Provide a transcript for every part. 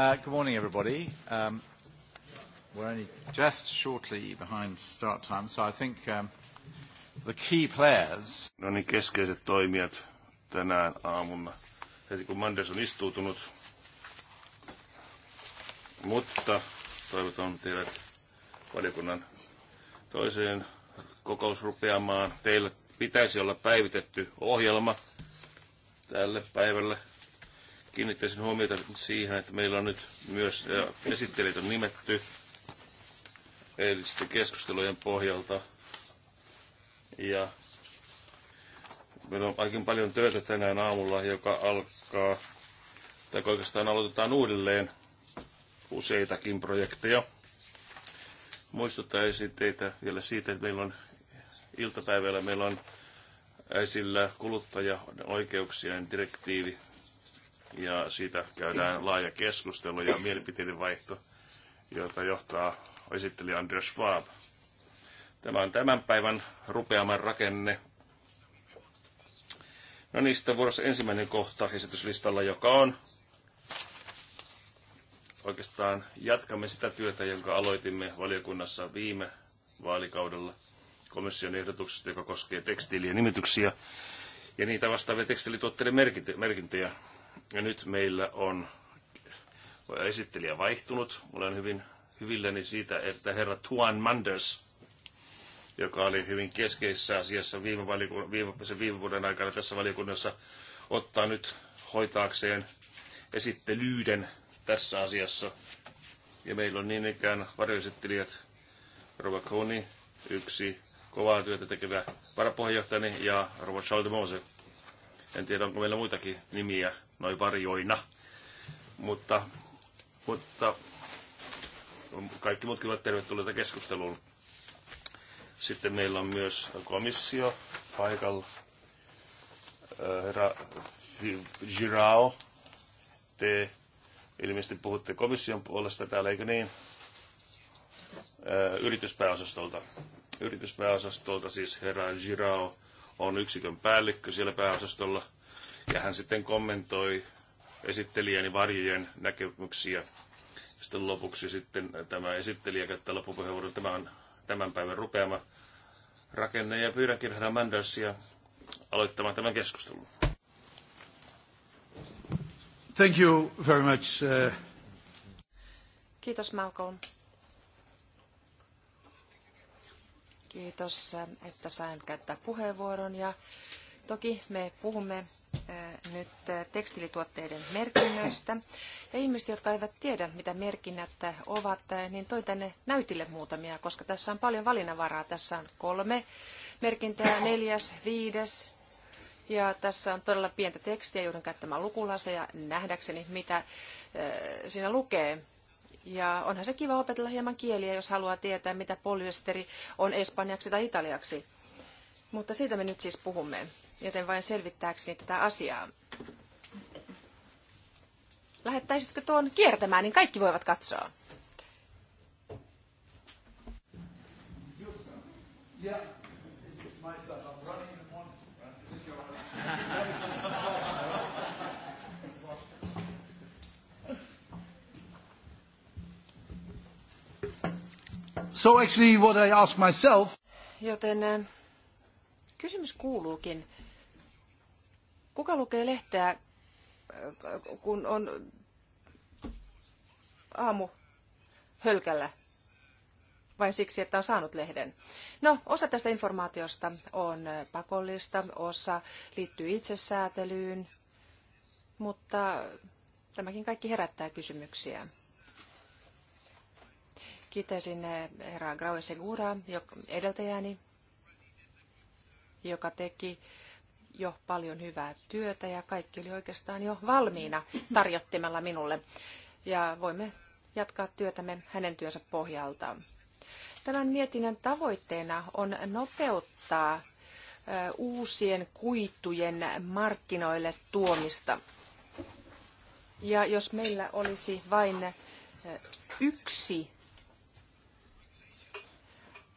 Uh, good morning, everybody. Um, we're only just shortly behind start time, so I think um, the key players... No niin, keskeiset toimijat tänään aamuna, heti kun Manders on istuutunut. Mutta toivotan teidät valiokunnan toiseen kokousrupeamaan. Teillä pitäisi olla päivitetty ohjelma tälle päivälle – Kiinnittäisin huomiota siihen, että meillä on nyt myös esittelijät on nimetty eilisten keskustelujen pohjalta. Ja meillä on aika paljon työtä tänään aamulla, joka alkaa, tai oikeastaan aloitetaan uudelleen useitakin projekteja. Muistuttaisin teitä vielä siitä, että meillä on iltapäivällä meillä on esillä kuluttajaoikeuksien direktiivi ja siitä käydään laaja keskustelu ja mielipiteiden vaihto, jota johtaa esitteli Andreas Schwab. Tämä on tämän päivän rupeaman rakenne. No sitten vuorossa ensimmäinen kohta esityslistalla, joka on oikeastaan jatkamme sitä työtä, jonka aloitimme valiokunnassa viime vaalikaudella komission ehdotuksesta, joka koskee tekstiilien nimityksiä ja niitä vastaavia tekstiilituotteiden merkintöjä. Ja nyt meillä on esittelijä vaihtunut. Olen hyvin hyvilläni siitä, että herra Tuan Manders, joka oli hyvin keskeisessä asiassa viime, valiku- viime, sen viime vuoden aikana tässä valiokunnassa, ottaa nyt hoitaakseen esittelyyden tässä asiassa. Ja meillä on niin ikään varjoesittelijät Rova Koni, yksi kovaa työtä tekevä varapuheenjohtajani ja Rova Charles de Mose. En tiedä, onko meillä muitakin nimiä noin varjoina. Mutta, mutta kaikki muutkin ovat tervetulleita keskusteluun. Sitten meillä on myös komissio paikalla. Äh, herra Girao, te ilmeisesti puhutte komission puolesta täällä, eikö niin? Äh, yrityspääosastolta. Yrityspääosastolta siis herra Girao on yksikön päällikkö siellä pääosastolla – ja hän sitten kommentoi esittelijäni varjojen näkemyksiä. Sitten lopuksi sitten tämä esittelijä käyttää loppupuheenvuoron. Tämä on tämän päivän rupeama rakenne ja pyydänkin herra Mandersia aloittamaan tämän keskustelun. Thank you very much. Uh... Kiitos Malcolm. Kiitos, uh, että sain käyttää puheenvuoron ja Toki me puhumme nyt tekstiilituotteiden merkinnöistä. Ja ihmiset, jotka eivät tiedä, mitä merkinnät ovat, niin toin tänne näytille muutamia, koska tässä on paljon valinnanvaraa. Tässä on kolme merkintää, neljäs, viides. Ja tässä on todella pientä tekstiä, joudun käyttämään lukulaseja nähdäkseni, mitä siinä lukee. Ja onhan se kiva opetella hieman kieliä, jos haluaa tietää, mitä polyesteri on espanjaksi tai italiaksi. Mutta siitä me nyt siis puhumme joten vain selvittääkseni tätä asiaa. Lähettäisitkö tuon kiertämään, niin kaikki voivat katsoa. So actually what I ask myself. Joten eh, kysymys kuuluukin, Kuka lukee lehteä, äh, kun on aamu hölkällä? Vain siksi, että on saanut lehden. No, osa tästä informaatiosta on äh, pakollista, osa liittyy itsesäätelyyn, mutta tämäkin kaikki herättää kysymyksiä kiitäisin äh, herra Graue Segura, edeltäjäni, joka teki jo paljon hyvää työtä ja kaikki oli oikeastaan jo valmiina tarjottimella minulle. Ja voimme jatkaa työtämme hänen työnsä pohjalta. Tämän mietinnön tavoitteena on nopeuttaa uusien kuitujen markkinoille tuomista. Ja jos meillä olisi vain yksi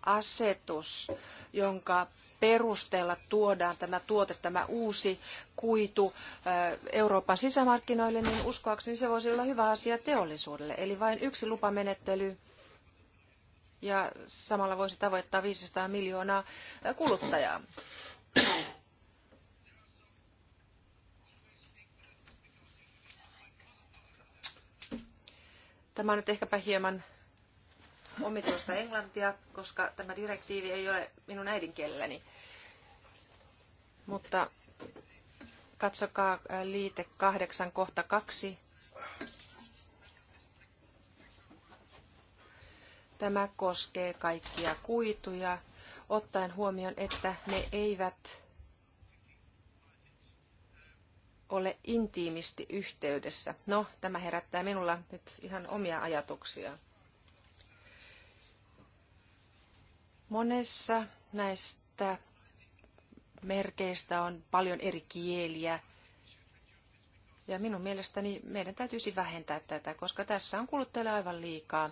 asetus, jonka perusteella tuodaan tämä tuote, tämä uusi kuitu eh, Euroopan sisämarkkinoille, niin uskoakseni se voisi olla hyvä asia teollisuudelle. Eli vain yksi lupamenettely ja samalla voisi tavoittaa 500 miljoonaa kuluttajaa. Tämä on nyt ehkäpä hieman omituista englantia, koska tämä direktiivi ei ole minun äidinkielelläni. Mutta katsokaa liite 8 kohta 2. Tämä koskee kaikkia kuituja, ottaen huomioon, että ne eivät ole intiimisti yhteydessä. No, tämä herättää minulla nyt ihan omia ajatuksia. Monessa näistä merkeistä on paljon eri kieliä. Ja minun mielestäni meidän täytyisi vähentää tätä, koska tässä on kuluttajalle aivan liikaa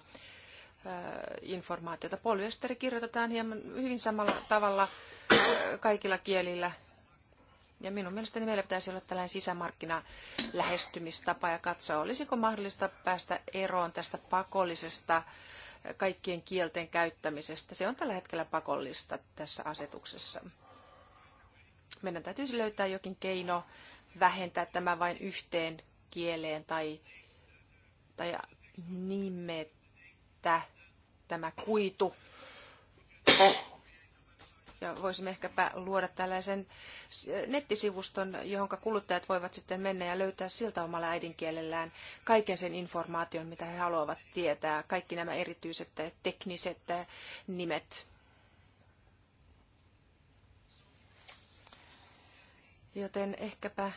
informaatiota. Polyesteri kirjoitetaan hieman hyvin samalla tavalla kaikilla kielillä. Ja minun mielestäni meillä pitäisi olla tällainen sisämarkkinalähestymistapa ja katsoa, olisiko mahdollista päästä eroon tästä pakollisesta kaikkien kielten käyttämisestä. Se on tällä hetkellä pakollista tässä asetuksessa. Meidän täytyisi löytää jokin keino vähentää tämä vain yhteen kieleen tai, tai nimetä tämä kuitu ja voisimme ehkäpä luoda tällaisen nettisivuston, johon kuluttajat voivat sitten mennä ja löytää siltä omalla äidinkielellään kaiken sen informaation, mitä he haluavat tietää, kaikki nämä erityiset tekniset nimet. Joten ehkäpä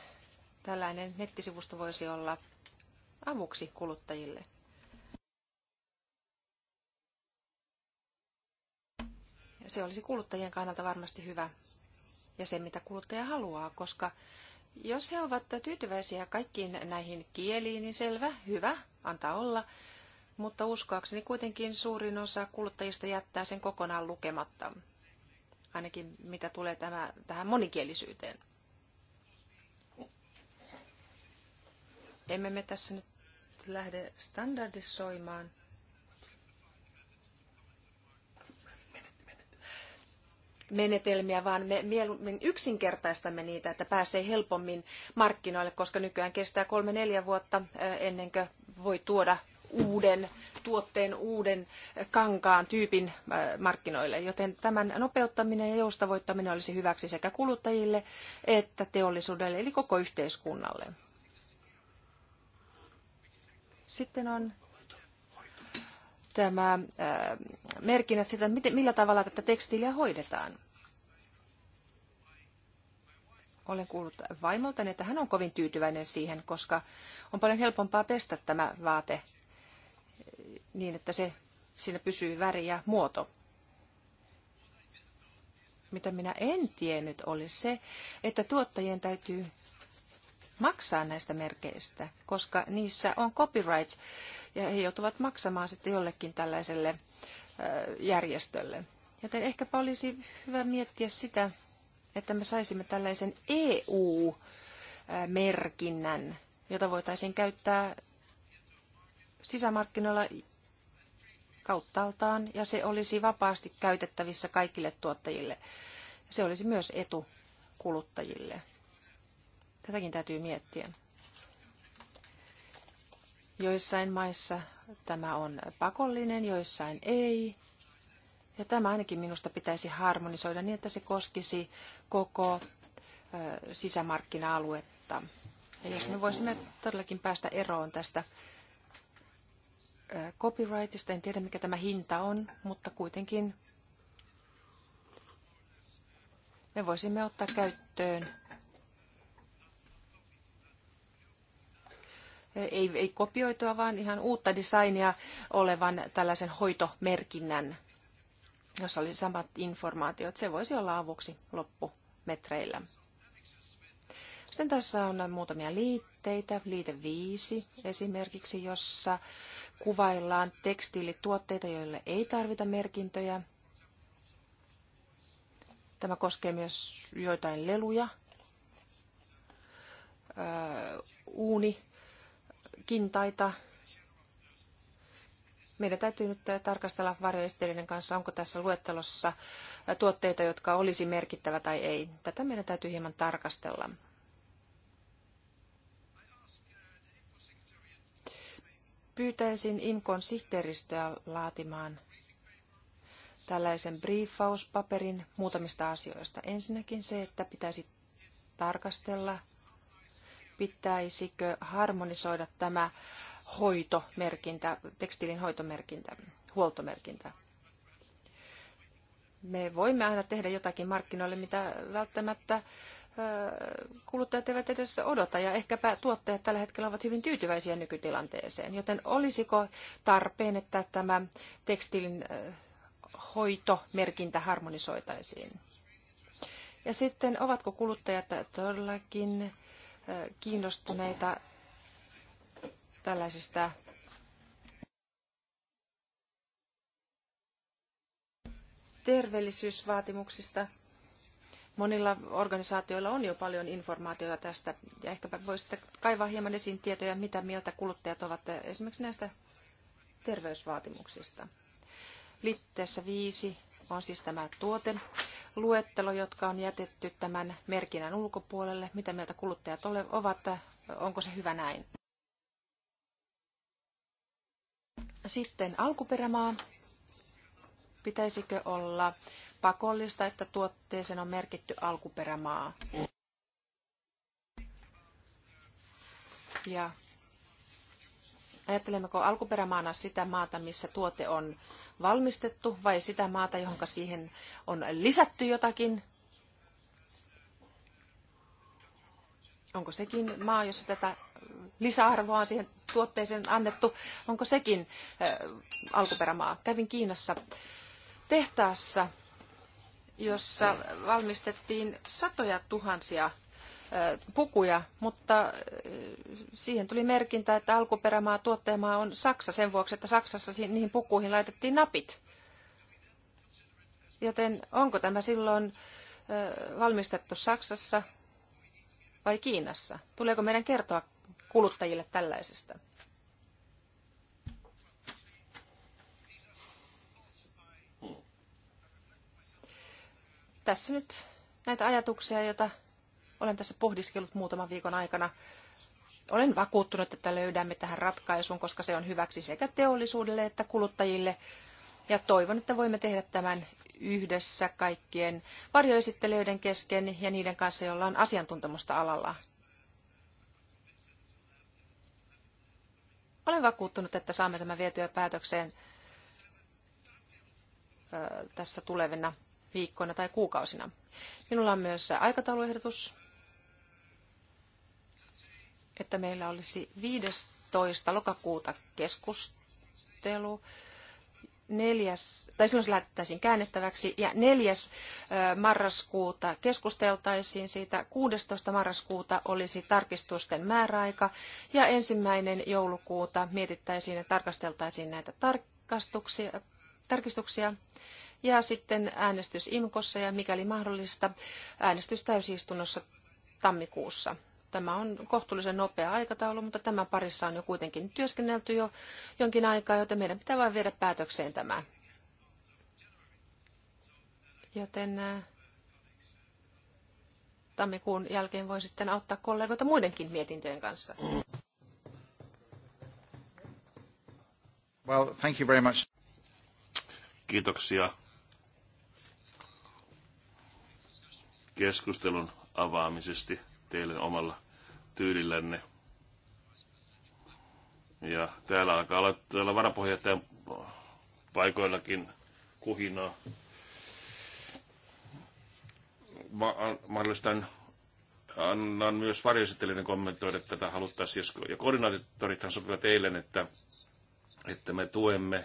tällainen nettisivusto voisi olla avuksi kuluttajille. Se olisi kuluttajien kannalta varmasti hyvä ja se, mitä kuluttaja haluaa, koska jos he ovat tyytyväisiä kaikkiin näihin kieliin, niin selvä, hyvä, antaa olla. Mutta uskoakseni kuitenkin suurin osa kuluttajista jättää sen kokonaan lukematta, ainakin mitä tulee tämä, tähän monikielisyyteen. Emme me tässä nyt lähde standardisoimaan – menetelmiä, vaan me mieluummin yksinkertaistamme niitä, että pääsee helpommin markkinoille, koska nykyään kestää kolme neljä vuotta eh, ennen kuin voi tuoda uuden tuotteen, uuden eh, kankaan tyypin eh, markkinoille. Joten tämän nopeuttaminen ja joustavoittaminen olisi hyväksi sekä kuluttajille että teollisuudelle, eli koko yhteiskunnalle. Sitten on tämä äh, merkinnät sitä, miten, millä tavalla tätä tekstiiliä hoidetaan. Olen kuullut vaimoltani, että hän on kovin tyytyväinen siihen, koska on paljon helpompaa pestä tämä vaate äh, niin, että se, siinä pysyy väri ja muoto mitä minä en tiennyt, oli se, että tuottajien täytyy maksaa näistä merkeistä, koska niissä on copyright ja he joutuvat maksamaan sitten jollekin tällaiselle järjestölle. Joten ehkäpä olisi hyvä miettiä sitä, että me saisimme tällaisen EU-merkinnän, jota voitaisiin käyttää sisämarkkinoilla kauttaaltaan, ja se olisi vapaasti käytettävissä kaikille tuottajille. Se olisi myös etu kuluttajille. Tätäkin täytyy miettiä. Joissain maissa tämä on pakollinen, joissain ei. Ja tämä ainakin minusta pitäisi harmonisoida niin, että se koskisi koko sisämarkkina-aluetta. Ja jos me voisimme todellakin päästä eroon tästä copyrightista, en tiedä mikä tämä hinta on, mutta kuitenkin me voisimme ottaa käyttöön ei, ei kopioitua, vaan ihan uutta designia olevan tällaisen hoitomerkinnän, jossa oli samat informaatiot. Se voisi olla avuksi loppumetreillä. Sitten tässä on muutamia liitteitä, liite 5 esimerkiksi, jossa kuvaillaan tekstiilituotteita, joille ei tarvita merkintöjä. Tämä koskee myös joitain leluja, uuni kintaita. Meidän täytyy nyt tarkastella varjoesteiden kanssa, onko tässä luettelossa tuotteita, jotka olisi merkittävä tai ei. Tätä meidän täytyy hieman tarkastella. Pyytäisin IMKon sihteeristöä laatimaan tällaisen briefauspaperin muutamista asioista. Ensinnäkin se, että pitäisi tarkastella – pitäisikö harmonisoida tämä hoitomerkintä, tekstiilin hoitomerkintä, huoltomerkintä. Me voimme aina tehdä jotakin markkinoille, mitä välttämättä kuluttajat eivät edes odota ja ehkäpä tuottajat tällä hetkellä ovat hyvin tyytyväisiä nykytilanteeseen. Joten olisiko tarpeen, että tämä tekstiilin hoitomerkintä harmonisoitaisiin? Ja sitten ovatko kuluttajat todellakin kiinnostuneita tällaisista terveellisyysvaatimuksista. Monilla organisaatioilla on jo paljon informaatiota tästä ja ehkäpä voisitte kaivaa hieman esiin tietoja, mitä mieltä kuluttajat ovat esimerkiksi näistä terveysvaatimuksista. Liitteessä viisi on siis tämä tuote luettelo, jotka on jätetty tämän merkinnän ulkopuolelle. Mitä mieltä kuluttajat ovat? Onko se hyvä näin? Sitten alkuperämaa. Pitäisikö olla pakollista, että tuotteeseen on merkitty alkuperämaa? Ja Ajattelemmeko alkuperämaana sitä maata, missä tuote on valmistettu, vai sitä maata, johon siihen on lisätty jotakin? Onko sekin maa, jossa tätä lisäarvoa on siihen tuotteeseen annettu? Onko sekin alkuperämaa? Kävin Kiinassa tehtaassa, jossa valmistettiin satoja tuhansia pukuja, mutta siihen tuli merkintä, että alkuperämaa tuottajamaa on Saksa sen vuoksi, että Saksassa niihin pukuihin laitettiin napit. Joten onko tämä silloin valmistettu Saksassa vai Kiinassa? Tuleeko meidän kertoa kuluttajille tällaisesta? Tässä nyt näitä ajatuksia, joita olen tässä pohdiskellut muutaman viikon aikana. Olen vakuuttunut, että löydämme tähän ratkaisun, koska se on hyväksi sekä teollisuudelle että kuluttajille. Ja toivon, että voimme tehdä tämän yhdessä kaikkien varjoesittelijöiden kesken ja niiden kanssa, joilla on asiantuntemusta alalla. Olen vakuuttunut, että saamme tämän vietyä päätökseen tässä tulevina viikkoina tai kuukausina. Minulla on myös aikatauluehdotus että meillä olisi 15. lokakuuta keskustelu, neljäs, tai silloin se lähettäisiin käännettäväksi, ja 4. marraskuuta keskusteltaisiin siitä, 16. marraskuuta olisi tarkistusten määräaika, ja ensimmäinen joulukuuta mietittäisiin ja tarkasteltaisiin näitä tarkastuksia, tarkistuksia, ja sitten äänestys IMKossa ja mikäli mahdollista äänestys täysistunnossa tammikuussa. Tämä on kohtuullisen nopea aikataulu, mutta tämän parissa on jo kuitenkin työskennelty jo jonkin aikaa, joten meidän pitää vain viedä päätökseen tämä. Joten äh, tammikuun jälkeen voi sitten auttaa kollegoita muidenkin mietintöjen kanssa. Well, thank you very much. Kiitoksia keskustelun avaamisesti teille omalla tyylillänne. Ja täällä alkaa olla täällä varapohjattajan paikoillakin kuhinaa. Ma- mahdollistan annan myös varjoesittelijän kommentoida tätä haluttaisiin, ja koordinaattorithan sopivat eilen, että, että me tuemme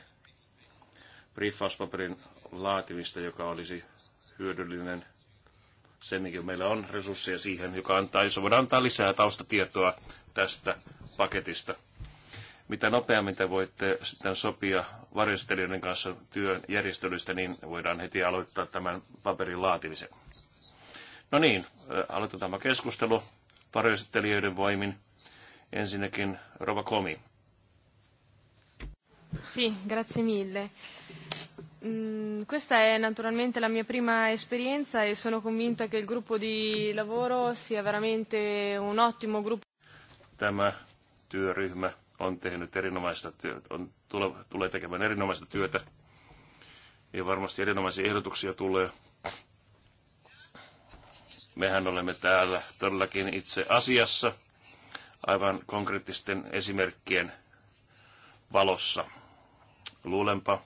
briefauspaperin laatimista, joka olisi hyödyllinen – se, mikä meillä on resursseja siihen, joka antaa, jos voidaan antaa lisää taustatietoa tästä paketista. Mitä nopeammin te voitte sitten sopia varjostelijoiden kanssa työn järjestelyistä, niin voidaan heti aloittaa tämän paperin laatimisen. No niin, äh, aloitetaan tämä keskustelu varjostelijoiden voimin. Ensinnäkin Rova Komi. Sì, si, grazie mille. Mm, questa è naturalmente la mia prima esperienza e sono convinta che il gruppo di lavoro sia veramente un ottimo gruppo. Tämä työryhmä on tehnyt erinomaista työtä, on, tule, tulee tekemään erinomaista työtä ja varmasti erinomaisia ehdotuksia tulee. Mehän olemme täällä todellakin itse asiassa aivan konkreettisten esimerkkien valossa. Luulenpa,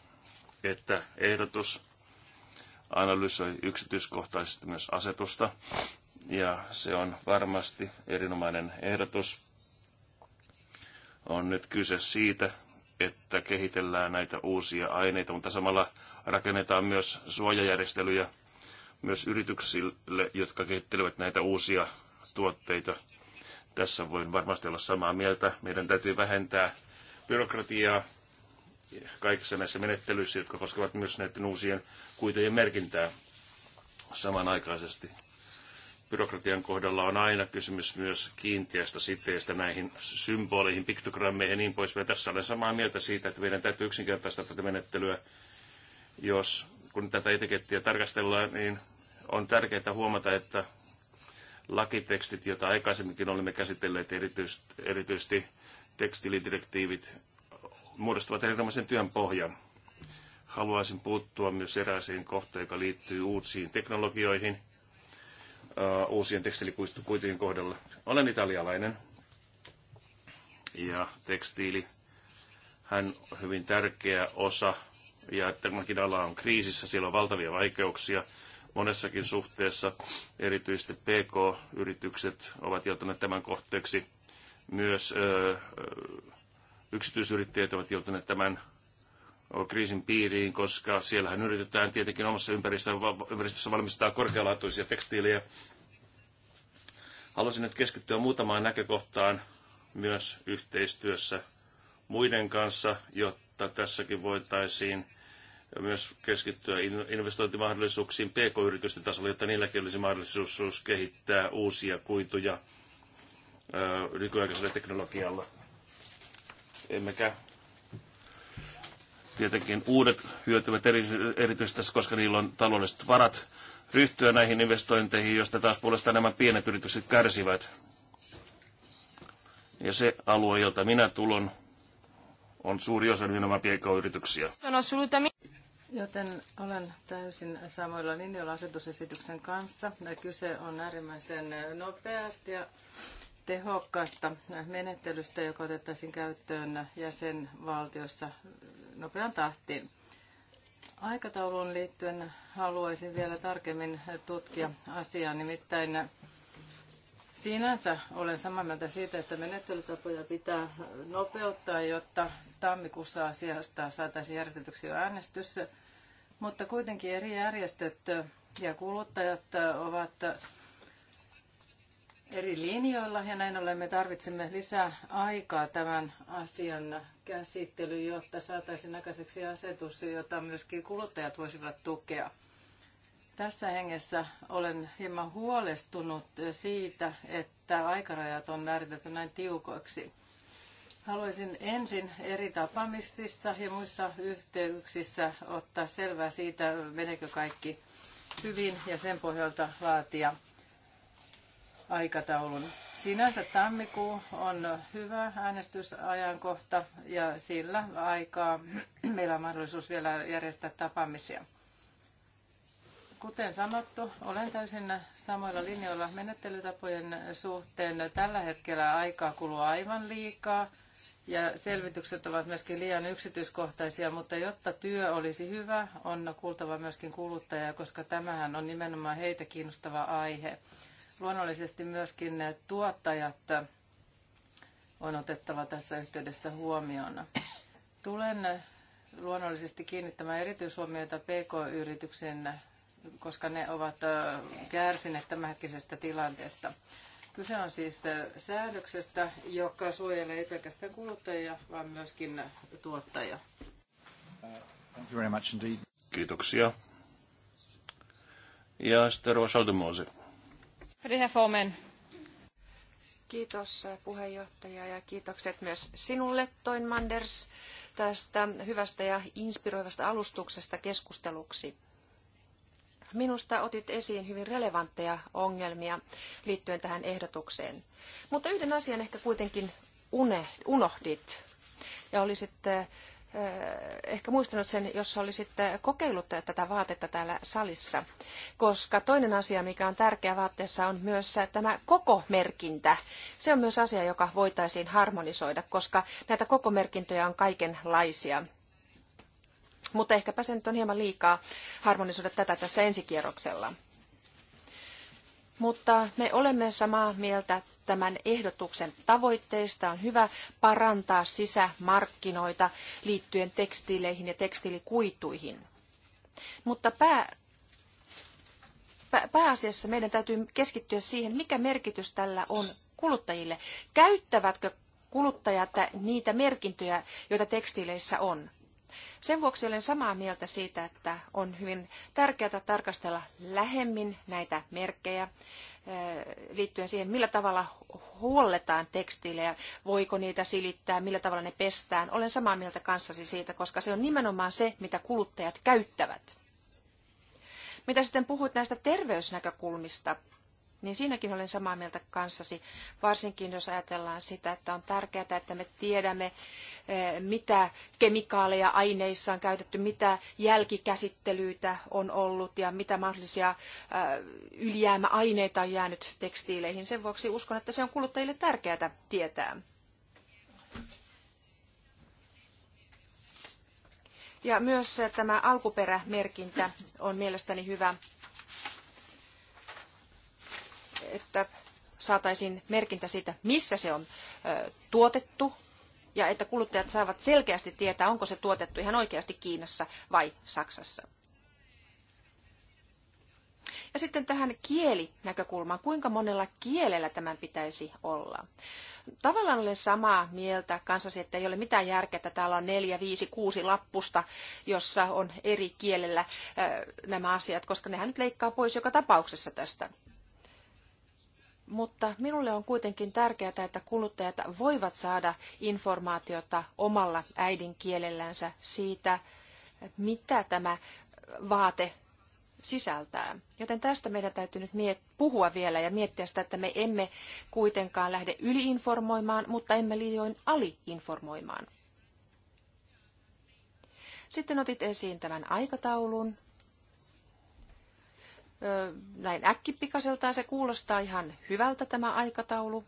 että ehdotus analysoi yksityiskohtaisesti myös asetusta, ja se on varmasti erinomainen ehdotus. On nyt kyse siitä, että kehitellään näitä uusia aineita, mutta samalla rakennetaan myös suojajärjestelyjä myös yrityksille, jotka kehittelevät näitä uusia tuotteita. Tässä voin varmasti olla samaa mieltä. Meidän täytyy vähentää byrokratiaa kaikissa näissä menettelyissä, jotka koskevat myös näiden uusien kuitujen merkintää samanaikaisesti. Byrokratian kohdalla on aina kysymys myös kiinteästä siteestä näihin symboleihin, piktogrammeihin ja niin poispäin. Tässä olen samaa mieltä siitä, että meidän täytyy yksinkertaistaa tätä menettelyä. Jos kun tätä etikettiä tarkastellaan, niin on tärkeää huomata, että lakitekstit, joita aikaisemminkin olemme käsitelleet, erityisesti, erityisesti tekstilidirektiivit muodostavat erinomaisen työn pohjan. Haluaisin puuttua myös erääseen kohtaan, joka liittyy uusiin teknologioihin, äh, uusien tekstiilikuitujen kohdalla. Olen italialainen ja tekstiili, hän on hyvin tärkeä osa ja tämäkin ala on kriisissä, siellä on valtavia vaikeuksia monessakin suhteessa. Erityisesti PK-yritykset ovat joutuneet tämän kohteeksi myös ö, äh, yksityisyrittäjät ovat joutuneet tämän kriisin piiriin, koska siellähän yritetään tietenkin omassa ympäristössä valmistaa korkealaatuisia tekstiilejä. Haluaisin nyt keskittyä muutamaan näkökohtaan myös yhteistyössä muiden kanssa, jotta tässäkin voitaisiin myös keskittyä investointimahdollisuuksiin pk-yritysten tasolla, jotta niilläkin olisi mahdollisuus kehittää uusia kuituja nykyaikaisella teknologialla Emmekä tietenkin uudet hyötyvät erityisesti tässä, koska niillä on taloudelliset varat ryhtyä näihin investointeihin, joista taas puolestaan nämä pienet yritykset kärsivät. Ja se alue, jolta minä tulon, on suuri osa nimenomaan pk-yrityksiä. Joten olen täysin samoilla linjoilla asetusesityksen kanssa. Kyse on äärimmäisen nopeasti ja tehokkaasta menettelystä, joka otettaisiin käyttöön jäsenvaltiossa nopean tahtiin. Aikatauluun liittyen haluaisin vielä tarkemmin tutkia asiaa, nimittäin sinänsä olen samaa mieltä siitä, että menettelytapoja pitää nopeuttaa, jotta tammikuussa asiasta saataisiin järjestetyksi jo äänestys. Mutta kuitenkin eri järjestöt ja kuluttajat ovat eri linjoilla ja näin ollen me tarvitsemme lisää aikaa tämän asian käsittelyyn, jotta saataisiin aikaiseksi asetus, jota myöskin kuluttajat voisivat tukea. Tässä hengessä olen hieman huolestunut siitä, että aikarajat on määritelty näin tiukoiksi. Haluaisin ensin eri tapaamisissa ja muissa yhteyksissä ottaa selvää siitä, menekö kaikki hyvin ja sen pohjalta laatia aikataulun. Sinänsä tammikuu on hyvä äänestysajankohta ja sillä aikaa meillä on mahdollisuus vielä järjestää tapaamisia. Kuten sanottu, olen täysin samoilla linjoilla menettelytapojen suhteen. Tällä hetkellä aikaa kuluu aivan liikaa ja selvitykset ovat myöskin liian yksityiskohtaisia, mutta jotta työ olisi hyvä, on kuultava myöskin kuluttajaa, koska tämähän on nimenomaan heitä kiinnostava aihe. Luonnollisesti myöskin tuottajat on otettava tässä yhteydessä huomioon. Tulen luonnollisesti kiinnittämään erityishuomiota PK-yrityksiin, koska ne ovat kärsineet tämänhetkisestä tilanteesta. Kyse on siis säädöksestä, joka suojelee ei pelkästään kuluttajia, vaan myöskin tuottajia. Thank you very much indeed. Kiitoksia. Ja sitten Rosalde Kiitos eh, puheenjohtaja ja kiitokset myös sinulle, Toin Manders, tästä hyvästä ja inspiroivasta alustuksesta keskusteluksi. Minusta otit esiin hyvin relevantteja ongelmia liittyen tähän ehdotukseen. Mutta yhden asian ehkä kuitenkin unohdit ja olisit eh, Eh, ehkä muistanut sen, jos olisitte eh, kokeillut tätä vaatetta täällä salissa. Koska toinen asia, mikä on tärkeä vaatteessa, on myös eh, tämä koko merkintä. Se on myös asia, joka voitaisiin harmonisoida, koska näitä koko merkintöjä on kaikenlaisia. Mutta ehkäpä se nyt on hieman liikaa harmonisoida tätä tässä ensikierroksella. Mutta me olemme samaa mieltä tämän ehdotuksen tavoitteista on hyvä parantaa sisämarkkinoita liittyen tekstiileihin ja tekstiilikuituihin. Mutta pää, pääasiassa meidän täytyy keskittyä siihen, mikä merkitys tällä on kuluttajille. Käyttävätkö kuluttajat niitä merkintöjä, joita tekstiileissä on? Sen vuoksi olen samaa mieltä siitä, että on hyvin tärkeää tarkastella lähemmin näitä merkkejä eh, liittyen siihen, millä tavalla huolletaan tekstiilejä, voiko niitä silittää, millä tavalla ne pestään. Olen samaa mieltä kanssasi siitä, koska se on nimenomaan se, mitä kuluttajat käyttävät. Mitä sitten puhuit näistä terveysnäkökulmista? niin siinäkin olen samaa mieltä kanssasi, varsinkin jos ajatellaan sitä, että on tärkeää, että me tiedämme, eh, mitä kemikaaleja aineissa on käytetty, mitä jälkikäsittelyitä on ollut ja mitä mahdollisia eh, ylijäämäaineita on jäänyt tekstiileihin. Sen vuoksi uskon, että se on kuluttajille tärkeää tietää. Ja myös eh, tämä alkuperämerkintä on mielestäni hyvä että saataisiin merkintä siitä, missä se on tuotettu ja että kuluttajat saavat selkeästi tietää, onko se tuotettu ihan oikeasti Kiinassa vai Saksassa. Ja sitten tähän kielinäkökulmaan, kuinka monella kielellä tämän pitäisi olla. Tavallaan olen samaa mieltä kanssasi, että ei ole mitään järkeä, että täällä on neljä, viisi, kuusi lappusta, jossa on eri kielellä nämä asiat, koska nehän nyt leikkaa pois joka tapauksessa tästä. Mutta minulle on kuitenkin tärkeää, että kuluttajat voivat saada informaatiota omalla äidinkielellänsä siitä, mitä tämä vaate sisältää. Joten tästä meidän täytyy nyt miet- puhua vielä ja miettiä sitä, että me emme kuitenkaan lähde yliinformoimaan, mutta emme liioin aliinformoimaan. Sitten otit esiin tämän aikataulun näin äkkipikaseltaan se kuulostaa ihan hyvältä tämä aikataulu,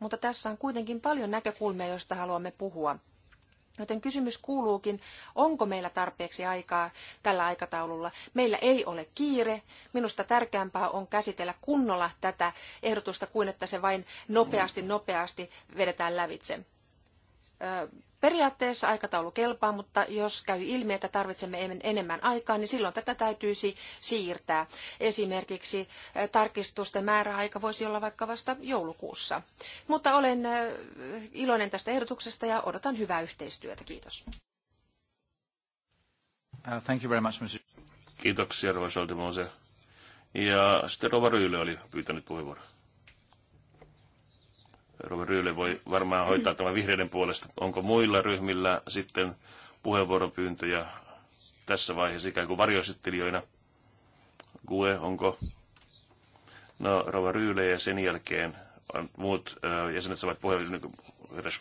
mutta tässä on kuitenkin paljon näkökulmia, joista haluamme puhua. Joten kysymys kuuluukin, onko meillä tarpeeksi aikaa tällä aikataululla. Meillä ei ole kiire. Minusta tärkeämpää on käsitellä kunnolla tätä ehdotusta kuin että se vain nopeasti, nopeasti vedetään lävitse. Periaatteessa aikataulu kelpaa, mutta jos käy ilmi, että tarvitsemme enemmän aikaa, niin silloin tätä täytyisi siirtää. Esimerkiksi tarkistusten määräaika voisi olla vaikka vasta joulukuussa. Mutta olen iloinen tästä ehdotuksesta ja odotan hyvää yhteistyötä. Kiitos. Uh, thank you very much, Mr. Kiitoksia, Rova Ja sitten Rova Ryyli oli pyytänyt puheenvuoron. Robert Ryyle voi varmaan hoitaa tämän vihreiden puolesta. Onko muilla ryhmillä sitten puheenvuoropyyntöjä tässä vaiheessa ikään kuin varjoesittelijöinä? Gue, onko? No, Rova Ryyle ja sen jälkeen muut jäsenet saavat puheenvuoron niin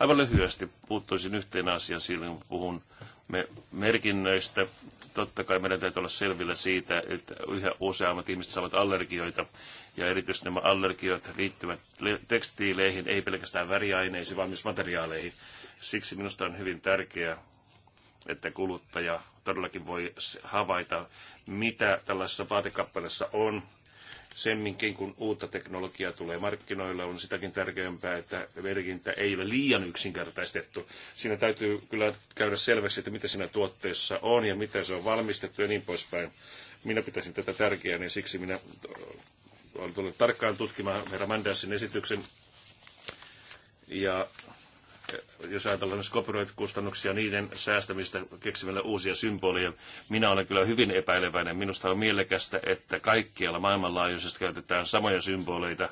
Aivan lyhyesti puuttuisin yhteen asiaan silloin, kun puhun me merkinnöistä. Totta kai meidän täytyy olla selvillä siitä, että yhä useammat ihmiset saavat allergioita, ja erityisesti nämä allergiot liittyvät tekstiileihin, ei pelkästään väriaineisiin, vaan myös materiaaleihin. Siksi minusta on hyvin tärkeää, että kuluttaja todellakin voi havaita, mitä tällaisessa vaatekappaleessa on, Semminkin kun uutta teknologiaa tulee markkinoille, on sitäkin tärkeämpää, että merkintä ei ole liian yksinkertaistettu. Siinä täytyy kyllä käydä selväksi, että mitä siinä tuotteessa on ja mitä se on valmistettu ja niin poispäin. Minä pitäisin tätä tärkeää, niin siksi minä äh, olen tullut tarkkaan tutkimaan herra Mandersin esityksen. Ja jos ajatellaan myös copyright-kustannuksia, niiden säästämistä keksimällä uusia symboleja, minä olen kyllä hyvin epäileväinen. Minusta on mielekästä, että kaikkialla maailmanlaajuisesti käytetään samoja symboleita,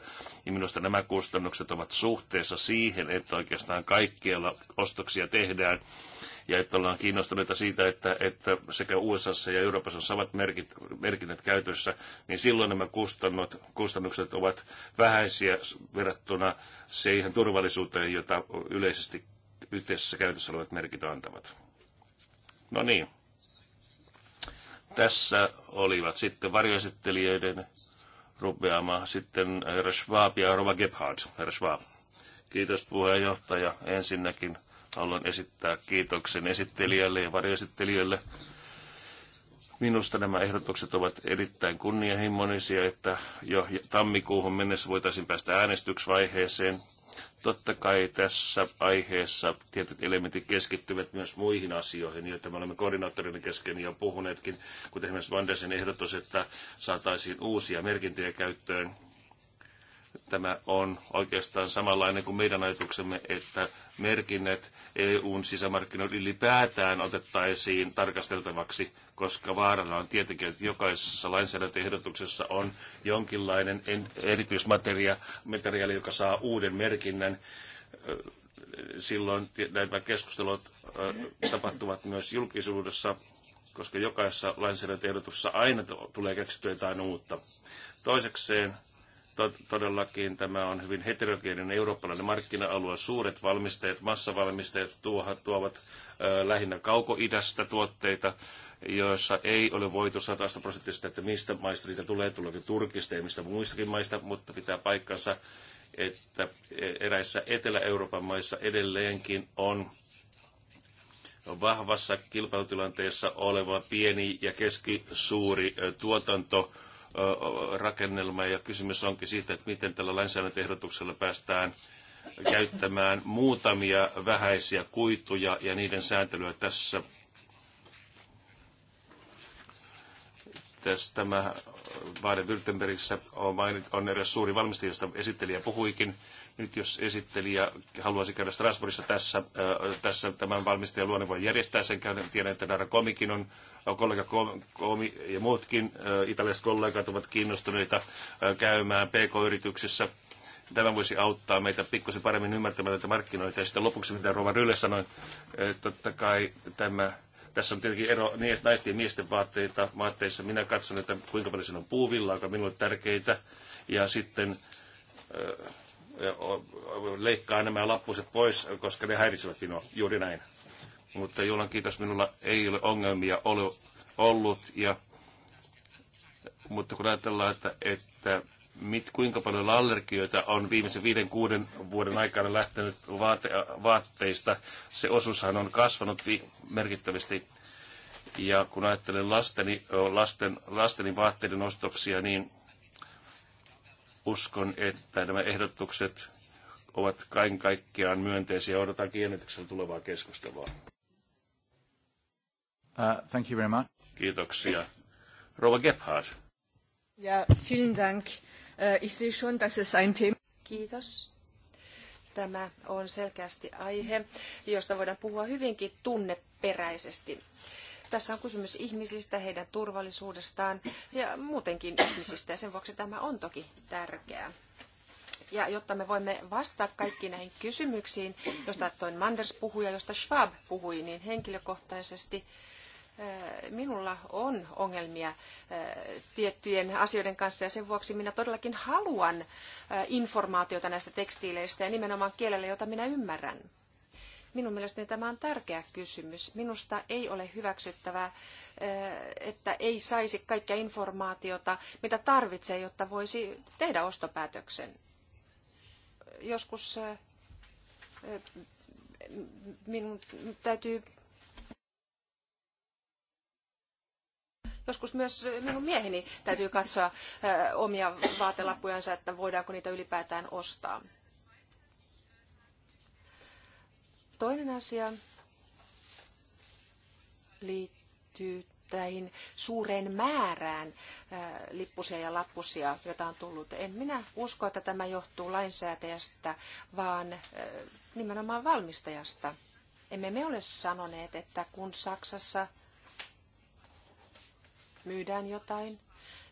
ja minusta nämä kustannukset ovat suhteessa siihen, että oikeastaan kaikkialla ostoksia tehdään ja että ollaan kiinnostuneita siitä, että, että sekä USAssa ja Euroopassa on samat merkit, merkinnät käytössä, niin silloin nämä kustannut, kustannukset ovat vähäisiä verrattuna siihen turvallisuuteen, jota yleisesti yhteisessä käytössä olevat merkit antavat. No niin. Tässä olivat sitten varjoesittelijöiden rupeama sitten herra Schwab ja Rova Gebhard. Herra Schwab. Kiitos puheenjohtaja ensinnäkin haluan esittää kiitoksen esittelijälle ja varjoesittelijöille. Minusta nämä ehdotukset ovat erittäin kunnianhimoisia, että jo tammikuuhun mennessä voitaisiin päästä äänestyksvaiheeseen. Totta kai tässä aiheessa tietyt elementit keskittyvät myös muihin asioihin, joita me olemme koordinaattorin kesken jo puhuneetkin, kuten esimerkiksi Vandersen ehdotus, että saataisiin uusia merkintöjä käyttöön Tämä on oikeastaan samanlainen kuin meidän ajatuksemme, että merkinnät EUn sisämarkkinoille ylipäätään otettaisiin tarkasteltavaksi, koska vaarana on tietenkin, että jokaisessa lainsäädäntöehdotuksessa on jonkinlainen erityismateriaali, joka saa uuden merkinnän silloin nämä keskustelut tapahtuvat myös julkisuudessa, koska jokaisessa lainsäädäntöehdotuksessa aina tulee keksittyä jotain uutta. Toisekseen todellakin tämä on hyvin heterogeeninen eurooppalainen markkina-alue. Suuret valmistajat, massavalmistajat tuovat, tuovat äh, lähinnä kaukoidästä tuotteita, joissa ei ole voitu 100 prosenttista, että mistä maista niitä tulee, tuleeko Turkista ja mistä muistakin maista, mutta pitää paikkansa, että e, eräissä Etelä-Euroopan maissa edelleenkin on vahvassa kilpailutilanteessa oleva pieni ja keskisuuri tuotanto rakennelma ja kysymys onkin siitä, että miten tällä lainsäädäntöehdotuksella päästään käyttämään muutamia vähäisiä kuituja ja niiden sääntelyä tässä. Tässä tämä Baden-Württembergissä on, on eräs suuri valmistaja, josta esittelijä puhuikin. Nyt jos esittelijä haluaisi käydä Strasbourgissa tässä, äh, tässä tämän valmistajan luonne voi järjestää sen käydä. Tiedän, että Dara Komikin on, äh, kollega Komi ja muutkin äh, italialaiset kollegat ovat kiinnostuneita äh, käymään pk yrityksessä tämä voisi auttaa meitä pikkusen paremmin ymmärtämään näitä markkinoita. Ja sitten lopuksi, mitä Rova Rylle sanoi, äh, totta kai tämä, tässä on tietenkin ero naisten ja miesten vaatteita, vaatteissa. Minä katson, että kuinka paljon siinä on puuvillaa, joka on minulle tärkeitä. Ja sitten äh, leikkaa nämä lappuset pois, koska ne häiritsevät minua. Juuri näin. Mutta Jumalan kiitos, minulla ei ole ongelmia ollut. Ja, mutta kun ajatellaan, että, että mit, kuinka paljon allergioita on viimeisen viiden, kuuden vuoden aikana lähtenyt vaate, vaatteista, se osuushan on kasvanut vi, merkittävästi. Ja kun ajattelen lasteni, lasten, lasteni vaatteiden ostoksia, niin uskon, että nämä ehdotukset ovat kaiken kaikkiaan myönteisiä. Odotan kiinnityksellä tulevaa keskustelua. Uh, thank you very much. Kiitoksia. Rova Gebhardt. Ja, vielen Dank. Äh, ich sehe schon, dass es ein Thema... Kiitos. Tämä on selkeästi aihe, josta voidaan puhua hyvinkin tunneperäisesti. Tässä on kysymys ihmisistä, heidän turvallisuudestaan ja muutenkin ihmisistä ja sen vuoksi tämä on toki tärkeää. Ja jotta me voimme vastata kaikkiin näihin kysymyksiin, josta toin Manders puhui ja josta Schwab puhui, niin henkilökohtaisesti eh, minulla on ongelmia eh, tiettyjen asioiden kanssa ja sen vuoksi minä todellakin haluan eh, informaatiota näistä tekstiileistä ja nimenomaan kielellä, jota minä ymmärrän. Minun mielestäni tämä on tärkeä kysymys. Minusta ei ole hyväksyttävää, eh, että ei saisi kaikkea informaatiota, mitä tarvitsee, jotta voisi tehdä ostopäätöksen. Joskus eh, minun täytyy joskus myös minun mieheni täytyy katsoa eh, omia vaatelapujansa, että voidaanko niitä ylipäätään ostaa. Toinen asia liittyy näihin suureen määrään lippusia ja lappusia, joita on tullut. En minä usko, että tämä johtuu lainsäätäjästä, vaan nimenomaan valmistajasta. Emme me ole sanoneet, että kun Saksassa myydään jotain,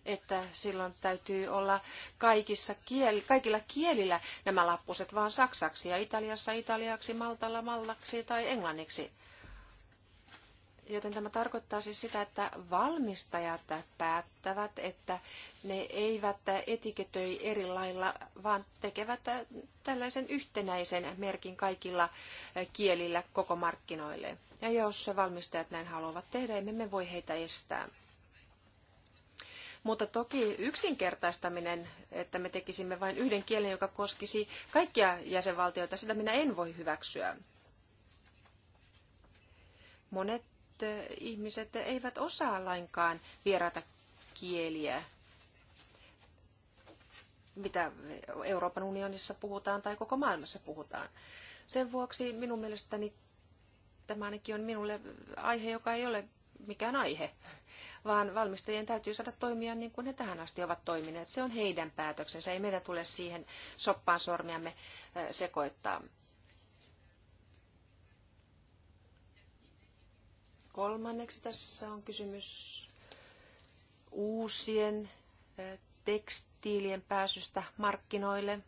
että silloin täytyy olla kaikissa kiel, kaikilla kielillä nämä lappuset, vaan saksaksi ja italiassa italiaksi, maltalla mallaksi tai englanniksi. Joten tämä tarkoittaa siis sitä, että valmistajat päättävät, että ne eivät etiketöi eri lailla, vaan tekevät tällaisen yhtenäisen merkin kaikilla kielillä koko markkinoille. Ja jos valmistajat näin haluavat tehdä, emme me voi heitä estää. Mutta toki yksinkertaistaminen, että me tekisimme vain yhden kielen, joka koskisi kaikkia jäsenvaltioita, sitä minä en voi hyväksyä. Monet eh, ihmiset eivät osaa lainkaan vieraita kieliä, mitä Euroopan unionissa puhutaan tai koko maailmassa puhutaan. Sen vuoksi minun mielestäni tämä ainakin on minulle aihe, joka ei ole mikään aihe, vaan valmistajien täytyy saada toimia niin kuin he tähän asti ovat toimineet. Se on heidän päätöksensä, ei meidän tule siihen soppaan sormiamme sekoittaa. Kolmanneksi tässä on kysymys uusien tekstiilien pääsystä markkinoille.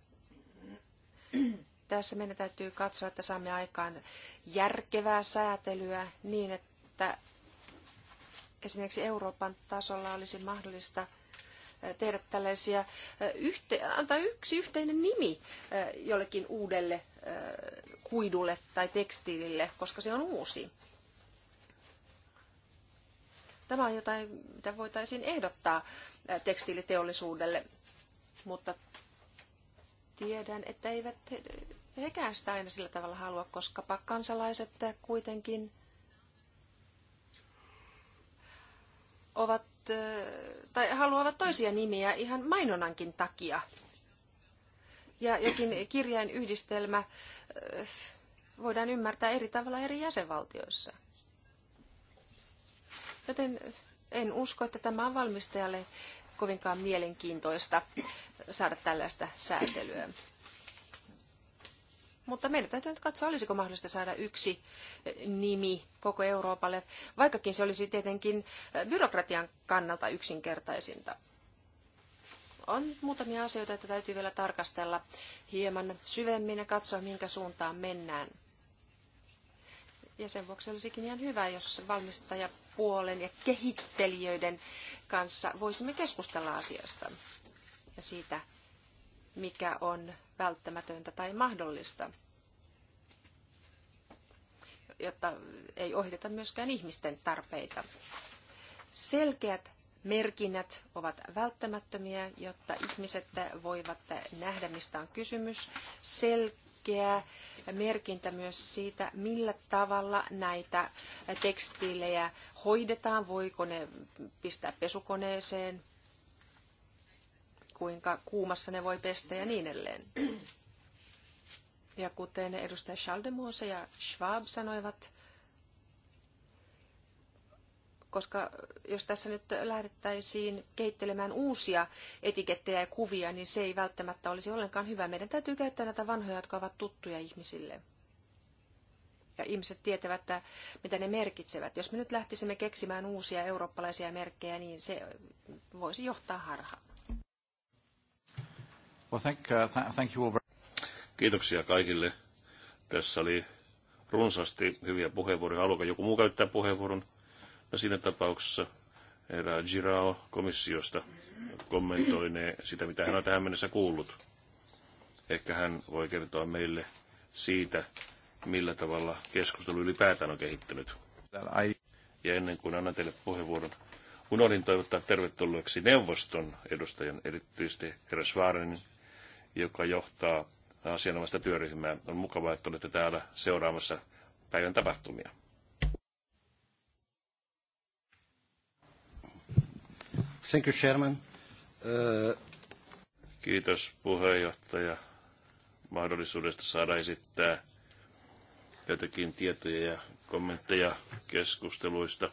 Tässä meidän täytyy katsoa, että saamme aikaan järkevää säätelyä niin, että esimerkiksi Euroopan tasolla olisi mahdollista äh, tehdä tällaisia, äh, yhte, antaa yksi yhteinen nimi äh, jollekin uudelle kuidulle tai tekstiilille, koska se on uusi. Tämä on jotain, mitä voitaisiin ehdottaa tekstiiliteollisuudelle, mutta tiedän, että eivät hekään sitä aina sillä tavalla halua, koska kansalaiset kuitenkin ovat, tai haluavat toisia nimiä ihan mainonankin takia. Ja jokin kirjainyhdistelmä voidaan ymmärtää eri tavalla eri jäsenvaltioissa. Joten en usko, että tämä on valmistajalle kovinkaan mielenkiintoista saada tällaista säätelyä. Mutta meidän täytyy nyt katsoa, olisiko mahdollista saada yksi eh, nimi koko Euroopalle, vaikkakin se olisi tietenkin eh, byrokratian kannalta yksinkertaisinta. On muutamia asioita, joita täytyy vielä tarkastella hieman syvemmin ja katsoa, minkä suuntaan mennään. Ja sen vuoksi olisikin ihan hyvä, jos valmistajapuolen ja kehittelijöiden kanssa voisimme keskustella asiasta ja siitä, mikä on välttämätöntä tai mahdollista, jotta ei ohiteta myöskään ihmisten tarpeita. Selkeät merkinnät ovat välttämättömiä, jotta ihmiset voivat nähdä, mistä on kysymys. Selkeä merkintä myös siitä, millä tavalla näitä tekstiilejä hoidetaan, voiko ne pistää pesukoneeseen, kuinka kuumassa ne voi pestä ja niin edelleen. Ja kuten edustaja Schaldemose ja Schwab sanoivat, koska jos tässä nyt lähdettäisiin kehittelemään uusia etikettejä ja kuvia, niin se ei välttämättä olisi ollenkaan hyvä. Meidän täytyy käyttää näitä vanhoja, jotka ovat tuttuja ihmisille. Ja ihmiset tietävät, että mitä ne merkitsevät. Jos me nyt lähtisimme keksimään uusia eurooppalaisia merkkejä, niin se voisi johtaa harhaan. Well, thank, uh, thank you all very... Kiitoksia kaikille. Tässä oli runsaasti hyviä puheenvuoroja. Haluaako joku muu käyttää puheenvuoron? Ja no, siinä tapauksessa herra Girao komissiosta kommentoinee sitä, mitä hän on tähän mennessä kuullut. Ehkä hän voi kertoa meille siitä, millä tavalla keskustelu ylipäätään on kehittynyt. Ja ennen kuin annan teille puheenvuoron, unohdin toivottaa tervetulleeksi neuvoston edustajan, erityisesti herra Svarenin, joka johtaa asianomaista työryhmää. On mukavaa, että olette täällä seuraamassa päivän tapahtumia. Thank you, Chairman. Uh... Kiitos puheenjohtaja mahdollisuudesta saada esittää jotakin tietoja ja kommentteja keskusteluista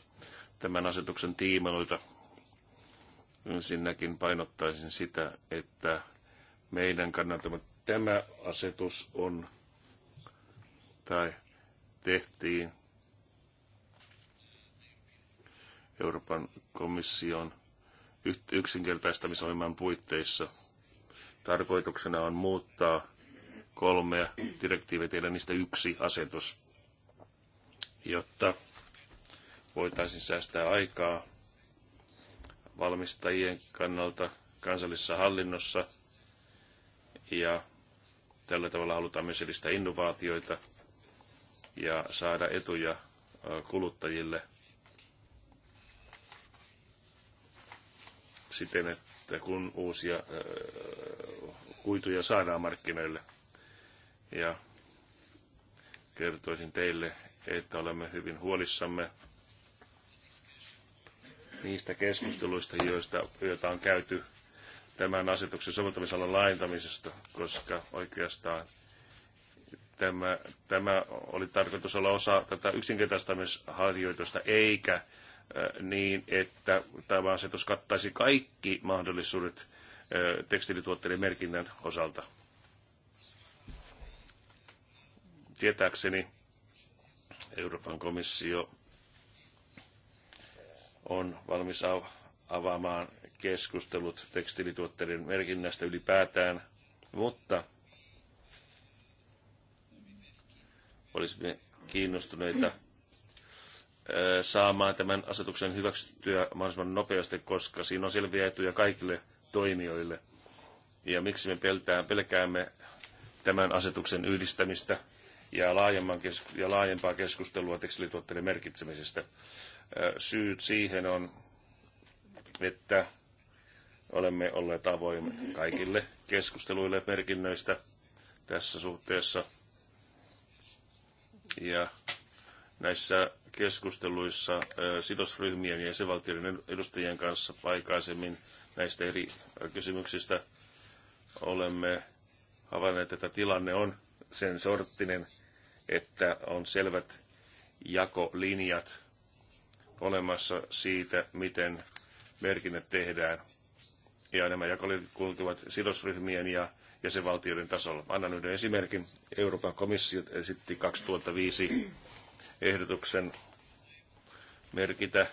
tämän asetuksen tiimoilta. Ensinnäkin painottaisin sitä, että meidän kannaltamme tämä asetus on tai tehtiin Euroopan komission yksinkertaistamisohjelman puitteissa. Tarkoituksena on muuttaa kolmea direktiiviä, tehdä niistä yksi asetus, jotta voitaisiin säästää aikaa valmistajien kannalta kansallisessa hallinnossa – ja tällä tavalla halutaan myös edistää innovaatioita ja saada etuja kuluttajille siten, että kun uusia kuituja saadaan markkinoille. Ja kertoisin teille, että olemme hyvin huolissamme niistä keskusteluista, joista, joita on käyty tämän asetuksen soveltamisalan laajentamisesta, koska oikeastaan tämä, tämä oli tarkoitus olla osa tätä yksinkertaistamisharjoitusta, eikä niin, että tämä asetus kattaisi kaikki mahdollisuudet tekstiilituotteiden merkinnän osalta. Tietääkseni Euroopan komissio on valmis avaamaan keskustelut tekstiilituotteiden merkinnästä ylipäätään, mutta olisimme kiinnostuneita äh, saamaan tämän asetuksen hyväksyttyä mahdollisimman nopeasti, koska siinä on selviä etuja kaikille toimijoille. Ja miksi me peltään, pelkäämme tämän asetuksen yhdistämistä ja, laajemman kesku- ja laajempaa keskustelua tekstilituotteiden merkitsemisestä. Äh, syyt siihen on, että Olemme olleet avoin kaikille keskusteluille merkinnöistä tässä suhteessa. Ja näissä keskusteluissa sidosryhmien ja jäsenvaltioiden edustajien kanssa aikaisemmin näistä eri kysymyksistä olemme havainneet, että tilanne on sen sorttinen, että on selvät jakolinjat olemassa siitä, miten merkinnät tehdään ja nämä jakolinjat kulkevat sidosryhmien ja jäsenvaltioiden tasolla. Annan yhden esimerkin. Euroopan komissio esitti 2005 ehdotuksen merkitä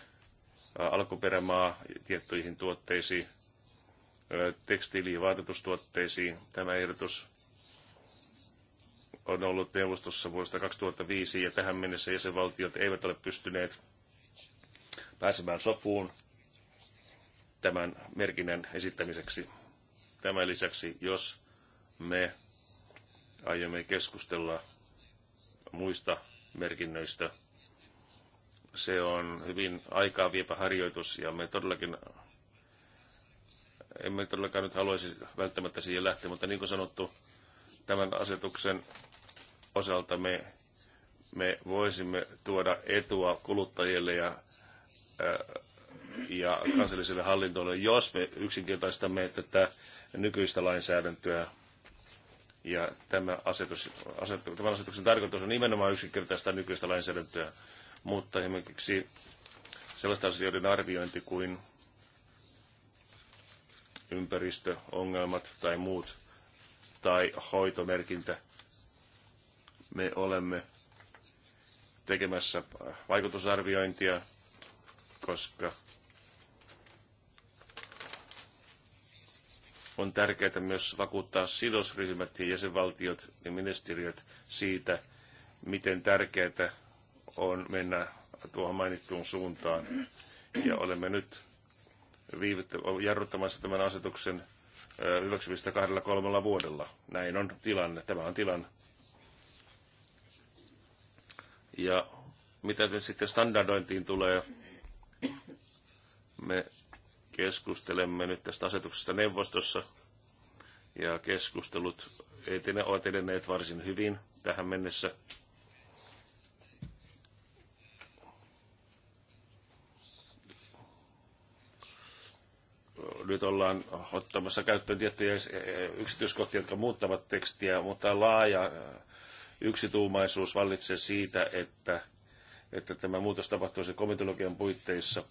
alkuperämaa tiettyihin tuotteisiin, tekstiili- ja vaatetustuotteisiin. Tämä ehdotus on ollut neuvostossa vuodesta 2005 ja tähän mennessä jäsenvaltiot eivät ole pystyneet pääsemään sopuun tämän merkinnän esittämiseksi. Tämän lisäksi, jos me aiomme keskustella muista merkinnöistä, se on hyvin aikaa viepä harjoitus ja me todellakin emme todellakaan nyt haluaisi välttämättä siihen lähteä, mutta niin kuin sanottu, tämän asetuksen osalta me, me voisimme tuoda etua kuluttajille ja ja kansalliselle hallinnolle, jos me yksinkertaistamme tätä nykyistä lainsäädäntöä. Ja tämä asetus, asetus, tämän asetuksen tarkoitus on nimenomaan yksinkertaistaa nykyistä lainsäädäntöä, mutta esimerkiksi sellaista asioiden arviointi kuin ympäristöongelmat tai muut tai hoitomerkintä. Me olemme tekemässä vaikutusarviointia, koska on tärkeää myös vakuuttaa sidosryhmät ja jäsenvaltiot ja ministeriöt siitä, miten tärkeää on mennä tuohon mainittuun suuntaan. Ja olemme nyt jarruttamassa tämän asetuksen hyväksymistä kahdella kolmella vuodella. Näin on tilanne. Tämä on tilanne. Ja mitä nyt sitten standardointiin tulee, me Keskustelemme nyt tästä asetuksesta neuvostossa ja keskustelut etene, ovat edenneet varsin hyvin tähän mennessä. Nyt ollaan ottamassa käyttöön tiettyjä e- e- yksityiskohtia, jotka muuttavat tekstiä, mutta laaja e, yksituumaisuus vallitsee siitä, että, että tämä muutos tapahtuisi komitologian puitteissa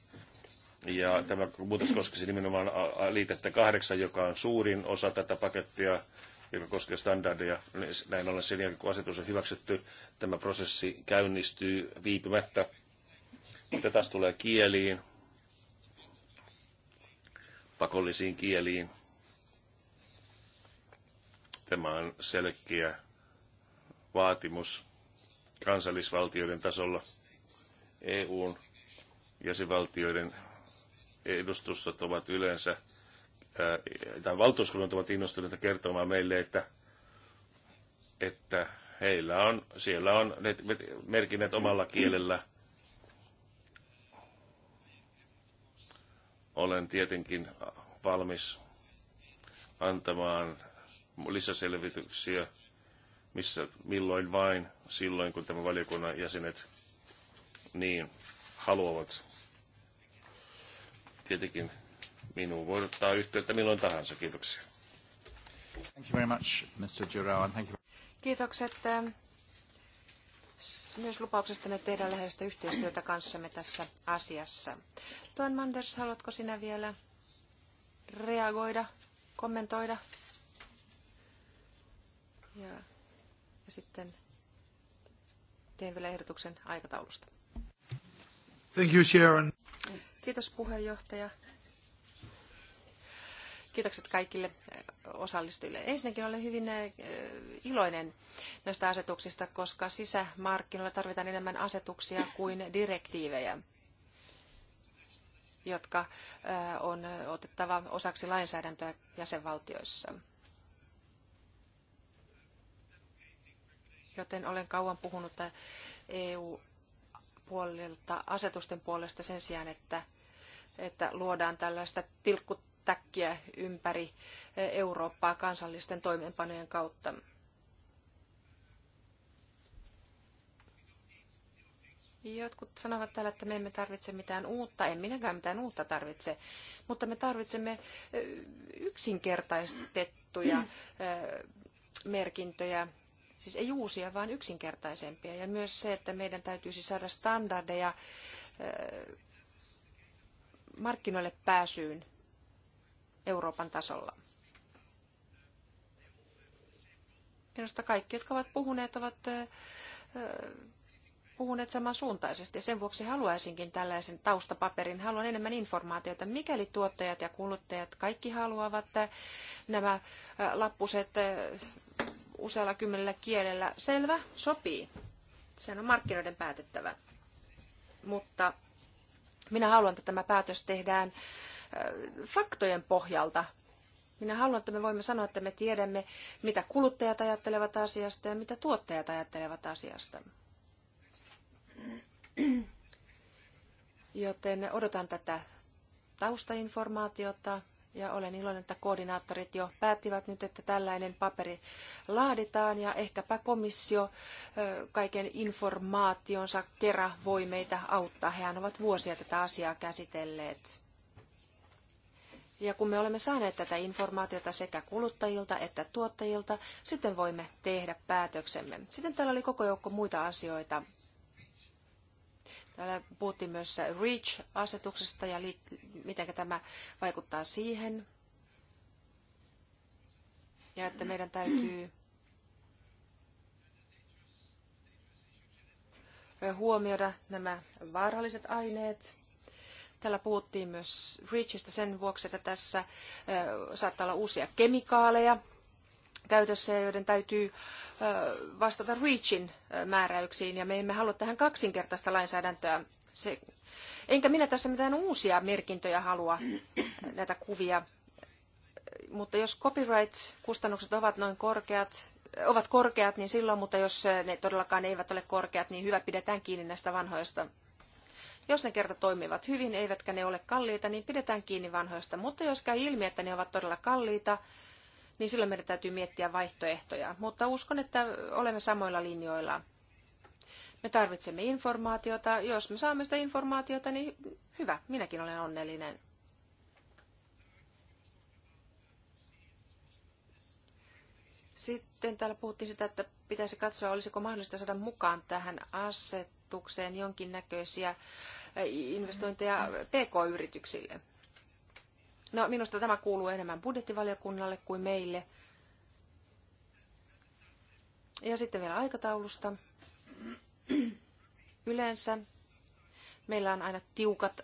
ja tämä muutos koskisi nimenomaan liitettä kahdeksan, joka on suurin osa tätä pakettia, joka koskee standardeja. Niin näin ollen sen jälkeen, kun asetus on hyväksytty, tämä prosessi käynnistyy viipymättä. Mitä taas tulee kieliin, pakollisiin kieliin. Tämä on selkeä vaatimus kansallisvaltioiden tasolla, EUn jäsenvaltioiden edustustot ovat yleensä, tai valtuuskunnat ovat innostuneita kertomaan meille, että, että heillä on, siellä on ne merkinnät omalla kielellä. Olen tietenkin valmis antamaan lisäselvityksiä, missä milloin vain, silloin kun tämä valiokunnan jäsenet niin haluavat tietenkin minuun voi ottaa yhteyttä milloin tahansa. Kiitoksia. Thank you very much, Mr. Giroux, thank you. Kiitokset äh, myös lupauksestanne tehdä läheistä yhteistyötä kanssamme tässä asiassa. Tuon Manders, haluatko sinä vielä reagoida, kommentoida? Ja, ja sitten teen vielä ehdotuksen aikataulusta. Thank you, Sharon. Kiitos puheenjohtaja. Kiitokset kaikille osallistujille. Ensinnäkin olen hyvin eh, iloinen näistä asetuksista, koska sisämarkkinoilla tarvitaan enemmän asetuksia kuin direktiivejä jotka eh, on otettava osaksi lainsäädäntöä jäsenvaltioissa. Joten olen kauan puhunut EU-puolelta eh, e asetusten puolesta sen sijaan, että että luodaan tällaista tilkkutäkkiä ympäri eh, Eurooppaa kansallisten toimeenpanojen kautta. Jotkut sanovat täällä, että me emme tarvitse mitään uutta, en minäkään mitään uutta tarvitse, mutta me tarvitsemme eh, yksinkertaistettuja eh, merkintöjä, siis ei uusia, vaan yksinkertaisempia. Ja myös se, että meidän täytyisi saada standardeja markkinoille pääsyyn Euroopan tasolla. Minusta kaikki, jotka ovat puhuneet, ovat puhuneet samansuuntaisesti. Sen vuoksi haluaisinkin tällaisen taustapaperin. Haluan enemmän informaatiota, mikäli tuottajat ja kuluttajat kaikki haluavat nämä lappuset usealla kymmenellä kielellä. Selvä, sopii. Sen on markkinoiden päätettävä. Mutta minä haluan, että tämä päätös tehdään faktojen pohjalta. Minä haluan, että me voimme sanoa, että me tiedämme, mitä kuluttajat ajattelevat asiasta ja mitä tuottajat ajattelevat asiasta. Joten odotan tätä taustainformaatiota ja olen iloinen, että koordinaattorit jo päättivät nyt, että tällainen paperi laaditaan ja ehkäpä komissio kaiken informaationsa kerran voi meitä auttaa. Hehän ovat vuosia tätä asiaa käsitelleet. Ja kun me olemme saaneet tätä informaatiota sekä kuluttajilta että tuottajilta, sitten voimme tehdä päätöksemme. Sitten täällä oli koko joukko muita asioita. Täällä puhuttiin myös REACH-asetuksesta ja miten tämä vaikuttaa siihen. Ja että meidän täytyy huomioida nämä vaaralliset aineet. Täällä puhuttiin myös REACHista sen vuoksi, että tässä saattaa olla uusia kemikaaleja, käytössä ja joiden täytyy vastata REACHin määräyksiin ja me emme halua tähän kaksinkertaista lainsäädäntöä. Se, enkä minä tässä mitään uusia merkintöjä halua näitä kuvia, mutta jos copyright-kustannukset ovat noin korkeat, ovat korkeat, niin silloin, mutta jos ne todellakaan eivät ole korkeat, niin hyvä pidetään kiinni näistä vanhoista jos ne kerta toimivat hyvin, eivätkä ne ole kalliita, niin pidetään kiinni vanhoista. Mutta jos käy ilmi, että ne ovat todella kalliita, niin silloin meidän täytyy miettiä vaihtoehtoja. Mutta uskon, että olemme samoilla linjoilla. Me tarvitsemme informaatiota. Jos me saamme sitä informaatiota, niin hyvä, minäkin olen onnellinen. Sitten täällä puhuttiin sitä, että pitäisi katsoa, olisiko mahdollista saada mukaan tähän asetukseen jonkinnäköisiä investointeja PK-yrityksille. No, minusta tämä kuuluu enemmän budjettivaliokunnalle kuin meille. Ja sitten vielä aikataulusta. Yleensä meillä on aina tiukat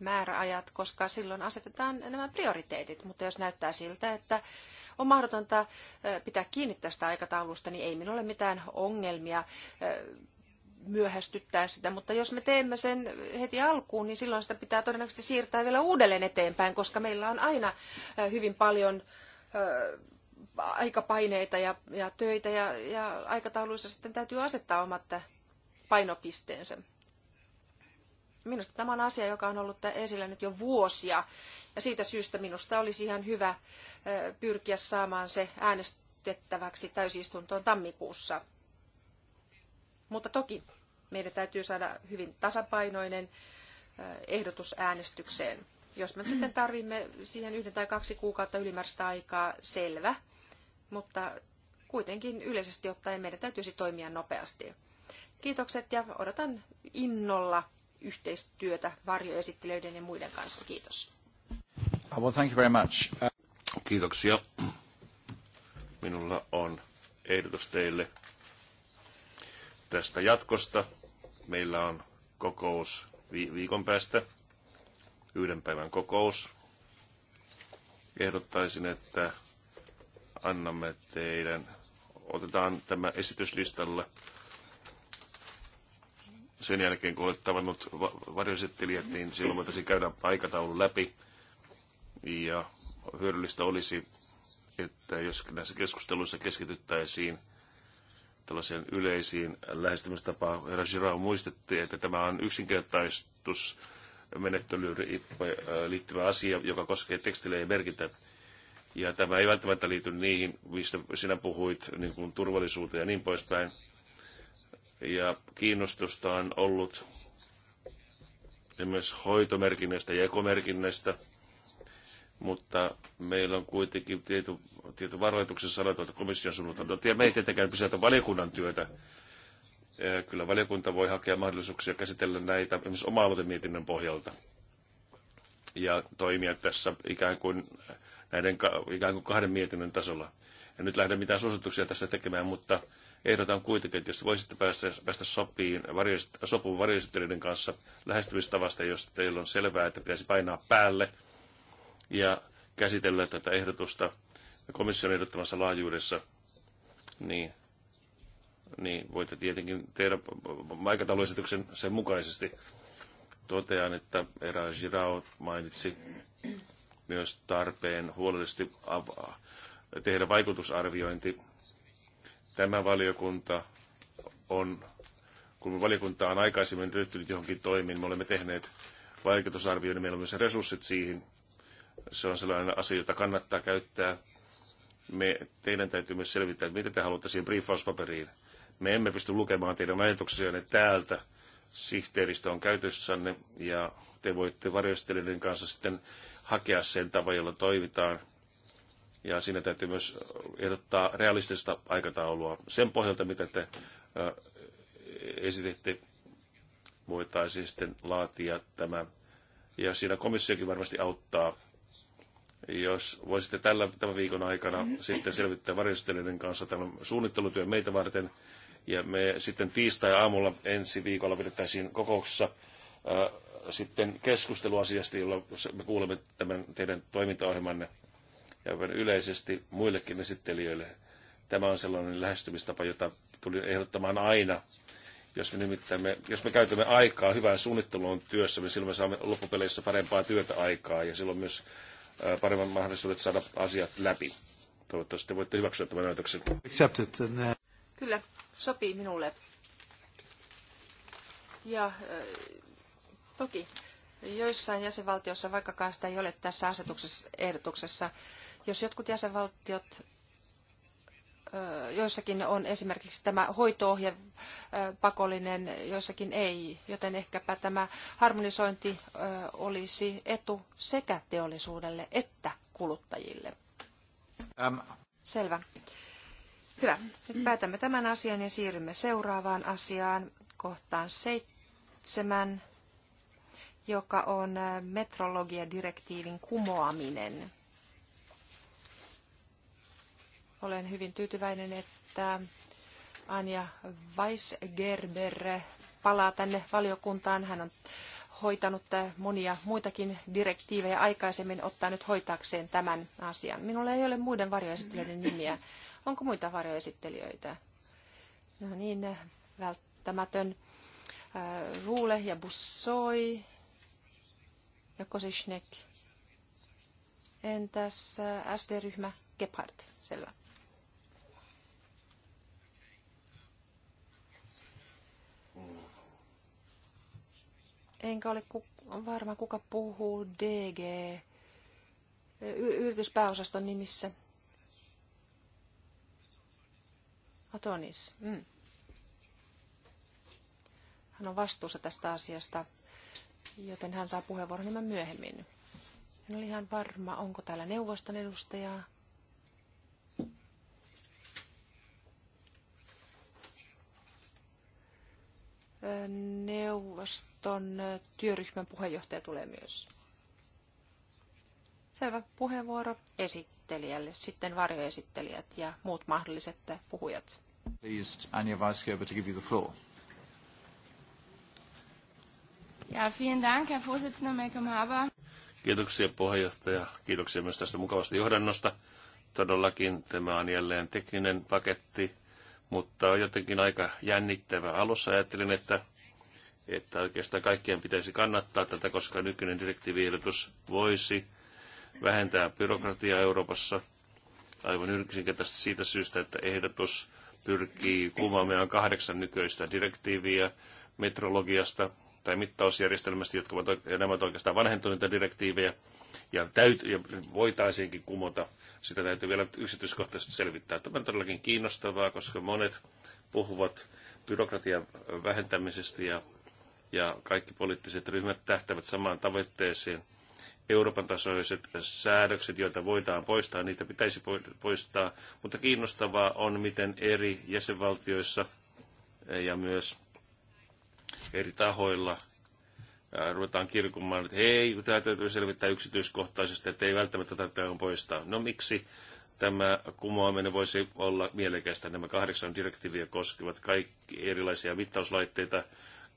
määräajat, koska silloin asetetaan nämä prioriteetit. Mutta jos näyttää siltä, että on mahdotonta pitää kiinni tästä aikataulusta, niin ei minulla ole mitään ongelmia myöhästyttää sitä, mutta jos me teemme sen heti alkuun, niin silloin sitä pitää todennäköisesti siirtää vielä uudelleen eteenpäin, koska meillä on aina hyvin paljon aikapaineita ja, ja töitä ja, ja aikatauluissa sitten täytyy asettaa omat painopisteensä. Minusta tämä on asia, joka on ollut esillä nyt jo vuosia ja siitä syystä minusta olisi ihan hyvä pyrkiä saamaan se äänestettäväksi täysistuntoon tammikuussa. Mutta toki meidän täytyy saada hyvin tasapainoinen ehdotus äänestykseen. Jos me sitten tarvimme siihen yhden tai kaksi kuukautta ylimääräistä aikaa, selvä, mutta kuitenkin yleisesti ottaen meidän täytyisi toimia nopeasti. Kiitokset ja odotan innolla yhteistyötä varjoesittelijöiden ja muiden kanssa. Kiitos. Uh, well, thank you very much. Uh, Kiitoksia. Minulla on ehdotus teille tästä jatkosta. Meillä on kokous viikon päästä, yhden päivän kokous. Ehdottaisin, että annamme teidän, otetaan tämä esityslistalle sen jälkeen, kun olet tavannut varjoesittelijät, niin silloin voitaisiin käydä aikataulun läpi. Ja hyödyllistä olisi, että jos näissä keskusteluissa keskityttäisiin tällaiseen yleisiin lähestymistapaan. Herra Girard muistettiin, että tämä on yksinkertaistus menettelyyn äh, liittyvä asia, joka koskee tekstilejä ja merkintä. Ja tämä ei välttämättä liity niihin, mistä sinä puhuit, niin kuin turvallisuuteen ja niin poispäin. Ja kiinnostusta on ollut ja myös hoitomerkinnöistä ja ekomerkinnöistä mutta meillä on kuitenkin tieto tieto varoituksen sanottu, että komission suunnitelma, no, ja me ei tietenkään pysäytä valiokunnan työtä. Kyllä valiokunta voi hakea mahdollisuuksia käsitellä näitä esimerkiksi oma mietinnön pohjalta ja toimia tässä ikään kuin näiden ikään kuin kahden mietinnön tasolla. En nyt lähde mitään suosituksia tässä tekemään, mutta ehdotan kuitenkin, että jos voisitte päästä, päästä sopiin, varjoist, sopuun varjoesittelyiden kanssa lähestymistavasta, jos teillä on selvää, että pitäisi painaa päälle – ja käsitellä tätä ehdotusta komission ehdottamassa laajuudessa, niin, niin voitte tietenkin tehdä aikatauluesityksen sen mukaisesti. Totean, että Era Girao mainitsi myös tarpeen huolellisesti tehdä vaikutusarviointi. Tämä valiokunta on, kun valiokunta on aikaisemmin ryhtynyt johonkin toimiin, me olemme tehneet vaikutusarvioinnin, meillä on myös resurssit siihen – se on sellainen asia, jota kannattaa käyttää. Me, teidän täytyy myös selvittää, mitä te haluatte siihen briefauspaperiin. Me emme pysty lukemaan teidän ajatuksianne täältä. Sihteeristö on käytössänne ja te voitte varjostelijoiden kanssa sitten hakea sen tavan, jolla toimitaan. Ja siinä täytyy myös ehdottaa realistista aikataulua. Sen pohjalta, mitä te esititte, voitaisiin sitten laatia tämä. Ja siinä komissiokin varmasti auttaa jos voisitte tällä, tämän viikon aikana sitten selvittää varjostelijoiden kanssa tämän suunnittelutyön meitä varten. Ja me sitten tiistai-aamulla ensi viikolla pidettäisiin kokouksessa äh, sitten keskusteluasiasta, jolla me kuulemme tämän teidän toimintaohjelmanne ja yleisesti muillekin esittelijöille. Tämä on sellainen lähestymistapa, jota tuli ehdottamaan aina. Jos me, me, jos me käytämme aikaa hyvään suunnitteluun työssä, niin silloin me saamme loppupeleissä parempaa työtä aikaa ja silloin myös paremmat mahdollisuudet saada asiat läpi. Toivottavasti voitte hyväksyä tämän ajatuksen. Uh, Kyllä, sopii minulle. Ja toki joissain jäsenvaltioissa, vaikkakaan sitä ei ole tässä asetuksessa ehdotuksessa, jos jotkut jäsenvaltiot joissakin on esimerkiksi tämä hoitoohje pakollinen, joissakin ei, joten ehkäpä tämä harmonisointi olisi etu sekä teollisuudelle että kuluttajille. Ähm. Selvä. Hyvä. Nyt päätämme tämän asian ja siirrymme seuraavaan asiaan, kohtaan seitsemän, joka on metrologiadirektiivin kumoaminen. Olen hyvin tyytyväinen, että Anja Weisgerber palaa tänne valiokuntaan. Hän on hoitanut monia muitakin direktiivejä aikaisemmin, ottaa nyt hoitaakseen tämän asian. Minulla ei ole muiden varjoesittelijöiden nimiä. Onko muita varjoesittelijöitä? No niin, välttämätön. Äh, Ruule ja Bussoi ja Kosisnek. Entäs äh, SD-ryhmä Gebhardt? Selvä. enkä ole varma, kuka puhuu DG yrityspääosaston nimissä. Atonis. Mm. Hän on vastuussa tästä asiasta, joten hän saa puheenvuoron myöhemmin. En ole ihan varma, onko täällä neuvoston edustajaa. neuvoston työryhmän puheenjohtaja tulee myös. Selvä puheenvuoro esittelijälle, sitten varjoesittelijät ja muut mahdolliset puhujat. Anja Weisgerber, to give you the floor. Ja, vielen Dank, Herr Vorsitzender Malcolm Haber. Kiitoksia puheenjohtaja. Kiitoksia myös tästä mukavasta johdannosta. Todellakin tämä on jälleen tekninen paketti mutta on jotenkin aika jännittävä. Alussa ajattelin, että, että oikeastaan kaikkien pitäisi kannattaa tätä, koska nykyinen direktiiviehdotus voisi vähentää byrokratiaa Euroopassa aivan yksinkertaisesti siitä syystä, että ehdotus pyrkii kumoamaan kahdeksan nykyistä direktiiviä metrologiasta tai mittausjärjestelmästä, jotka ovat, ja nämä ovat oikeastaan vanhentuneita direktiivejä, ja, täyt- ja voitaisiinkin kumota. Sitä täytyy vielä yksityiskohtaisesti selvittää. Tämä on todellakin kiinnostavaa, koska monet puhuvat byrokratian vähentämisestä ja, ja kaikki poliittiset ryhmät tähtävät samaan tavoitteeseen. Euroopan tasoiset säädökset, joita voidaan poistaa, niitä pitäisi poistaa, mutta kiinnostavaa on, miten eri jäsenvaltioissa ja myös eri tahoilla ruvetaan kirkumaan, että hei, tämä täytyy selvittää yksityiskohtaisesti, että ei välttämättä tarvitse poistaa. No miksi tämä kumoaminen voisi olla mielekästä? Nämä kahdeksan direktiiviä koskevat kaikki erilaisia mittauslaitteita,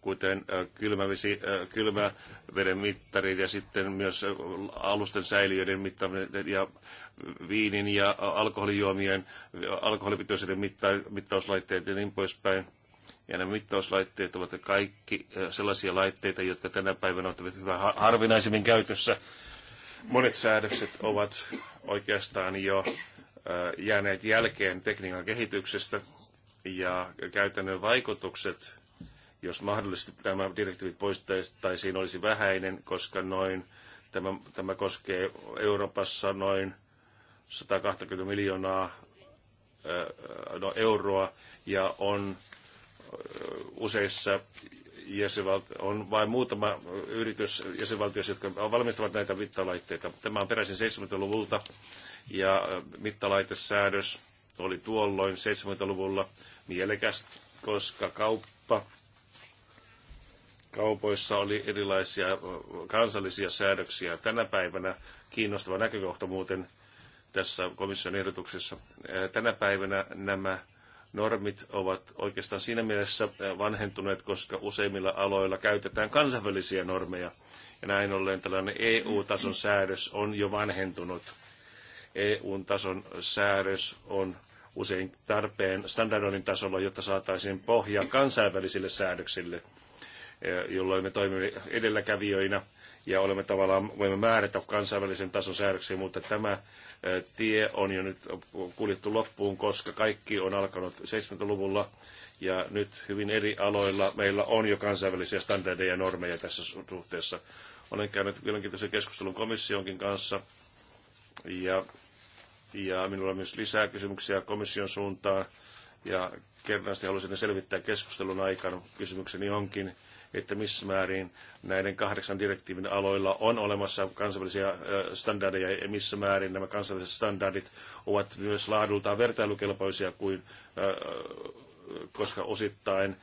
kuten kylmävesi, kylmäveden mittarit ja sitten myös alusten säiliöiden mittaaminen ja viinin ja alkoholijuomien, alkoholipitoisuuden mittauslaitteiden mittauslaitteet ja niin poispäin. Ja nämä mittauslaitteet ovat kaikki sellaisia laitteita, jotka tänä päivänä ovat hyvä harvinaisemmin käytössä. Monet säädökset ovat oikeastaan jo jääneet jälkeen tekniikan kehityksestä ja käytännön vaikutukset, jos mahdollisesti nämä direktiivit poistettaisiin, olisi vähäinen, koska noin tämä, tämä koskee Euroopassa noin 120 miljoonaa no, euroa ja on useissa on vain muutama yritys jäsenvaltioissa, jotka valmistavat näitä mittalaitteita. Tämä on peräisin 70-luvulta ja mittalaitesäädös oli tuolloin 70-luvulla mielekäs, koska kauppa kaupoissa oli erilaisia kansallisia säädöksiä. Tänä päivänä kiinnostava näkökohta muuten tässä komission ehdotuksessa. Tänä päivänä nämä normit ovat oikeastaan siinä mielessä äh, vanhentuneet, koska useimmilla aloilla käytetään kansainvälisiä normeja. Ja näin ollen tällainen EU-tason säädös on jo vanhentunut. EU-tason säädös on usein tarpeen standardoinnin tasolla, jotta saataisiin pohja kansainvälisille säädöksille, äh, jolloin me toimimme edelläkävijöinä – ja olemme tavallaan, voimme määrätä kansainvälisen tason säädöksiä, mutta tämä tie on jo nyt kuljettu loppuun, koska kaikki on alkanut 70-luvulla ja nyt hyvin eri aloilla meillä on jo kansainvälisiä standardeja ja normeja tässä suhteessa. Olen käynyt mielenkiintoisen keskustelun komissionkin kanssa ja, ja minulla on myös lisää kysymyksiä komission suuntaan ja kerran halusin selvittää keskustelun aikana. Kysymykseni onkin, että missä määrin näiden kahdeksan direktiivin aloilla on olemassa kansainvälisiä standardeja ja missä määrin nämä kansainväliset standardit ovat myös laadultaan vertailukelpoisia kuin koska osittain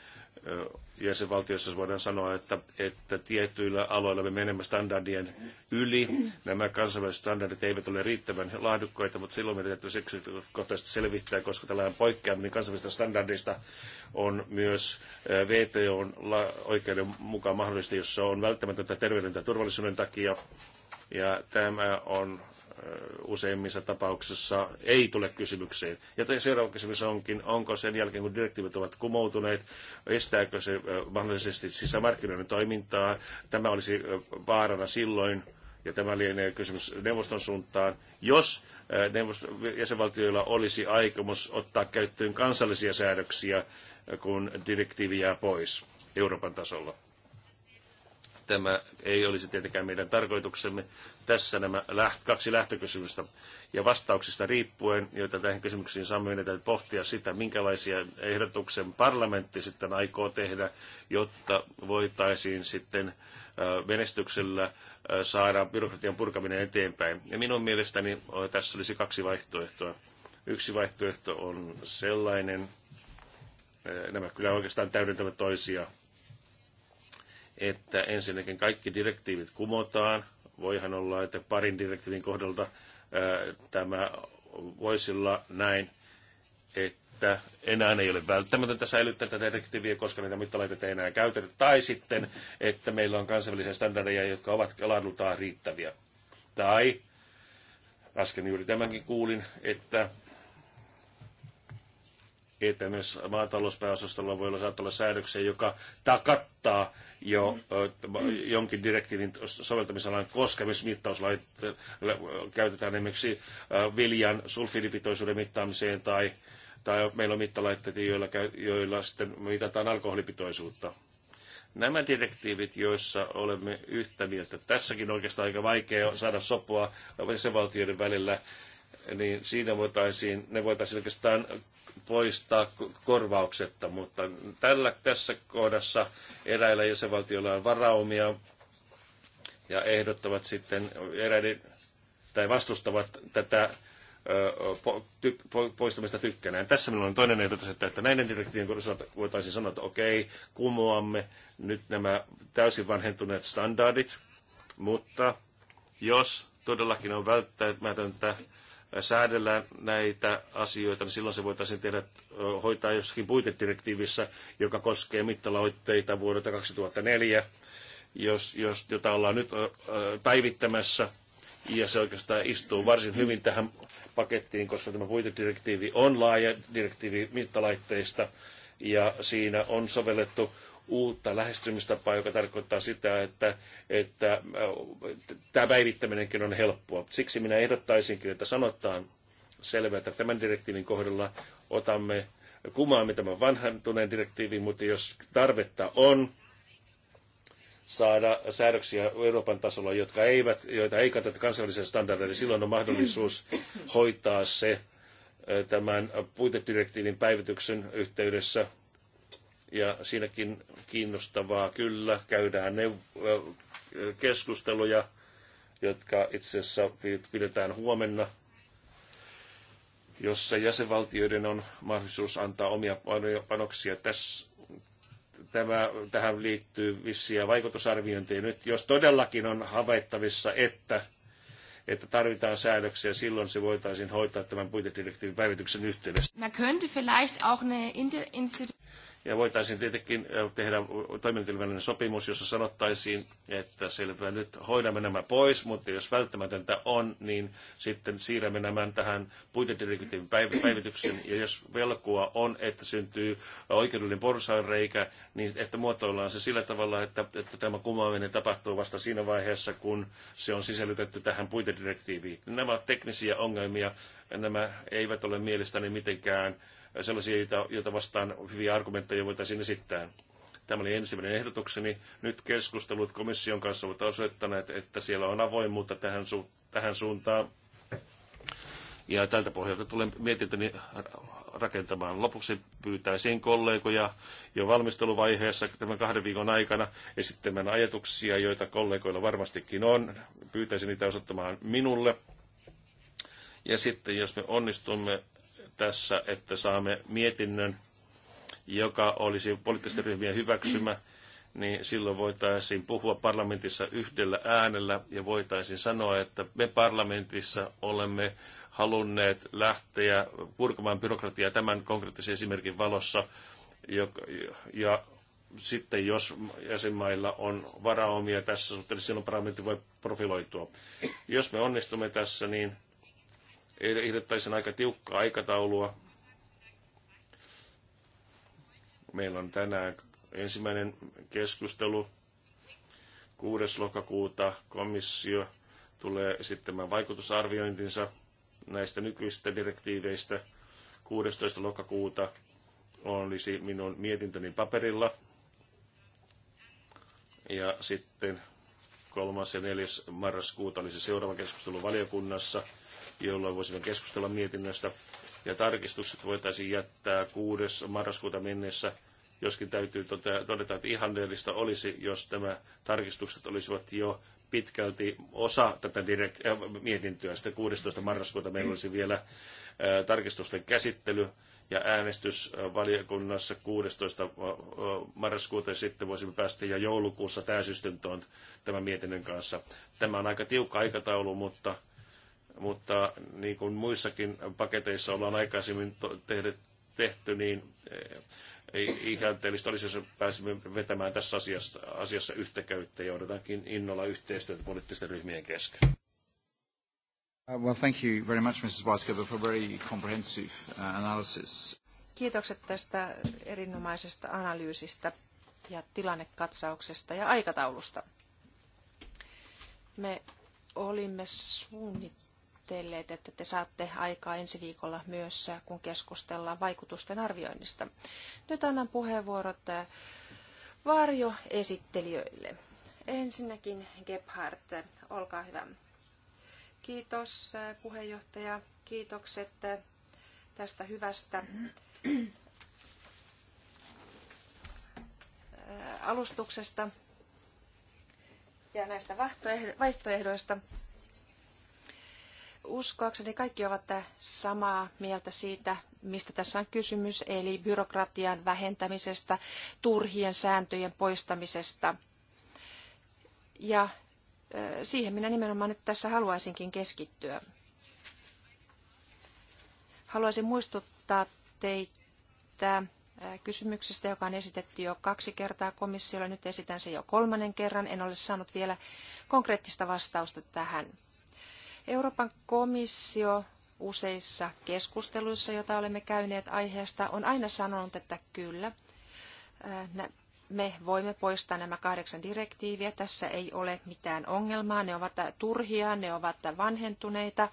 jäsenvaltiossa voidaan sanoa, että, että tietyillä aloilla me menemme standardien yli. Nämä kansainväliset standardit eivät ole riittävän laadukkaita, mutta silloin meidän täytyy seksikohtaisesti selvittää, koska tällainen poikkeaminen kansainvälisistä standardeista on myös VTOn oikeuden mukaan mahdollista, jossa on välttämätöntä terveyden ja turvallisuuden takia. Ja tämä on useimmissa tapauksissa ei tule kysymykseen. Ja seuraava kysymys onkin, onko sen jälkeen kun direktiivit ovat kumoutuneet, estääkö se mahdollisesti sisämarkkinoiden toimintaa. Tämä olisi vaarana silloin, ja tämä lienee kysymys neuvoston suuntaan, jos jäsenvaltioilla olisi aikomus ottaa käyttöön kansallisia säädöksiä, kun direktiivi jää pois Euroopan tasolla. Tämä ei olisi tietenkään meidän tarkoituksemme. Tässä nämä kaksi lähtökysymystä. Ja vastauksista riippuen, joita tähän kysymyksiin saamme, meidän täytyy pohtia sitä, minkälaisia ehdotuksen parlamentti sitten aikoo tehdä, jotta voitaisiin sitten menestyksellä saada byrokratian purkaminen eteenpäin. Ja minun mielestäni tässä olisi kaksi vaihtoehtoa. Yksi vaihtoehto on sellainen, nämä kyllä oikeastaan täydentävät toisia että ensinnäkin kaikki direktiivit kumotaan. Voihan olla, että parin direktiivin kohdalta tämä voisi olla näin, että enää ei ole välttämätöntä säilyttää tätä direktiiviä, koska niitä mittalaitteita ei enää käytetä, tai sitten, että meillä on kansainvälisiä standardeja, jotka ovat laadultaan riittäviä. Tai, äsken juuri tämänkin kuulin, että että myös maatalouspääosastolla voi olla, saattaa olla säädöksiä, joka takattaa jo jonkin direktiivin soveltamisalan koskemismittauslait käytetään esimerkiksi viljan sulfidipitoisuuden mittaamiseen tai, tai meillä on mittalaitteita, joilla, joilla sitten mitataan alkoholipitoisuutta. Nämä direktiivit, joissa olemme yhtä mieltä, tässäkin oikeastaan aika vaikea saada sopua valtioiden välillä, niin siinä voitaisiin, ne voitaisiin oikeastaan poistaa korvauksetta, mutta tällä, tässä kohdassa eräillä jäsenvaltioilla on varaumia ja ehdottavat sitten eräiden, tai vastustavat tätä poistamista tykkänään. Tässä minulla on toinen ehdotus, että, että näiden direktiivien osalta voitaisiin sanoa, että okei, kumoamme nyt nämä täysin vanhentuneet standardit, mutta jos todellakin on välttämätöntä säädellään näitä asioita, niin silloin se voitaisiin tehdä, hoitaa jossakin puitedirektiivissä, joka koskee mittalaitteita vuodelta 2004, jos, jos, jota ollaan nyt päivittämässä. Ja se oikeastaan istuu varsin hyvin tähän pakettiin, koska tämä puitedirektiivi on laaja direktiivi mittalaitteista, ja siinä on sovellettu uutta lähestymistapaa, joka tarkoittaa sitä, että, että äh, tämä päivittäminenkin on helppoa. Siksi minä ehdottaisinkin, että sanotaan selvää, että tämän direktiivin kohdalla otamme kumaamme tämän vanhantuneen direktiivin, mutta jos tarvetta on, saada säädöksiä Euroopan tasolla, jotka eivät, joita ei katsota kansallisen standardeja niin silloin on mahdollisuus hoitaa se äh, tämän puitedirektiivin päivityksen yhteydessä ja siinäkin kiinnostavaa kyllä käydään ne keskusteluja, jotka itse asiassa pidetään huomenna, jossa jäsenvaltioiden on mahdollisuus antaa omia panoksia. Tässä, tämä, tähän liittyy vissiä vaikutusarviointeja nyt. Jos todellakin on havaittavissa, että, että tarvitaan säädöksiä, silloin se voitaisiin hoitaa tämän puitedirektiivin päivityksen yhteydessä. Ja voitaisiin tietenkin tehdä toimintelmällinen sopimus, jossa sanottaisiin, että selvä, nyt hoidamme nämä pois, mutta jos välttämätöntä on, niin sitten siirrämme nämä tähän puitedirektiivin päivityksen. Ja jos velkoa on, että syntyy oikeudellinen porsaanreikä, niin että muotoillaan se sillä tavalla, että, että tämä kumoaminen tapahtuu vasta siinä vaiheessa, kun se on sisällytetty tähän puitedirektiiviin. Nämä ovat teknisiä ongelmia, nämä eivät ole mielestäni mitenkään sellaisia, joita, joita vastaan hyviä argumentteja voitaisiin esittää. Tämä oli ensimmäinen ehdotukseni. Nyt keskustelut komission kanssa ovat osoittaneet, että siellä on avoimuutta tähän, su- tähän suuntaan. Ja tältä pohjalta tulen mietintöni rakentamaan. Lopuksi pyytäisin kollegoja jo valmisteluvaiheessa tämän kahden viikon aikana esittämään ajatuksia, joita kollegoilla varmastikin on. Pyytäisin niitä osoittamaan minulle. Ja sitten jos me onnistumme tässä, että saamme mietinnön, joka olisi poliittisten ryhmien hyväksymä, niin silloin voitaisiin puhua parlamentissa yhdellä äänellä ja voitaisiin sanoa, että me parlamentissa olemme halunneet lähteä purkamaan byrokratiaa tämän konkreettisen esimerkin valossa. Ja, ja sitten jos jäsenmailla on varaomia tässä suhteessa, silloin parlamentti voi profiloitua. Jos me onnistumme tässä, niin ehdottaisin aika tiukkaa aikataulua. Meillä on tänään ensimmäinen keskustelu. 6. lokakuuta komissio tulee esittämään vaikutusarviointinsa näistä nykyisistä direktiiveistä. 16. lokakuuta olisi minun mietintöni paperilla. Ja sitten 3. ja 4. marraskuuta olisi seuraava keskustelu valiokunnassa – jolloin voisimme keskustella mietinnöstä. Ja tarkistukset voitaisiin jättää 6. marraskuuta mennessä, joskin täytyy todeta, että ihanteellista olisi, jos nämä tarkistukset olisivat jo pitkälti osa tätä direkt- äh, mietintöä. Sitten 16. marraskuuta meillä olisi vielä äh, tarkistusten käsittely ja äänestys äh, valiokunnassa 16. Äh, äh, marraskuuta ja sitten voisimme päästä jo joulukuussa täysistuntoon tämän mietinnön kanssa. Tämä on aika tiukka aikataulu, mutta mutta niin kuin muissakin paketeissa ollaan aikaisemmin tehty, tehty niin eh, ihanteellista olisi, jos pääsimme vetämään tässä asiassa, asiassa yhtä ja odotankin innolla yhteistyötä poliittisten ryhmien kesken. Uh, well, thank you very much, Mrs. Weisgerber, for very comprehensive uh, analysis. Kiitokset tästä erinomaisesta analyysistä ja tilannekatsauksesta ja aikataulusta. Me olimme suunnitelleet ajatelleet, että te saatte aikaa ensi viikolla myös, äh, kun keskustellaan vaikutusten arvioinnista. Nyt annan puheenvuorot äh, varjoesittelijöille. Ensinnäkin Gebhardt, äh, olkaa hyvä. Kiitos puheenjohtaja, kiitokset tästä hyvästä alustuksesta ja näistä vaihtoehdoista uskoakseni kaikki ovat samaa mieltä siitä, mistä tässä on kysymys, eli byrokratian vähentämisestä, turhien sääntöjen poistamisesta. Ja siihen minä nimenomaan nyt tässä haluaisinkin keskittyä. Haluaisin muistuttaa teitä kysymyksestä, joka on esitetty jo kaksi kertaa komissiolle. Nyt esitän se jo kolmannen kerran. En ole saanut vielä konkreettista vastausta tähän. Euroopan komissio useissa keskusteluissa, joita olemme käyneet aiheesta, on aina sanonut, että kyllä, äh, me voimme poistaa nämä kahdeksan direktiiviä. Tässä ei ole mitään ongelmaa. Ne ovat turhia, ne ovat vanhentuneita.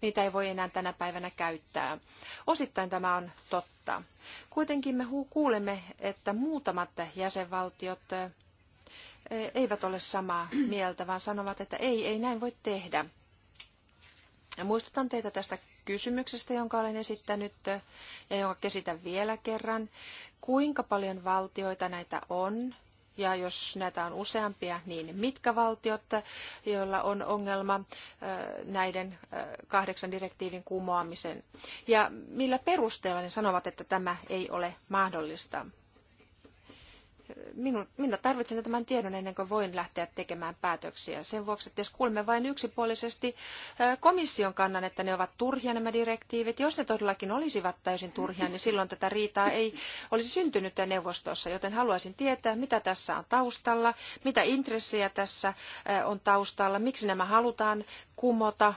Niitä ei voi enää tänä päivänä käyttää. Osittain tämä on totta. Kuitenkin me kuulemme, että muutamat jäsenvaltiot äh, eivät ole samaa mieltä, vaan sanovat, että ei, ei näin voi tehdä. Muistutan teitä tästä kysymyksestä, jonka olen esittänyt ja jonka kesitän vielä kerran. Kuinka paljon valtioita näitä on? Ja jos näitä on useampia, niin mitkä valtiot, joilla on ongelma näiden kahdeksan direktiivin kumoamisen? Ja millä perusteella ne sanovat, että tämä ei ole mahdollista? minun, minä tarvitsen tämän tiedon ennen kuin voin lähteä tekemään päätöksiä. Sen vuoksi, että jos kuulemme vain yksipuolisesti komission kannan, että ne ovat turhia nämä direktiivit, jos ne todellakin olisivat täysin turhia, niin silloin tätä riitaa ei olisi syntynyt neuvostossa, joten haluaisin tietää, mitä tässä on taustalla, mitä intressejä tässä on taustalla, miksi nämä halutaan kumota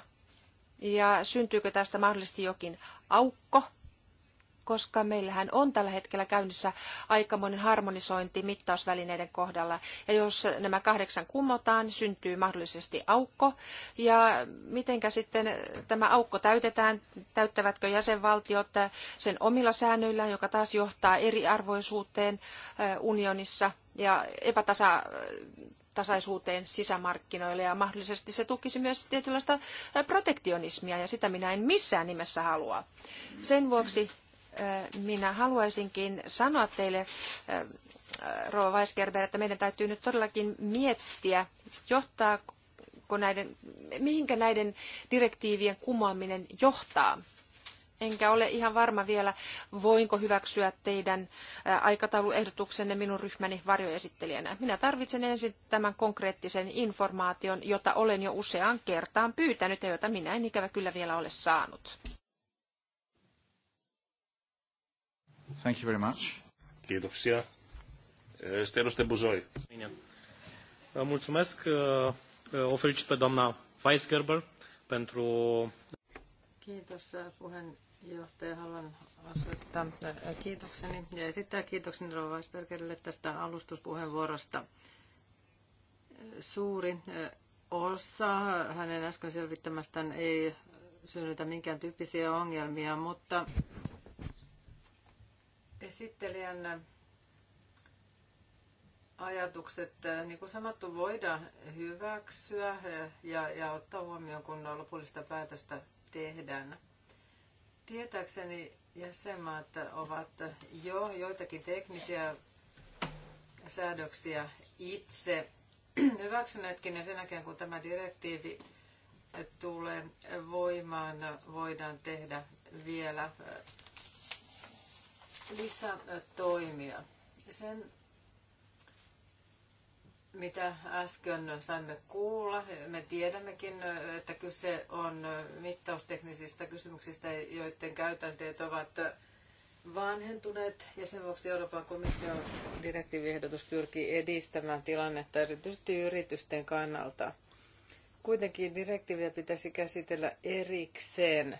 ja syntyykö tästä mahdollisesti jokin aukko koska meillähän on tällä hetkellä käynnissä aikamoinen harmonisointi mittausvälineiden kohdalla. Ja jos nämä kahdeksan kumotaan, syntyy mahdollisesti aukko. Ja mitenkä sitten tämä aukko täytetään? Täyttävätkö jäsenvaltiot sen omilla säännöillään, joka taas johtaa eriarvoisuuteen eh, unionissa ja epätasa tasaisuuteen sisämarkkinoille ja mahdollisesti se tukisi myös tietynlaista eh, protektionismia ja sitä minä en missään nimessä halua. Sen vuoksi minä haluaisinkin sanoa teille, Rova Weisgerber, että meidän täytyy nyt todellakin miettiä, johtaako näiden, mihinkä näiden direktiivien kumoaminen johtaa. Enkä ole ihan varma vielä, voinko hyväksyä teidän aikatauluehdotuksenne minun ryhmäni varjoesittelijänä. Minä tarvitsen ensin tämän konkreettisen informaation, jota olen jo useaan kertaan pyytänyt ja jota minä en ikävä kyllä vielä ole saanut. Thank you very much. Kiitoksia. Sitten edustaja Buzoi. Mulțumesc. O felicit pe doamna Weisgerber pentru... Kiitos puheenjohtaja. Haluan osoittaa äh, kiitokseni ja esittää kiitokseni Rova Weisbergerille tästä alustuspuheenvuorosta. Suuri äh, osa hänen äsken selvittämästään ei synnytä minkään tyyppisiä ongelmia, mutta esittelijän ajatukset, eh, niin kuin sanottu, voidaan hyväksyä eh, ja, ja ottaa huomioon, kun lopullista päätöstä tehdään. Tietääkseni jäsenmaat ovat jo joitakin teknisiä säädöksiä itse hyväksyneetkin ja sen jälkeen, kun tämä direktiivi tulee voimaan, voidaan tehdä vielä eh, lisätoimia. Sen, mitä äsken saimme kuulla, me tiedämmekin, että kyse on mittausteknisistä kysymyksistä, joiden käytänteet ovat vanhentuneet ja sen vuoksi Euroopan komission direktiiviehdotus pyrkii edistämään tilannetta erityisesti yritysten kannalta. Kuitenkin direktiiviä pitäisi käsitellä erikseen –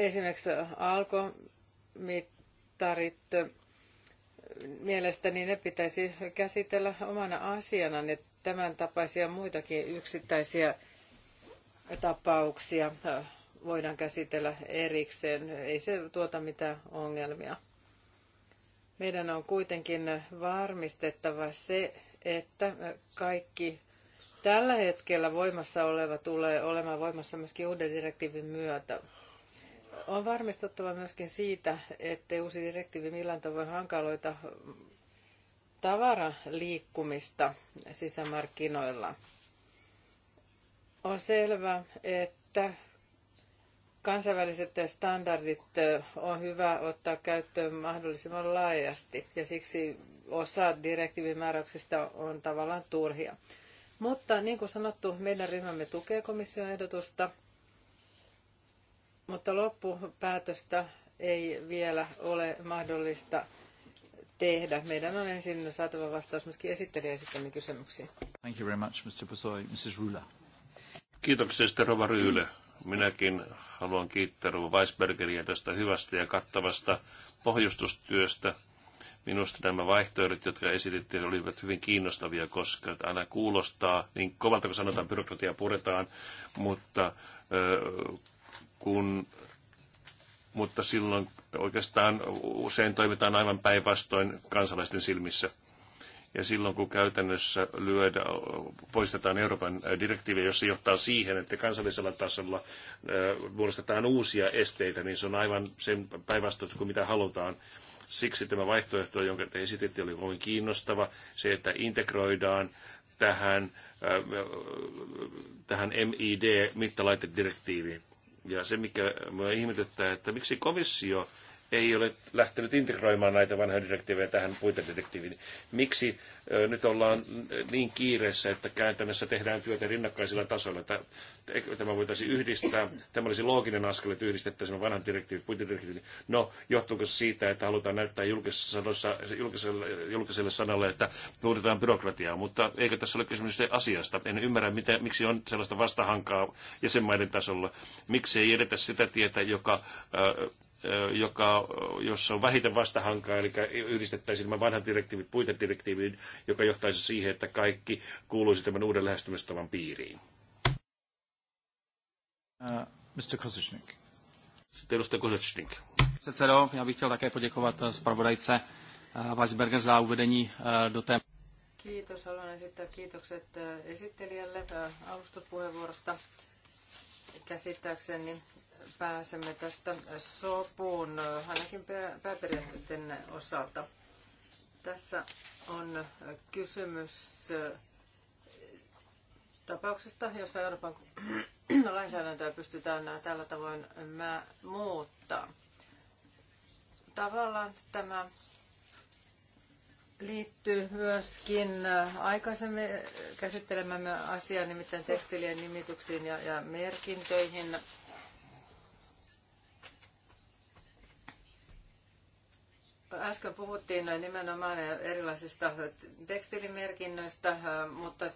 Esimerkiksi alkomittarit, mielestäni ne pitäisi käsitellä omana asiana, ne niin tämän tapaisia muitakin yksittäisiä tapauksia voidaan käsitellä erikseen. Ei se tuota mitään ongelmia. Meidän on kuitenkin varmistettava se, että kaikki tällä hetkellä voimassa oleva tulee olemaan voimassa myöskin uuden direktiivin myötä. On varmistuttava myöskin siitä, että uusi direktiivi millään tavoin hankaloita tavaraliikkumista sisämarkkinoilla. On selvää, että kansainväliset standardit on hyvä ottaa käyttöön mahdollisimman laajasti ja siksi osa direktiivin määräyksistä on tavallaan turhia. Mutta niin kuin sanottu, meidän ryhmämme tukee komission ehdotusta – mutta loppupäätöstä ei vielä ole mahdollista tehdä. Meidän on ensin saatava vastaus myöskin esittelijä esittämiin kysymyksiin. Thank you very much, Mr. Pusoi. Mrs. Rula. Kiitoksesta, Rova Ryyle. Minäkin haluan kiittää Rova Weisbergeria tästä hyvästä ja kattavasta pohjustustyöstä. Minusta nämä vaihtoehdot, jotka esitettiin, olivat hyvin kiinnostavia, koska aina kuulostaa niin kovalta, kun sanotaan, byrokratia puretaan, mutta kun, mutta silloin oikeastaan usein toimitaan aivan päinvastoin kansalaisten silmissä. Ja silloin kun käytännössä lyödä, poistetaan Euroopan direktiivi, jos se johtaa siihen, että kansallisella tasolla muodostetaan uusia esteitä, niin se on aivan sen päinvastoin kuin mitä halutaan. Siksi tämä vaihtoehto, jonka te esititte, oli kovin kiinnostava. Se, että integroidaan tähän, tähän MID-mittalaitedirektiiviin. Ja se, mikä minua ihmetyttää, että miksi komissio ei ole lähtenyt integroimaan näitä vanhoja direktiivejä tähän puitedirektiiviin. Miksi nyt ollaan niin kiireessä, että käytännössä tehdään työtä rinnakkaisilla tasoilla? Tämä voitaisiin yhdistää. Tämä olisi looginen askel, että yhdistettäisiin vanhan direktiivin puitedirektiivin. No, johtuuko se siitä, että halutaan näyttää julkisessa sanossa, julkiselle, julkiselle sanalle, että puhutetaan byrokratiaa, mutta eikö tässä ole kysymys asiasta? En ymmärrä, miten, miksi on sellaista vastahankaa jäsenmaiden tasolla. Miksi ei edetä sitä tietä, joka joka, jossa on vähiten vastahankaa, eli yhdistettäisiin nämä vanhan direktiivit puitedirektiiviin, joka johtaisi siihen, että kaikki kuuluisi tämän uuden lähestymistavan piiriin. Uh, Mr. já bych chtěl také poděkovat eh, zpravodajce Weisberger eh, za uvedení eh, do té... Kiitos, haluan esittää kiitokset esittelijälle alustuspuheenvuorosta. Käsittääkseni pääsemme tästä sopuun ainakin pääperiaatteiden osalta. Tässä on kysymys äh, tapauksesta, jossa Euroopan lainsäädäntöä pystytään tällä tavoin muuttaa. Tavallaan tämä liittyy myöskin äh, aikaisemmin käsittelemämme asiaan, nimittäin tekstilien nimityksiin ja, ja merkintöihin. Äsken puhuttiin nimenomaan erilaisista tekstiilimerkinnöistä, mutta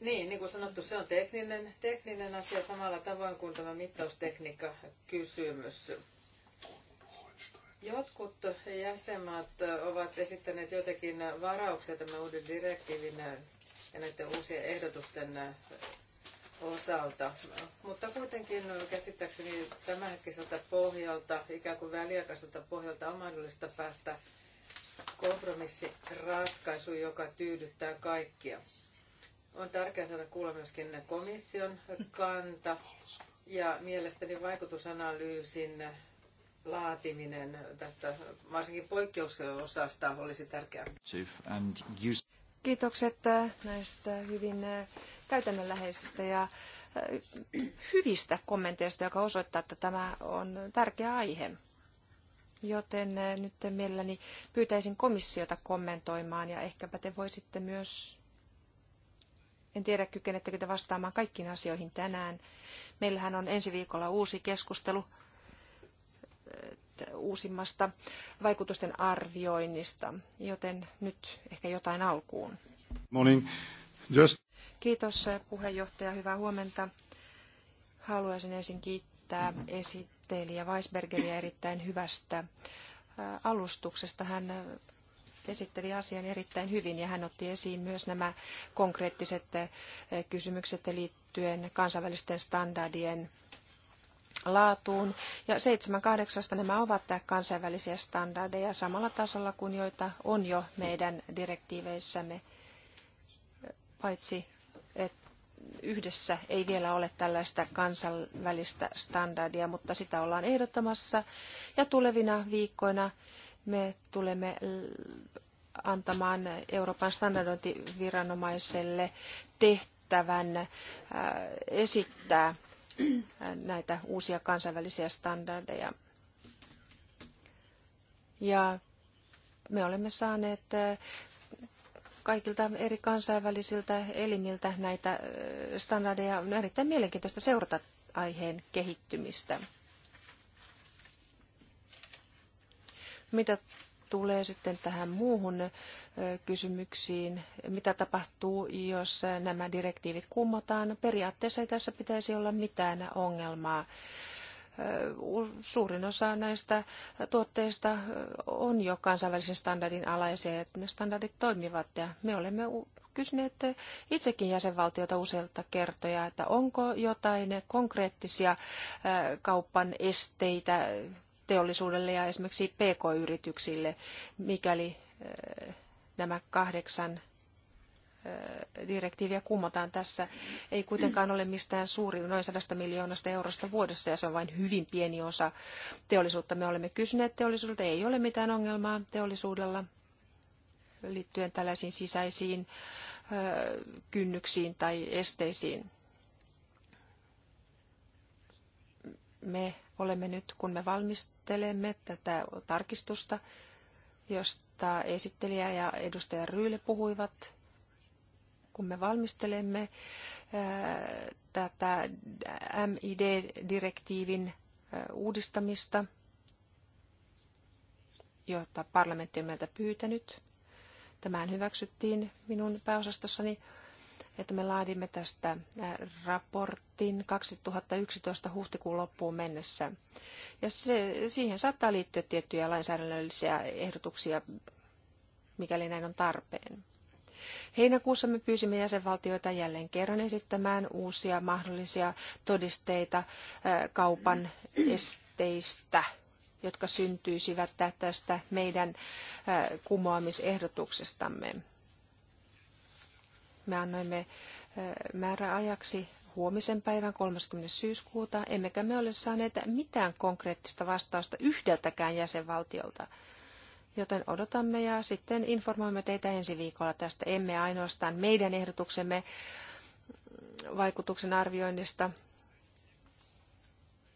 niin, niin kuin sanottu, se on tekninen, tekninen asia samalla tavoin kuin tämä mittaustekniikka kysymys. Jotkut jäsenmaat ovat esittäneet jotenkin varauksia tämän uuden direktiivin ja näiden uusien ehdotusten osalta. Mutta kuitenkin käsittääkseni tämänhetkiseltä pohjalta, ikään kuin väliaikaiselta pohjalta on mahdollista päästä kompromissiratkaisu, joka tyydyttää kaikkia. On tärkeää saada kuulla myöskin komission kanta ja mielestäni vaikutusanalyysin laatiminen tästä varsinkin poikkeusosasta olisi tärkeää. Kiitokset äh, näistä hyvin äh, käytännönläheisistä ja äh, hyvistä kommenteista, joka osoittaa, että tämä on tärkeä aihe. Joten äh, nyt mielelläni pyytäisin komissiota kommentoimaan ja ehkäpä te voisitte myös, en tiedä kykenettekö te vastaamaan kaikkiin asioihin tänään. Meillähän on ensi viikolla uusi keskustelu äh, uusimmasta vaikutusten arvioinnista, joten nyt ehkä jotain alkuun. Morning. Just... Kiitos eh, puheenjohtaja, hyvää huomenta. Haluaisin ensin kiittää esittelijä Weisbergeria erittäin hyvästä eh, alustuksesta. Hän eh, esitteli asian erittäin hyvin ja hän otti esiin myös nämä konkreettiset kysymykset liittyen kansainvälisten standardien laatuun. Ja 7.8. nämä ovat kansainvälisiä standardeja samalla tasolla kuin joita on jo meidän direktiiveissämme, paitsi yhdessä ei vielä ole tällaista kansainvälistä standardia, mutta sitä ollaan ehdottamassa. Ja tulevina viikkoina me tulemme antamaan Euroopan standardointiviranomaiselle tehtävän äh, esittää näitä uusia kansainvälisiä standardeja. Ja me olemme saaneet äh, kaikilta eri kansainvälisiltä elimiltä näitä standardeja. On erittäin mielenkiintoista seurata aiheen kehittymistä. Mitä tulee sitten tähän muuhun kysymyksiin, mitä tapahtuu, jos nämä direktiivit kummotaan. Periaatteessa ei tässä pitäisi olla mitään ongelmaa suurin osa näistä tuotteista on jo kansainvälisen standardin alaisia ja ne standardit toimivat. Ja me olemme kysyneet itsekin jäsenvaltiota useilta kertoja, että onko jotain konkreettisia kaupan esteitä teollisuudelle ja esimerkiksi pk-yrityksille, mikäli nämä kahdeksan direktiiviä kumotaan tässä. Ei kuitenkaan ole mistään suuri, noin 100 miljoonasta eurosta vuodessa, ja se on vain hyvin pieni osa teollisuutta. Me olemme kysyneet teollisuudelta, ei ole mitään ongelmaa teollisuudella liittyen tällaisiin sisäisiin kynnyksiin tai esteisiin. Me olemme nyt, kun me valmistelemme tätä tarkistusta, josta esittelijä ja edustaja Ryyle puhuivat, kun me valmistelemme äh, tätä MID-direktiivin äh, uudistamista, jota parlamentti on meiltä pyytänyt. Tämähän hyväksyttiin minun pääosastossani, että me laadimme tästä äh, raportin 2011 huhtikuun loppuun mennessä. Ja se, siihen saattaa liittyä tiettyjä lainsäädännöllisiä ehdotuksia, mikäli näin on tarpeen. Heinäkuussa me pyysimme jäsenvaltioita jälleen kerran esittämään uusia mahdollisia todisteita kaupan esteistä jotka syntyisivät tästä meidän kumoamisehdotuksestamme. Me annoimme määräajaksi huomisen päivän 30. syyskuuta, emmekä me ole saaneet mitään konkreettista vastausta yhdeltäkään jäsenvaltiolta joten odotamme ja sitten informoimme teitä ensi viikolla tästä. Emme ainoastaan meidän ehdotuksemme vaikutuksen arvioinnista,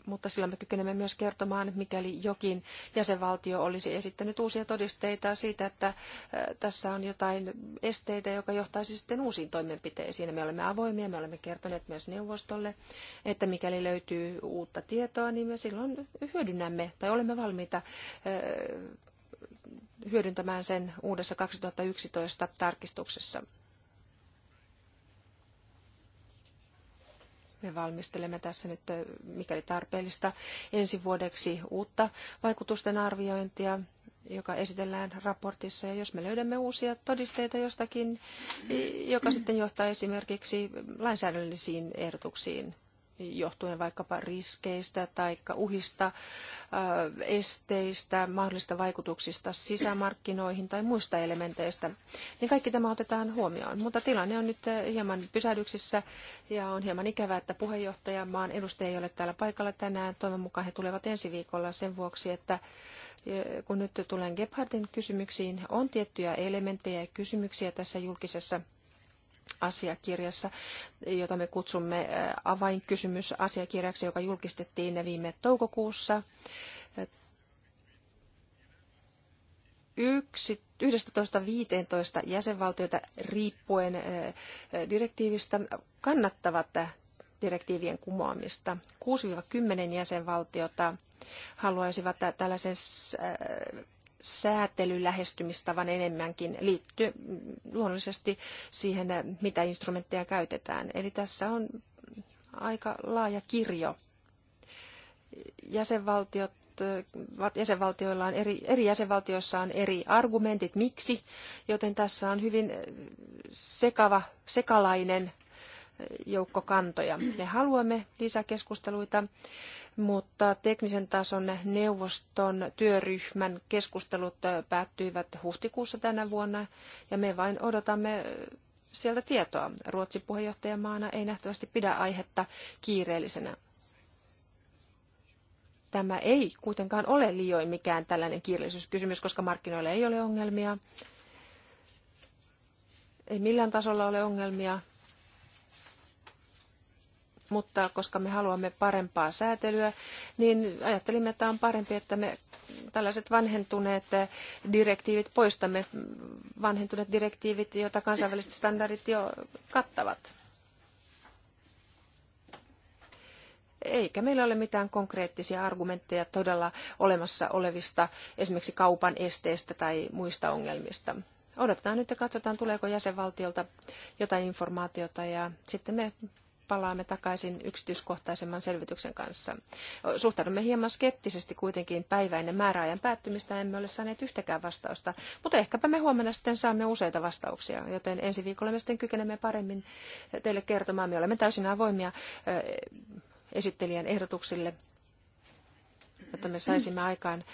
mutta silloin me kykenemme myös kertomaan, mikäli jokin jäsenvaltio olisi esittänyt uusia todisteita siitä, että tässä on jotain esteitä, joka johtaisi sitten uusiin toimenpiteisiin. Me olemme avoimia, me olemme kertoneet myös neuvostolle, että mikäli löytyy uutta tietoa, niin me silloin hyödynnämme tai olemme valmiita hyödyntämään sen uudessa 2011 tarkistuksessa. Me valmistelemme tässä nyt, mikäli tarpeellista, ensi vuodeksi uutta vaikutusten arviointia, joka esitellään raportissa. Ja jos me löydämme uusia todisteita jostakin, joka sitten johtaa esimerkiksi lainsäädännöllisiin ehdotuksiin, johtuen vaikkapa riskeistä tai uhista, äh, esteistä, mahdollisista vaikutuksista sisämarkkinoihin tai muista elementeistä, niin kaikki tämä otetaan huomioon. Mutta tilanne on nyt äh, hieman pysähdyksissä ja on hieman ikävää, että puheenjohtajamaan edustaja ei ole täällä paikalla tänään. Toivon mukaan he tulevat ensi viikolla sen vuoksi, että äh, kun nyt tulen Gebhardin kysymyksiin, on tiettyjä elementtejä ja kysymyksiä tässä julkisessa asiakirjassa, jota me kutsumme avainkysymysasiakirjaksi, joka julkistettiin viime toukokuussa. Yksi 11-15 jäsenvaltiota riippuen direktiivistä kannattavat direktiivien kumoamista. 6-10 jäsenvaltiota haluaisivat tällaisen säätelylähestymistavan enemmänkin liittyy mm, luonnollisesti siihen, äh, mitä instrumentteja käytetään. Eli tässä on aika laaja kirjo. Jäsenvaltiot, äh, jäsenvaltioilla on eri, eri jäsenvaltioissa on eri argumentit, miksi, joten tässä on hyvin äh, sekava, sekalainen joukko kantoja. Me haluamme lisäkeskusteluita mutta teknisen tason neuvoston työryhmän keskustelut päättyivät huhtikuussa tänä vuonna ja me vain odotamme sieltä tietoa. Ruotsin puheenjohtajamaana ei nähtävästi pidä aihetta kiireellisenä. Tämä ei kuitenkaan ole liioin mikään tällainen kiireellisyyskysymys, koska markkinoilla ei ole ongelmia. Ei millään tasolla ole ongelmia mutta koska me haluamme parempaa säätelyä, niin ajattelimme, että on parempi, että me tällaiset vanhentuneet direktiivit poistamme, vanhentuneet direktiivit, joita kansainväliset standardit jo kattavat. Eikä meillä ole mitään konkreettisia argumentteja todella olemassa olevista esimerkiksi kaupan esteistä tai muista ongelmista odotetaan nyt ja katsotaan, tuleeko jäsenvaltiolta jotain informaatiota ja sitten me palaamme takaisin yksityiskohtaisemman selvityksen kanssa. Suhtaudumme hieman skeptisesti kuitenkin päiväinen määräajan päättymistä. Emme ole saaneet yhtäkään vastausta, mutta ehkäpä me huomenna sitten saamme useita vastauksia, joten ensi viikolla me sitten kykenemme paremmin teille kertomaan. Me olemme täysin avoimia esittelijän ehdotuksille jotta me saisimme aikaan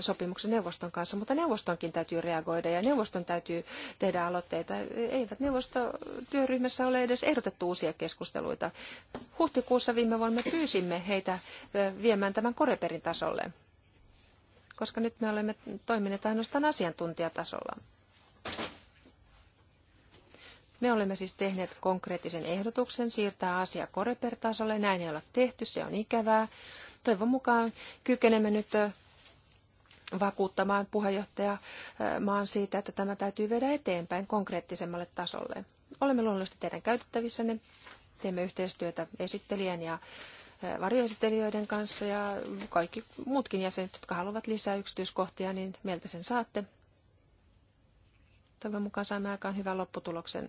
sopimuksen neuvoston kanssa, mutta neuvostonkin täytyy reagoida ja neuvoston täytyy tehdä aloitteita. Eivät neuvostotyöryhmässä ole edes ehdotettu uusia keskusteluita. Huhtikuussa viime vuonna me pyysimme heitä viemään tämän koreperin tasolle, koska nyt me olemme toimineet ainoastaan asiantuntijatasolla. Me olemme siis tehneet konkreettisen ehdotuksen siirtää asia Koreper-tasolle. Näin ei ole tehty, se on ikävää. Toivon mukaan kykenemme nyt vakuuttamaan puheenjohtaja maan siitä, että tämä täytyy viedä eteenpäin konkreettisemmalle tasolle. Olemme luonnollisesti teidän käytettävissänne. Teemme yhteistyötä esittelijän ja varjoesittelijöiden kanssa ja kaikki muutkin jäsenet, jotka haluavat lisää yksityiskohtia, niin mieltä sen saatte. Toivon mukaan saamme aikaan hyvän lopputuloksen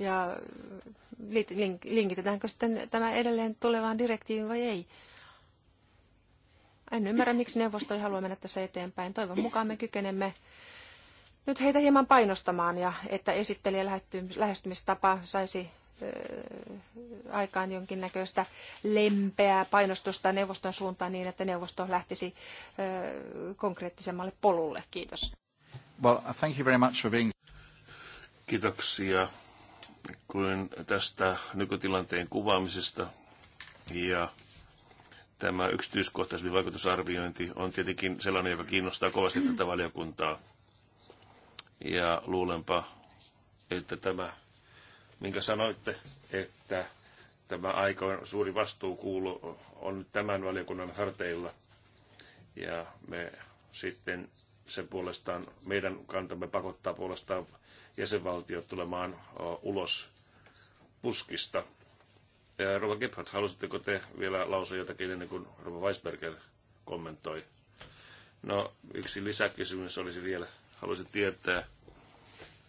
ja linkitetäänkö sitten tämä edelleen tulevaan direktiiviin vai ei. En ymmärrä, miksi neuvosto ei halua mennä tässä eteenpäin. Toivon mukaan me kykenemme nyt heitä hieman painostamaan ja että esittelijä lähestymistapa saisi aikaan jonkinnäköistä lempeää painostusta neuvoston suuntaan niin, että neuvosto lähtisi konkreettisemmalle polulle. Kiitos. Well, thank you very much for being... Kiitoksia kuin tästä nykytilanteen kuvaamisesta. Ja tämä yksityiskohtaisempi vaikutusarviointi on tietenkin sellainen, joka kiinnostaa kovasti tätä valiokuntaa. Ja luulenpa, että tämä, minkä sanoitte, että tämä aika suuri vastuu kuulu on nyt tämän valiokunnan harteilla. Ja me sitten se puolestaan, meidän kantamme pakottaa puolestaan jäsenvaltiot tulemaan ulos puskista. Rova Gebhardt, halusitteko te vielä lausua jotakin ennen kuin Rova Weisberger kommentoi? No, yksi lisäkysymys olisi vielä. Haluaisin tietää,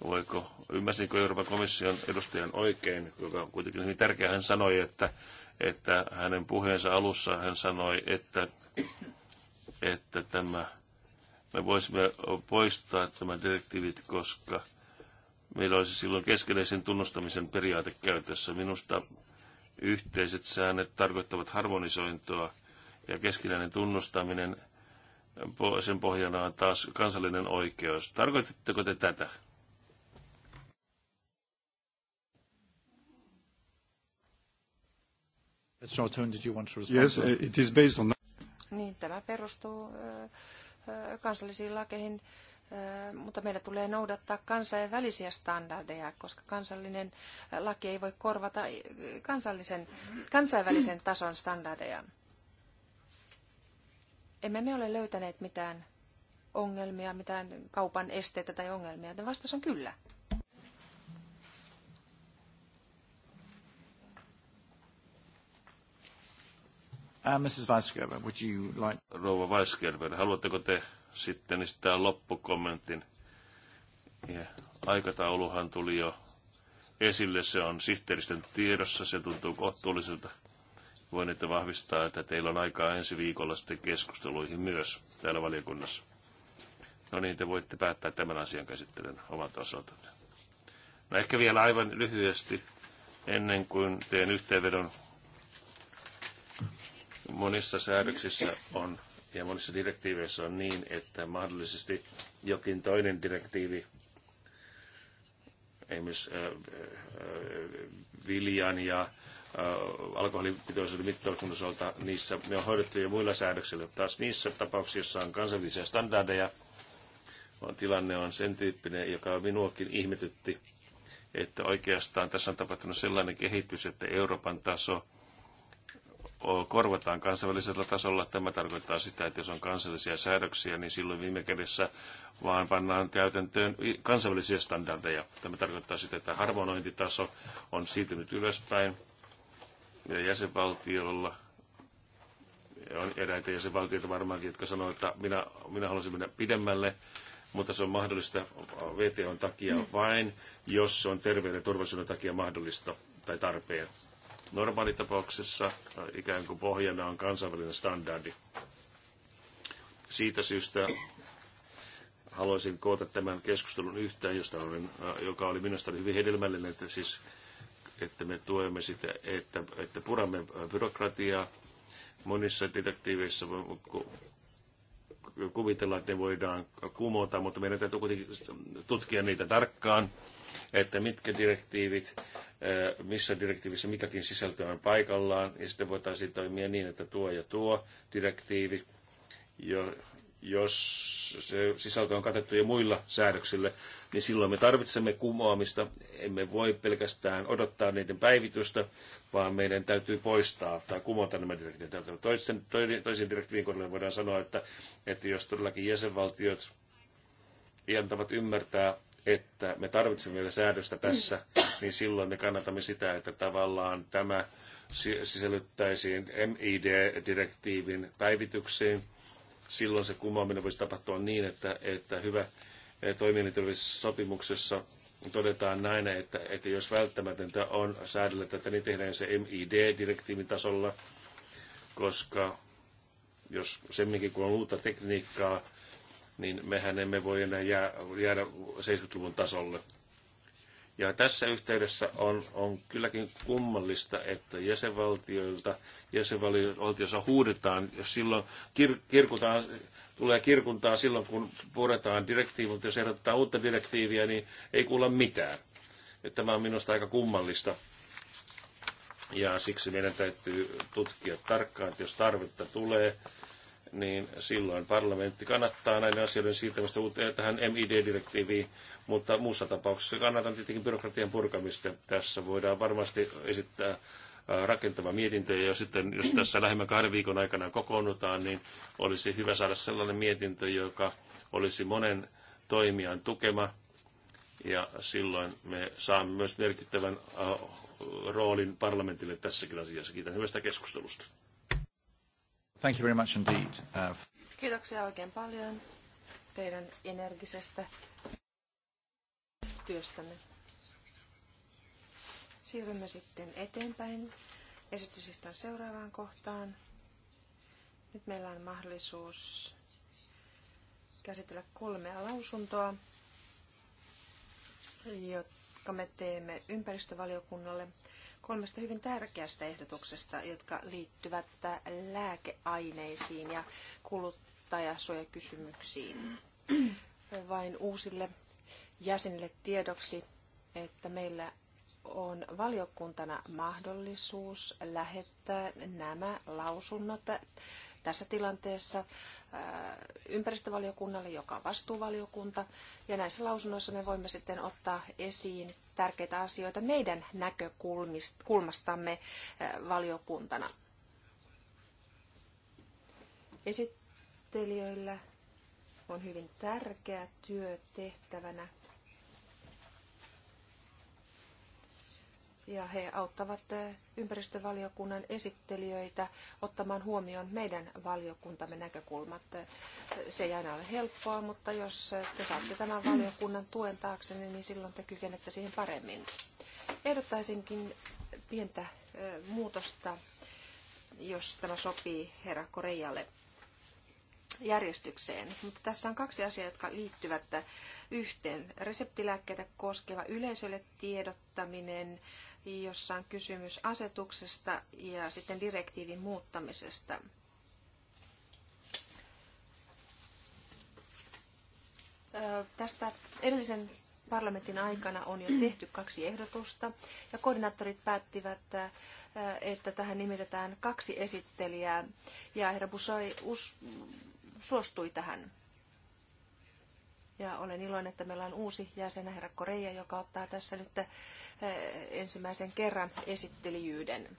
voiko, ymmärsinkö Euroopan komission edustajan oikein, joka on kuitenkin hyvin tärkeä, hän sanoi, että, että hänen puheensa alussa hän sanoi, että, että tämä me voisimme poistaa tämän direktiivit, koska meillä olisi silloin keskeisen tunnustamisen periaate käytössä. Minusta yhteiset säännöt tarkoittavat harmonisointoa ja keskinäinen tunnustaminen sen pohjana on taas kansallinen oikeus. Tarkoititteko te tätä? Yes, it is based on... Niin, tämä perustuu kansallisiin lakeihin, mutta meidän tulee noudattaa kansainvälisiä standardeja, koska kansallinen laki ei voi korvata kansallisen, kansainvälisen tason standardeja. Emme me ole löytäneet mitään ongelmia, mitään kaupan esteitä tai ongelmia. Vastaus on kyllä. Uh, Mrs. Weisgerber, would you like... Rouva Weisgerber, haluatteko te sitten esittää loppukommentin? Ja aikatauluhan tuli jo esille, se on sihteeristön tiedossa, se tuntuu kohtuulliselta. Voin nyt vahvistaa, että teillä on aikaa ensi viikolla sitten keskusteluihin myös täällä valiokunnassa. No niin, te voitte päättää tämän asian käsittelyn omalta osaltanne. No ehkä vielä aivan lyhyesti, ennen kuin teen yhteenvedon Monissa säädöksissä on ja monissa direktiiveissä on niin, että mahdollisesti jokin toinen direktiivi, esimerkiksi viljan ja alkoholipitoisuuden mittauksen osalta, niissä me on hoidettu jo muilla säädöksillä. Taas niissä tapauksissa, joissa on kansainvälisiä standardeja, on, tilanne on sen tyyppinen, joka minuakin ihmetytti, että oikeastaan tässä on tapahtunut sellainen kehitys, että Euroopan taso – korvataan kansainvälisellä tasolla. Tämä tarkoittaa sitä, että jos on kansallisia säädöksiä, niin silloin viime kädessä vaan pannaan käytäntöön kansainvälisiä standardeja. Tämä tarkoittaa sitä, että harmonointitaso on siirtynyt ylöspäin ja jäsenvaltiolla on eräitä jäsenvaltioita varmaankin, jotka sanoo, että minä, minä haluaisin mennä pidemmälle, mutta se on mahdollista VTOn takia vain, jos se on terveyden ja turvallisuuden takia mahdollista tai tarpeen. Normaalitapauksessa äh, ikään kuin pohjana on kansainvälinen standardi. Siitä syystä haluaisin koota tämän keskustelun yhteen, josta olen, äh, joka oli minusta hyvin hedelmällinen, että, siis, että me tuemme sitä, että, että puramme äh, byrokratiaa. Monissa direktiiveissä kuvitellaan, että ne voidaan kumota, mutta meidän täytyy kuitenkin tutkia niitä tarkkaan että mitkä direktiivit, eh, missä direktiivissä mikäkin sisältö on paikallaan, ja sitten voitaisiin toimia niin, että tuo ja tuo direktiivi, jos se sisältö on katettu jo muilla säädöksillä, niin silloin me tarvitsemme kumoamista. Emme voi pelkästään odottaa niiden päivitystä, vaan meidän täytyy poistaa tai kumota nämä direktiivit. Toisen, toisen direktiivin kohdalla voidaan sanoa, että, että jos todellakin jäsenvaltiot antavat ymmärtää, että me tarvitsemme vielä säädöstä tässä, niin silloin me kannatamme sitä, että tavallaan tämä sisällyttäisiin MID-direktiivin päivityksiin. Silloin se kumoaminen voisi tapahtua niin, että, että hyvä eh, sopimuksessa todetaan näin, että, että jos välttämätöntä on säädellä tätä, niin tehdään se MID-direktiivin tasolla, koska jos semminkin kun on uutta tekniikkaa, niin mehän emme voi enää jää, jäädä 70-luvun tasolle. Ja tässä yhteydessä on, on kylläkin kummallista, että jäsenvaltioilta, jäsenvaltioissa huudetaan, jos silloin kir, kirkutaan, tulee kirkuntaa silloin, kun puretaan direktiivi, mutta jos ehdotetaan uutta direktiiviä, niin ei kuulla mitään. Ja tämä on minusta aika kummallista. Ja siksi meidän täytyy tutkia tarkkaan, että jos tarvetta tulee, niin silloin parlamentti kannattaa näiden asioiden siirtämistä uuteen tähän MID-direktiiviin, mutta muussa tapauksessa kannatan tietenkin byrokratian purkamista. Tässä voidaan varmasti esittää rakentava mietintö, ja sitten jos tässä lähemmän kahden viikon aikana kokoonnutaan, niin olisi hyvä saada sellainen mietintö, joka olisi monen toimijan tukema, ja silloin me saamme myös merkittävän roolin parlamentille tässäkin asiassa. Kiitän hyvästä keskustelusta. Thank you very much indeed. Uh, Kiitoksia oikein paljon teidän energisestä työstänne. Siirrymme sitten eteenpäin esityslistan seuraavaan kohtaan. Nyt meillä on mahdollisuus käsitellä kolmea lausuntoa, jotka me teemme ympäristövaliokunnalle – kolmesta hyvin tärkeästä ehdotuksesta, jotka liittyvät lääkeaineisiin ja kuluttajasuojakysymyksiin. Vain uusille jäsenille tiedoksi, että meillä on valiokuntana mahdollisuus lähettää nämä lausunnot tässä tilanteessa äh, ympäristövaliokunnalle, joka on vastuuvaliokunta. Ja näissä lausunnoissa me voimme sitten ottaa esiin tärkeitä asioita meidän näkökulmastamme valiokuntana. Esittelijöillä on hyvin tärkeä työ tehtävänä, ja he auttavat eh, ympäristövaliokunnan esittelijöitä ottamaan huomioon meidän valiokuntamme näkökulmat. Eh, se ei aina ole helppoa, mutta jos eh, te saatte tämän valiokunnan tuen taakse, niin silloin te kykenette siihen paremmin. Ehdottaisinkin pientä muutosta, jos tämä sopii herra Korejalle järjestykseen. Mutta tässä on kaksi asiaa, jotka liittyvät yhteen. Reseptilääkkeitä koskeva yleisölle tiedottaminen, jossa on kysymys asetuksesta ja sitten direktiivin muuttamisesta. Tästä edellisen parlamentin aikana on jo tehty kaksi ehdotusta ja koordinaattorit päättivät, että tähän nimitetään kaksi esittelijää ja herra Busoi suostui tähän. Ja olen iloinen, että meillä on uusi jäsen, herra Koreja, joka ottaa tässä nyt eh, ensimmäisen kerran esittelijyyden.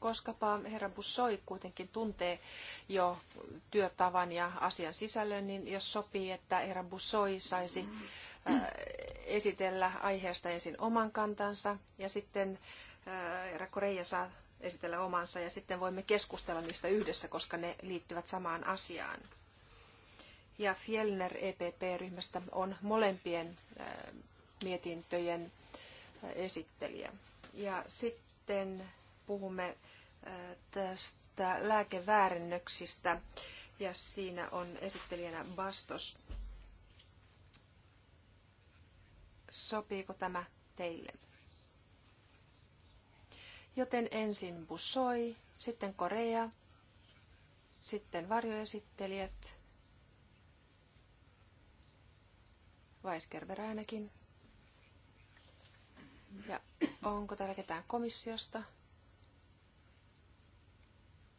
Koskapa herra Bussoi kuitenkin tuntee jo työtavan ja asian sisällön, niin jos sopii, että herra Bussoi saisi eh, esitellä aiheesta ensin oman kantansa ja sitten eh, herra Koreja saa esitellä omansa ja sitten voimme keskustella niistä yhdessä, koska ne liittyvät samaan asiaan. Ja Fjellner EPP-ryhmästä on molempien mietintöjen esittelijä. Ja sitten puhumme tästä lääkeväärennöksistä ja siinä on esittelijänä Bastos. Sopiiko tämä teille? Joten ensin Bussoi, sitten Korea, sitten varjoesittelijät, Weisgerber ainakin. Ja onko täällä ketään komissiosta?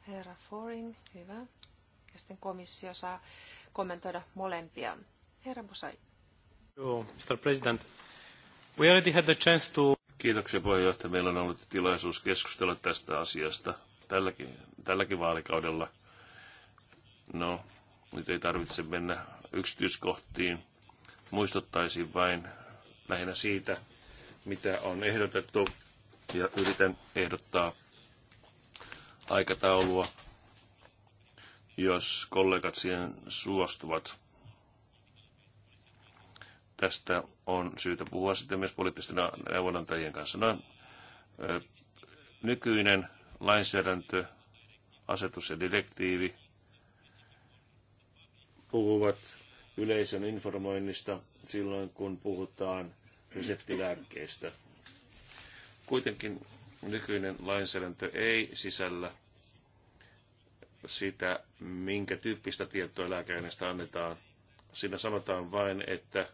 Herra Foring, hyvä. Ja sitten komissio saa kommentoida molempia. Herra Busai. Mr. President. We already had the chance to... Kiitoksia puheenjohtaja. Meillä on ollut tilaisuus keskustella tästä asiasta tälläkin, tälläkin vaalikaudella. No, nyt ei tarvitse mennä yksityiskohtiin. Muistuttaisin vain lähinnä siitä, mitä on ehdotettu ja yritän ehdottaa aikataulua, jos kollegat siihen suostuvat. Tästä on syytä puhua sitten myös poliittisten neuvonantajien kanssa. No, nykyinen lainsäädäntö, asetus ja direktiivi puhuvat yleisön informoinnista silloin, kun puhutaan reseptilääkkeistä. Kuitenkin nykyinen lainsäädäntö ei sisällä sitä, minkä tyyppistä tietoa lääkeaineista annetaan. Siinä sanotaan vain, että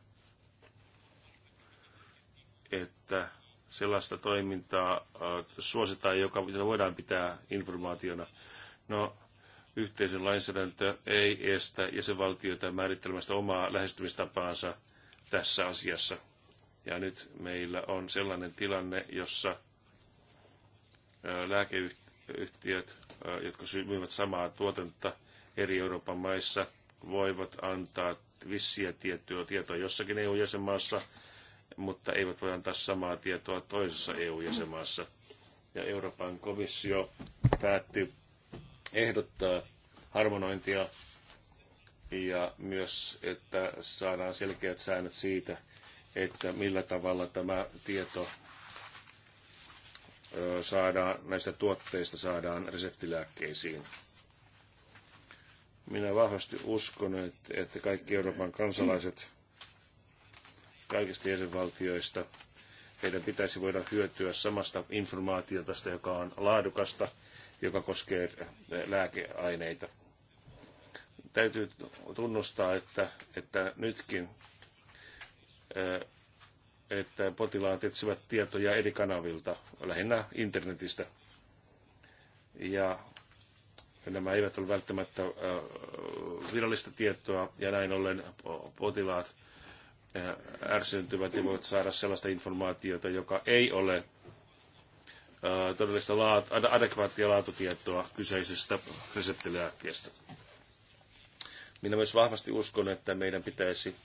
että sellaista toimintaa äh, suositaan, joka voidaan pitää informaationa. No, yhteisön lainsäädäntö ei estä jäsenvaltioita määrittelemästä omaa lähestymistapaansa tässä asiassa. Ja nyt meillä on sellainen tilanne, jossa äh, lääkeyhtiöt, äh, jotka myyvät samaa tuotetta eri Euroopan maissa, voivat antaa vissiä tiettyä tietoa jossakin EU-jäsenmaassa – mutta eivät voi antaa samaa tietoa toisessa EU-jäsenmaassa. Ja Euroopan komissio päätti ehdottaa harmonointia ja myös, että saadaan selkeät säännöt siitä, että millä tavalla tämä tieto saadaan, näistä tuotteista saadaan reseptilääkkeisiin. Minä vahvasti uskon, että kaikki Euroopan kansalaiset kaikista jäsenvaltioista. Heidän pitäisi voida hyötyä samasta informaatiosta, joka on laadukasta, joka koskee eh, lääkeaineita. Täytyy tunnustaa, että, että nytkin eh, että potilaat etsivät tietoja eri kanavilta, lähinnä internetistä. Ja nämä eivät ole välttämättä eh, virallista tietoa, ja näin ollen potilaat ärsyntyvät ja voivat saada sellaista informaatiota, joka ei ole todellista laatu- adekvaattia laatutietoa kyseisestä reseptilääkkeestä. Minä myös vahvasti uskon, että meidän pitäisi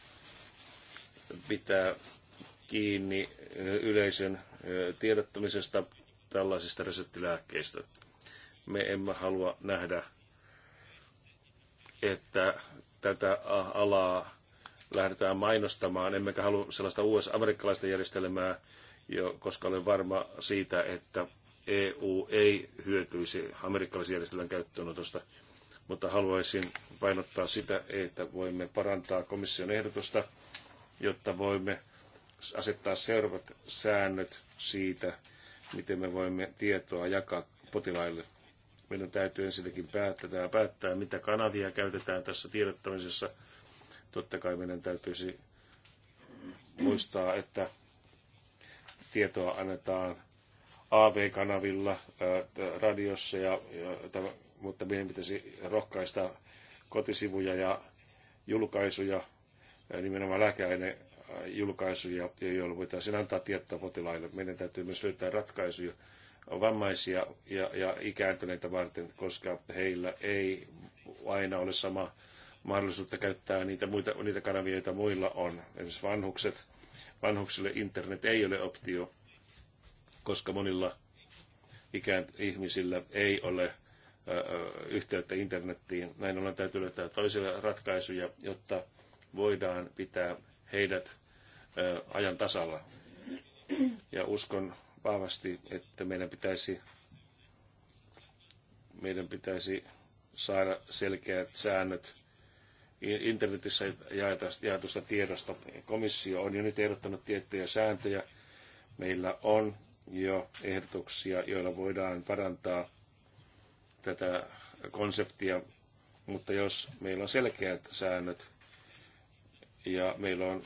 pitää kiinni yleisön tiedottamisesta tällaisista reseptilääkkeistä. Me emme halua nähdä, että tätä alaa lähdetään mainostamaan. Emmekä halua sellaista US-amerikkalaista järjestelmää, jo, koska olen varma siitä, että EU ei hyötyisi amerikkalaisen järjestelmän käyttöönotosta. Mutta haluaisin painottaa sitä, että voimme parantaa komission ehdotusta, jotta voimme asettaa seuraavat säännöt siitä, miten me voimme tietoa jakaa potilaille. Meidän täytyy ensinnäkin päättää, päättää mitä kanavia käytetään tässä tiedottamisessa – Totta kai meidän täytyisi muistaa, että tietoa annetaan AV-kanavilla, radiossa, ja, ja, mutta meidän pitäisi rohkaista kotisivuja ja julkaisuja, nimenomaan julkaisuja, joilla voitaisiin antaa tietoa potilaille. Meidän täytyy myös löytää ratkaisuja vammaisia ja, ja ikääntyneitä varten, koska heillä ei aina ole sama mahdollisuutta käyttää niitä, muita, niitä kanavia, joita muilla on. Esimerkiksi vanhukset. Vanhuksille internet ei ole optio, koska monilla ikäänty- ihmisillä ei ole yhteyttä internettiin. Näin ollen täytyy löytää toisille ratkaisuja, jotta voidaan pitää heidät ajan tasalla. Ja uskon vahvasti, että meidän pitäisi, meidän pitäisi saada selkeät säännöt internetissä jaetusta tiedosta. Komissio on jo nyt ehdottanut tiettyjä sääntöjä. Meillä on jo ehdotuksia, joilla voidaan parantaa tätä konseptia, mutta jos meillä on selkeät säännöt ja meillä on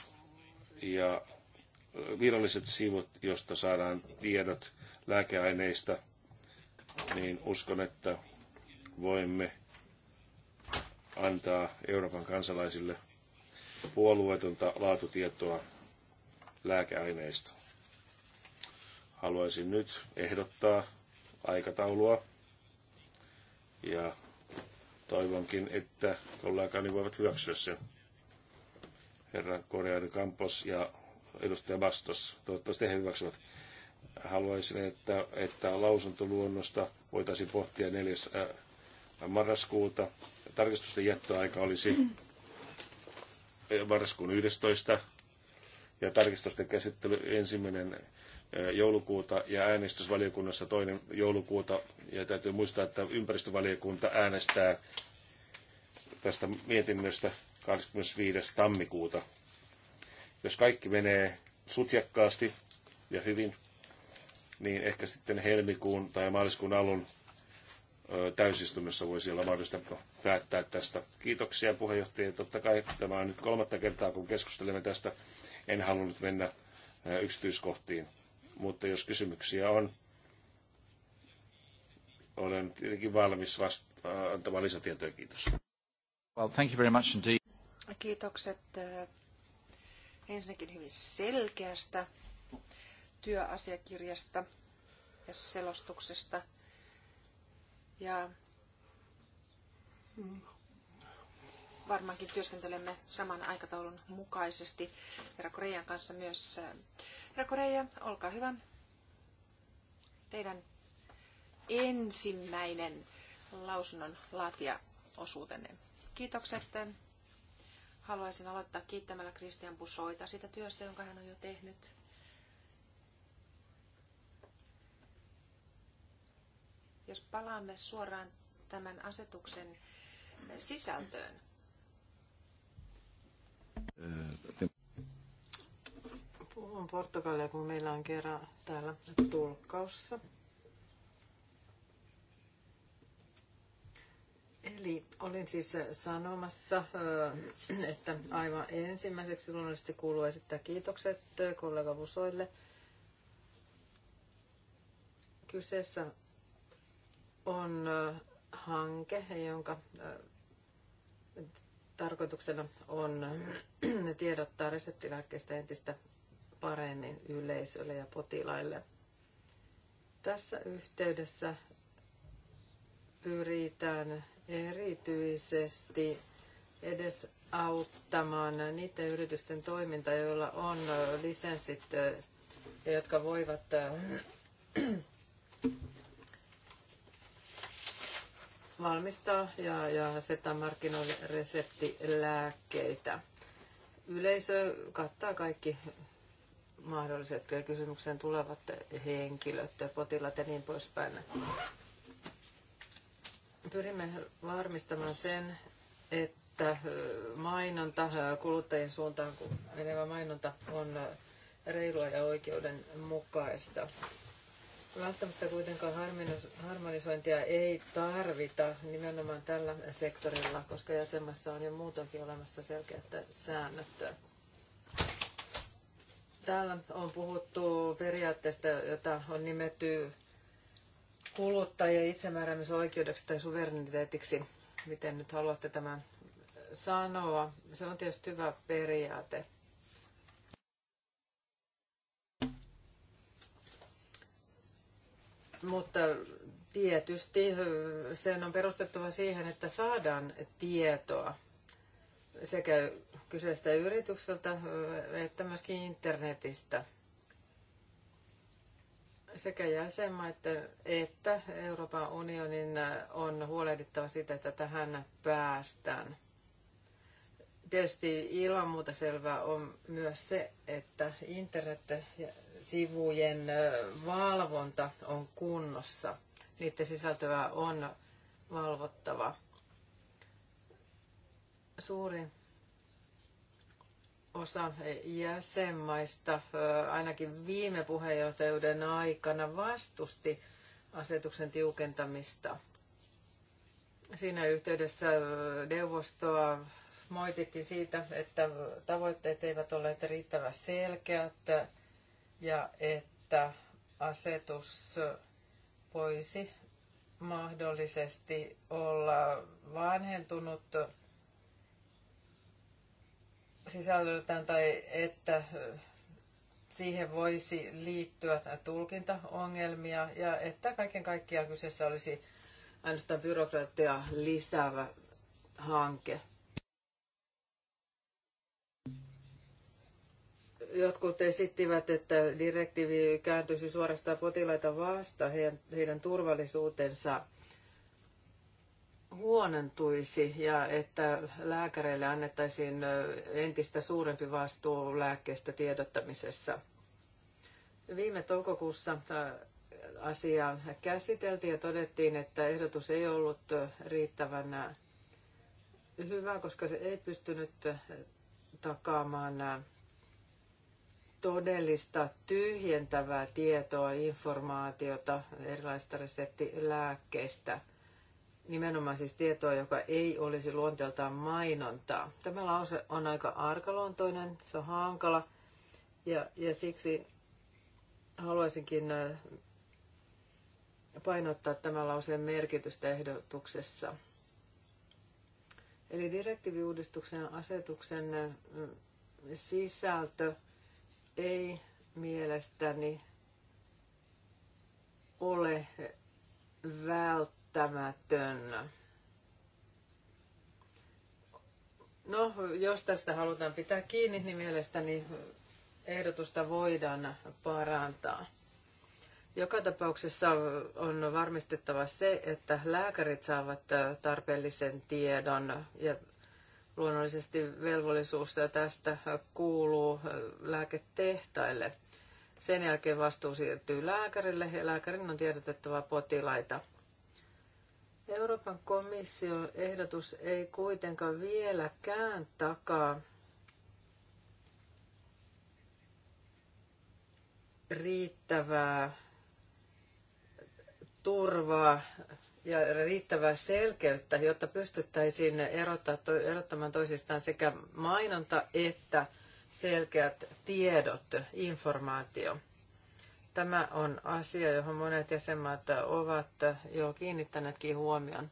ja viralliset sivut, josta saadaan tiedot lääkeaineista, niin uskon, että voimme antaa Euroopan kansalaisille puolueetonta laatutietoa lääkeaineista. Haluaisin nyt ehdottaa aikataulua ja toivonkin, että kollegani voivat hyväksyä sen. Herra Koreari Kampos ja edustaja Bastos, toivottavasti he hyväksyvät. Haluaisin, että, että lausuntoluonnosta voitaisiin pohtia 4. Äh, marraskuuta tarkistusten jättöaika olisi marraskuun 11. ja tarkistusten käsittely ensimmäinen joulukuuta ja äänestysvaliokunnassa toinen joulukuuta. Ja täytyy muistaa, että ympäristövaliokunta äänestää tästä mietinnöstä 25. tammikuuta. Jos kaikki menee sutjakkaasti ja hyvin, niin ehkä sitten helmikuun tai maaliskuun alun täysistunnossa voisi olla mahdollista päättää tästä. Kiitoksia puheenjohtaja. Totta kai tämä on nyt kolmatta kertaa, kun keskustelemme tästä. En halunnut mennä yksityiskohtiin, mutta jos kysymyksiä on, olen tietenkin valmis vasta- antamaan lisätietoja. Kiitos. Well, thank you very much indeed. Kiitokset ensinnäkin hyvin selkeästä työasiakirjasta ja selostuksesta – ja varmaankin työskentelemme saman aikataulun mukaisesti herra Korean kanssa myös. Herra Korea, olkaa hyvä. Teidän ensimmäinen lausunnon laatia osuutenne. Kiitokset. Haluaisin aloittaa kiittämällä Christian Busoita siitä työstä, jonka hän on jo tehnyt Jos palaamme suoraan tämän asetuksen sisältöön. Puhun Portugalia, kun meillä on kerran täällä tulkkaussa. Eli olin siis sanomassa, että aivan ensimmäiseksi luonnollisesti kuuluu esittää kiitokset kollega Vusoille. Kyseessä on äh, hanke, jonka äh, tarkoituksena on äh, tiedottaa reseptilääkkeistä entistä paremmin yleisölle ja potilaille. Tässä yhteydessä pyritään erityisesti edes auttamaan niiden yritysten toimintaa, joilla on lisenssit ja jotka voivat valmistaa ja, ja asettaa markkinoille reseptilääkkeitä. Yleisö kattaa kaikki mahdolliset kysymykseen tulevat henkilöt, potilaat ja niin poispäin. Pyrimme varmistamaan sen, että mainonta, kuluttajien suuntaan kun menevä mainonta on reilua ja oikeudenmukaista välttämättä kuitenkaan harmonisointia ei tarvita nimenomaan tällä sektorilla, koska jäsenmässä on jo muutoinkin olemassa selkeät säännöt. Täällä on puhuttu periaatteesta, jota on nimetty kuluttajien itsemääräämisoikeudeksi tai suvereniteetiksi, miten nyt haluatte tämän sanoa. Se on tietysti hyvä periaate. mutta tietysti sen on perustettava siihen, että saadaan tietoa sekä kyseistä yritykseltä että myöskin internetistä sekä jäsenmaiden että Euroopan unionin on huolehdittava siitä, että tähän päästään. Tietysti ilman muuta selvää on myös se, että internet sivujen valvonta on kunnossa. Niiden sisältöä on valvottava. Suurin osa jäsenmaista ainakin viime puheenjohtajuuden aikana vastusti asetuksen tiukentamista. Siinä yhteydessä neuvostoa moitittiin siitä, että tavoitteet eivät olleet riittävän selkeät, ja että asetus voisi mahdollisesti olla vanhentunut sisällöltään tai että siihen voisi liittyä tulkintaongelmia ja että kaiken kaikkiaan kyseessä olisi ainoastaan byrokratiaa lisäävä hanke. Jotkut esittivät, että direktiivi kääntyisi suorastaan potilaita vastaan, heidän, heidän turvallisuutensa huonontuisi ja että lääkäreille annettaisiin entistä suurempi vastuu lääkkeestä tiedottamisessa. Viime toukokuussa asiaa käsiteltiin ja todettiin, että ehdotus ei ollut riittävän hyvä, koska se ei pystynyt takaamaan todellista tyhjentävää tietoa, informaatiota erilaisista reseptilääkkeistä. Nimenomaan siis tietoa, joka ei olisi luonteeltaan mainontaa. Tämä lause on aika arkaluontoinen, se on hankala ja, ja siksi haluaisinkin painottaa tämän lauseen merkitystä ehdotuksessa. Eli direktiiviuudistuksen asetuksen sisältö ei mielestäni ole välttämätön. No, jos tästä halutaan pitää kiinni, niin mielestäni ehdotusta voidaan parantaa. Joka tapauksessa on varmistettava se, että lääkärit saavat tarpeellisen tiedon ja luonnollisesti velvollisuus tästä kuuluu lääketehtaille. Sen jälkeen vastuu siirtyy lääkärille ja lääkärin on tiedotettava potilaita. Euroopan komission ehdotus ei kuitenkaan vieläkään takaa riittävää turvaa ja riittävää selkeyttä, jotta pystyttäisiin erottamaan toisistaan sekä mainonta että selkeät tiedot, informaatio. Tämä on asia, johon monet jäsenmaat ovat jo kiinnittäneetkin huomion.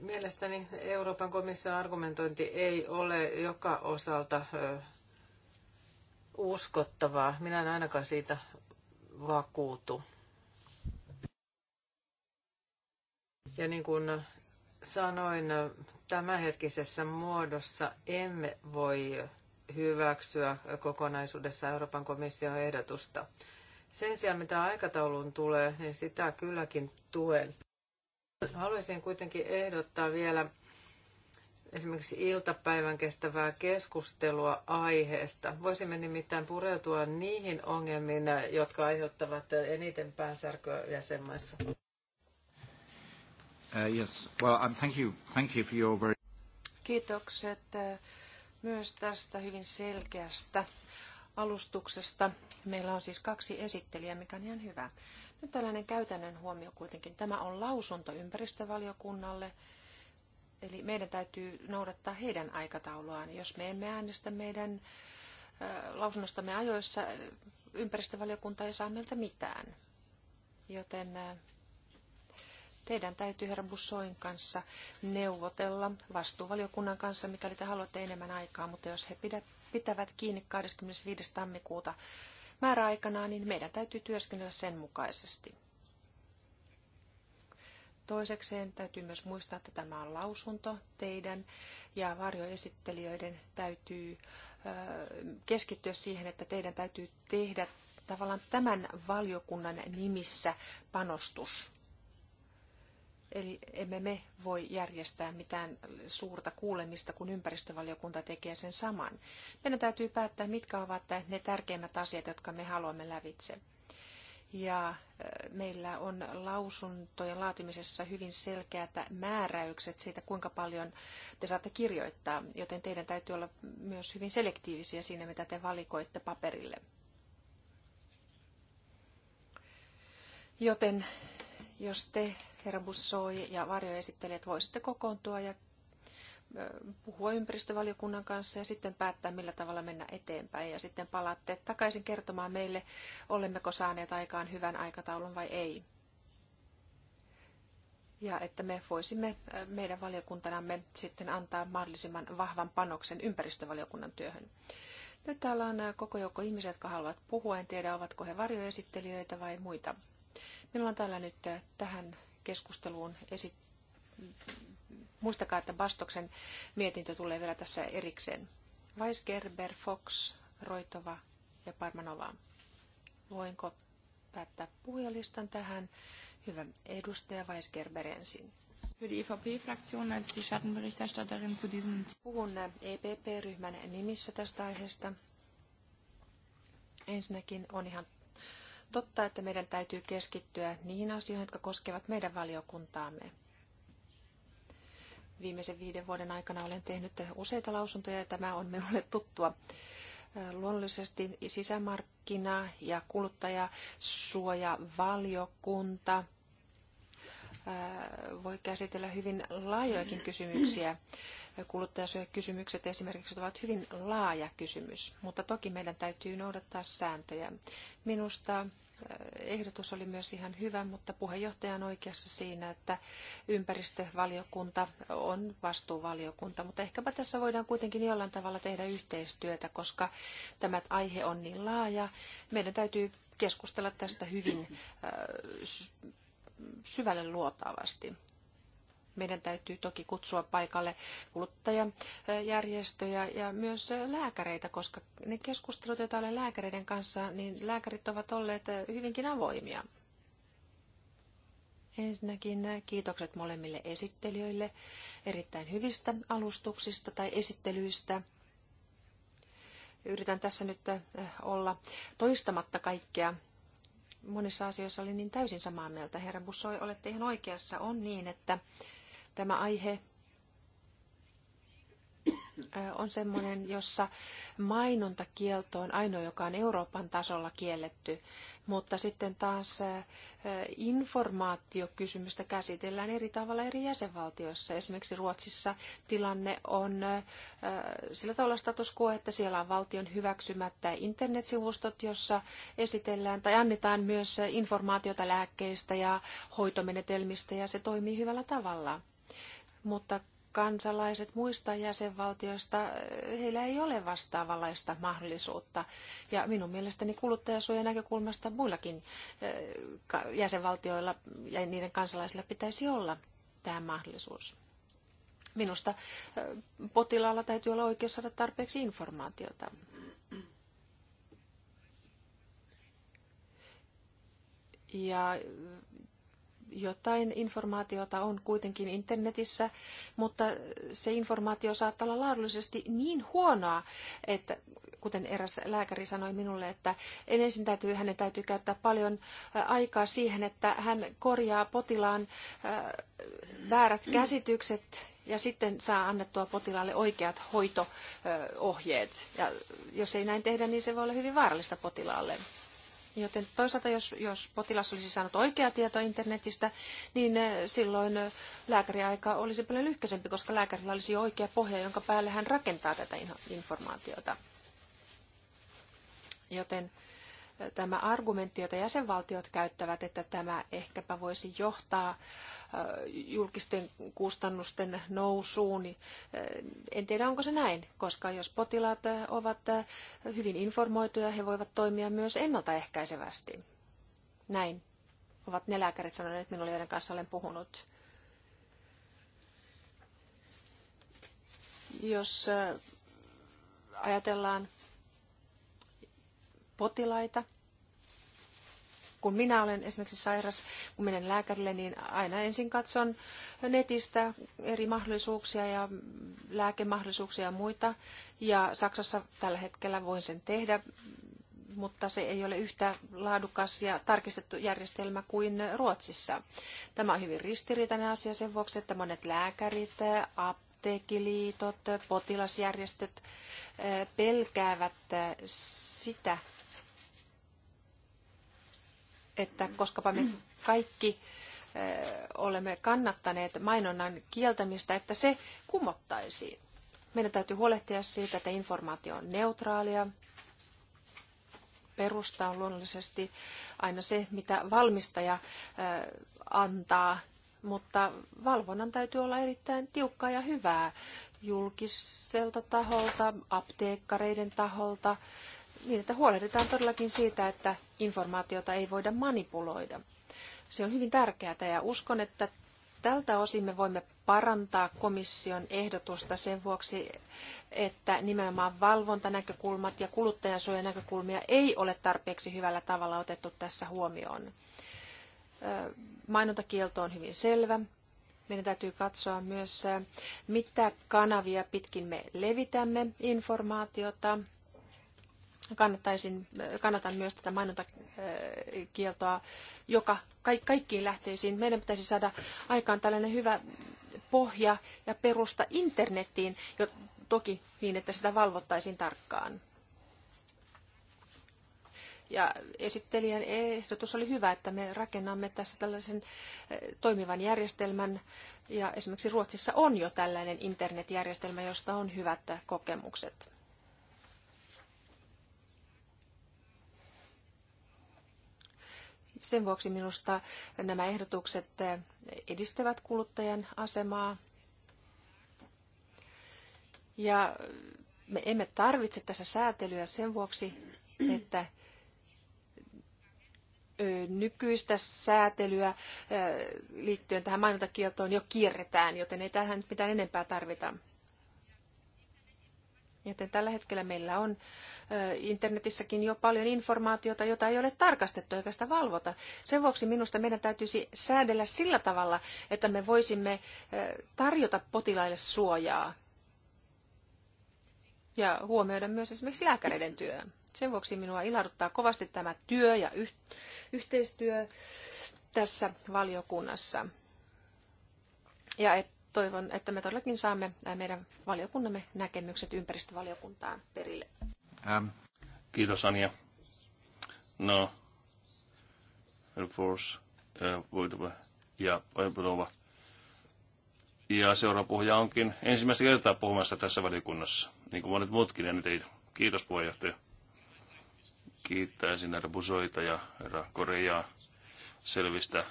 Mielestäni Euroopan komission argumentointi ei ole joka osalta uskottavaa. Minä en ainakaan siitä vakuutu. Ja niin kuin sanoin, tämänhetkisessä muodossa emme voi hyväksyä kokonaisuudessa Euroopan komission ehdotusta. Sen sijaan, mitä aikatauluun tulee, niin sitä kylläkin tuen. Haluaisin kuitenkin ehdottaa vielä esimerkiksi iltapäivän kestävää keskustelua aiheesta. Voisimme nimittäin pureutua niihin ongelmiin, jotka aiheuttavat eniten päänsärkyä jäsenmaissa. Uh, yes. well, um, thank you. Thank you for your very... Kiitokset uh, myös tästä hyvin selkeästä alustuksesta. Meillä on siis kaksi esittelijää, mikä on ihan hyvä. Nyt tällainen käytännön huomio kuitenkin. Tämä on lausunto ympäristövaliokunnalle Eli meidän täytyy noudattaa heidän aikatauluaan. Jos me emme äänestä meidän lausunnostamme ajoissa, ympäristövaliokunta ei saa meiltä mitään. Joten teidän täytyy herra Bussoin kanssa neuvotella vastuuvaliokunnan kanssa, mikäli te haluatte enemmän aikaa, mutta jos he pitävät kiinni 25. tammikuuta määräaikanaan, niin meidän täytyy työskennellä sen mukaisesti. Toisekseen täytyy myös muistaa, että tämä on lausunto teidän ja varjoesittelijöiden täytyy keskittyä siihen, että teidän täytyy tehdä tavallaan tämän valiokunnan nimissä panostus. Eli emme me voi järjestää mitään suurta kuulemista, kun ympäristövaliokunta tekee sen saman. Meidän täytyy päättää, mitkä ovat ne tärkeimmät asiat, jotka me haluamme lävitse ja äh, meillä on lausuntojen laatimisessa hyvin selkeät määräykset siitä, kuinka paljon te saatte kirjoittaa, joten teidän täytyy olla myös hyvin selektiivisiä siinä, mitä te valikoitte paperille. Joten jos te, herra Bussoi ja varjoesittelijät, voisitte kokoontua ja puhua ympäristövaliokunnan kanssa ja sitten päättää, millä tavalla mennä eteenpäin. Ja sitten palaatte takaisin kertomaan meille, olemmeko saaneet aikaan hyvän aikataulun vai ei. Ja että me voisimme äh, meidän valiokuntanamme sitten antaa mahdollisimman vahvan panoksen ympäristövaliokunnan työhön. Nyt täällä on äh, koko joukko ihmisiä, jotka haluavat puhua. En tiedä, ovatko he varjoesittelijöitä vai muita. Minulla on täällä nyt äh, tähän keskusteluun esittää Muistakaa, että Bastoksen mietintö tulee vielä tässä erikseen. Weisgerber, Fox, Roitova ja Parmanova. Voinko päättää puhujalistan tähän? Hyvä. Edustaja Weisgerber ensin. Für die EVP-Fraktion als die Schattenberichterstatterin zu diesem... Puhun EPP-ryhmän nimissä tästä aiheesta. Ensinnäkin on ihan totta, että meidän täytyy keskittyä niihin asioihin, jotka koskevat meidän valiokuntaamme. Viimeisen viiden vuoden aikana olen tehnyt useita lausuntoja ja tämä on minulle tuttua. Luonnollisesti sisämarkkina- ja kuluttajasuojavaliokunta voi käsitellä hyvin laajojakin kysymyksiä. Kuluttajasuojakysymykset esimerkiksi ovat hyvin laaja kysymys, mutta toki meidän täytyy noudattaa sääntöjä. Minusta ehdotus oli myös ihan hyvä, mutta puheenjohtaja on oikeassa siinä, että ympäristövaliokunta on vastuuvaliokunta, mutta ehkäpä tässä voidaan kuitenkin jollain tavalla tehdä yhteistyötä, koska tämä aihe on niin laaja. Meidän täytyy keskustella tästä hyvin äh, syvälle luotaavasti. Meidän täytyy toki kutsua paikalle kuluttajajärjestöjä ja myös lääkäreitä, koska ne keskustelut, joita olen lääkäreiden kanssa, niin lääkärit ovat olleet hyvinkin avoimia. Ensinnäkin kiitokset molemmille esittelijöille erittäin hyvistä alustuksista tai esittelyistä. Yritän tässä nyt eh, olla toistamatta kaikkea. Monissa asioissa olin niin täysin samaa mieltä. Herra Bussoi, olette ihan oikeassa. On niin, että Tämä aihe on sellainen, jossa mainontakielto on ainoa, joka on Euroopan tasolla kielletty, mutta sitten taas informaatiokysymystä käsitellään eri tavalla eri jäsenvaltioissa. Esimerkiksi Ruotsissa tilanne on sillä tavalla status quo, että siellä on valtion hyväksymättä internetsivustot, jossa esitellään tai annetaan myös informaatiota lääkkeistä ja hoitomenetelmistä ja se toimii hyvällä tavalla mutta kansalaiset muista jäsenvaltioista, eh, heillä ei ole vastaavanlaista mahdollisuutta. Ja minun mielestäni kuluttajasuojan näkökulmasta muillakin eh, jäsenvaltioilla ja niiden kansalaisilla pitäisi olla tämä mahdollisuus. Minusta eh, potilaalla täytyy olla oikeus saada tarpeeksi informaatiota. Ja jotain informaatiota on kuitenkin internetissä, mutta se informaatio saattaa olla laadullisesti niin huonoa, että kuten eräs lääkäri sanoi minulle, että ensin täytyy, hänen täytyy käyttää paljon aikaa siihen, että hän korjaa potilaan väärät käsitykset ja sitten saa annettua potilaalle oikeat hoitoohjeet. Ja jos ei näin tehdä, niin se voi olla hyvin vaarallista potilaalle. Joten toisaalta, jos, jos potilas olisi saanut oikeaa tietoa internetistä, niin eh, silloin eh, lääkäriaika olisi paljon lyhkäisempi, koska lääkärillä olisi jo oikea pohja, jonka päälle hän rakentaa tätä informaatiota. Joten eh, tämä argumentti, jota jäsenvaltiot käyttävät, että tämä ehkäpä voisi johtaa Äh, julkisten kustannusten nousuun. Niin, äh, en tiedä, onko se näin, koska jos potilaat äh, ovat hyvin informoituja, he voivat toimia myös ennaltaehkäisevästi. Näin ovat ne lääkärit sanoneet minulle, joiden kanssa olen puhunut. Jos ajatellaan potilaita, kun minä olen esimerkiksi sairas, kun menen lääkärille, niin aina ensin katson netistä eri mahdollisuuksia ja lääkemahdollisuuksia ja muita. Ja Saksassa tällä hetkellä voin sen tehdä, mutta se ei ole yhtä laadukas ja tarkistettu järjestelmä kuin Ruotsissa. Tämä on hyvin ristiriitainen asia sen vuoksi, että monet lääkärit, apteekiliitot, potilasjärjestöt eh, pelkäävät eh, sitä, että koskapa me kaikki olemme kannattaneet mainonnan kieltämistä, että se kumottaisiin. Meidän täytyy huolehtia siitä, että informaatio on neutraalia. Perusta on luonnollisesti aina se, mitä valmistaja antaa, mutta valvonnan täytyy olla erittäin tiukkaa ja hyvää julkiselta taholta, apteekkareiden taholta, niin, että huolehditaan todellakin siitä, että informaatiota ei voida manipuloida. Se on hyvin tärkeää ja uskon, että tältä osin me voimme parantaa komission ehdotusta sen vuoksi, että nimenomaan valvontanäkökulmat ja kuluttajansuojanäkökulmia ei ole tarpeeksi hyvällä tavalla otettu tässä huomioon. Mainontakielto on hyvin selvä. Meidän täytyy katsoa myös, mitä kanavia pitkin me levitämme informaatiota kannattaisin, kannatan myös tätä mainontakieltoa, äh, joka kaikkiin lähteisiin. Meidän pitäisi saada aikaan tällainen hyvä pohja ja perusta internettiin, jo toki niin, että sitä valvottaisiin tarkkaan. Ja esittelijän ehdotus oli hyvä, että me rakennamme tässä tällaisen äh, toimivan järjestelmän. Ja esimerkiksi Ruotsissa on jo tällainen internetjärjestelmä, josta on hyvät kokemukset. Sen vuoksi minusta nämä ehdotukset edistävät kuluttajan asemaa. Ja me emme tarvitse tässä säätelyä sen vuoksi, että nykyistä säätelyä liittyen tähän mainontakieltoon jo kierretään, joten ei tähän mitään enempää tarvita. Joten tällä hetkellä meillä on internetissäkin jo paljon informaatiota, jota ei ole tarkastettu eikä sitä valvota. Sen vuoksi minusta meidän täytyisi säädellä sillä tavalla, että me voisimme tarjota potilaille suojaa ja huomioida myös esimerkiksi lääkäreiden työ. Sen vuoksi minua ilahduttaa kovasti tämä työ ja yh- yhteistyö tässä valiokunnassa. Ja et, toivon, että me todellakin saamme meidän valiokunnamme näkemykset ympäristövaliokuntaan perille. Ähm. Kiitos Anja. No, Force, Voidova ja Voidova. Ja seuraava puhuja onkin ensimmäistä kertaa puhumassa tässä valiokunnassa, niin kuin monet muutkin ennen teitä. Kiitos puheenjohtaja. Kiittäisin herra Busoita ja herra Koreaa selvistä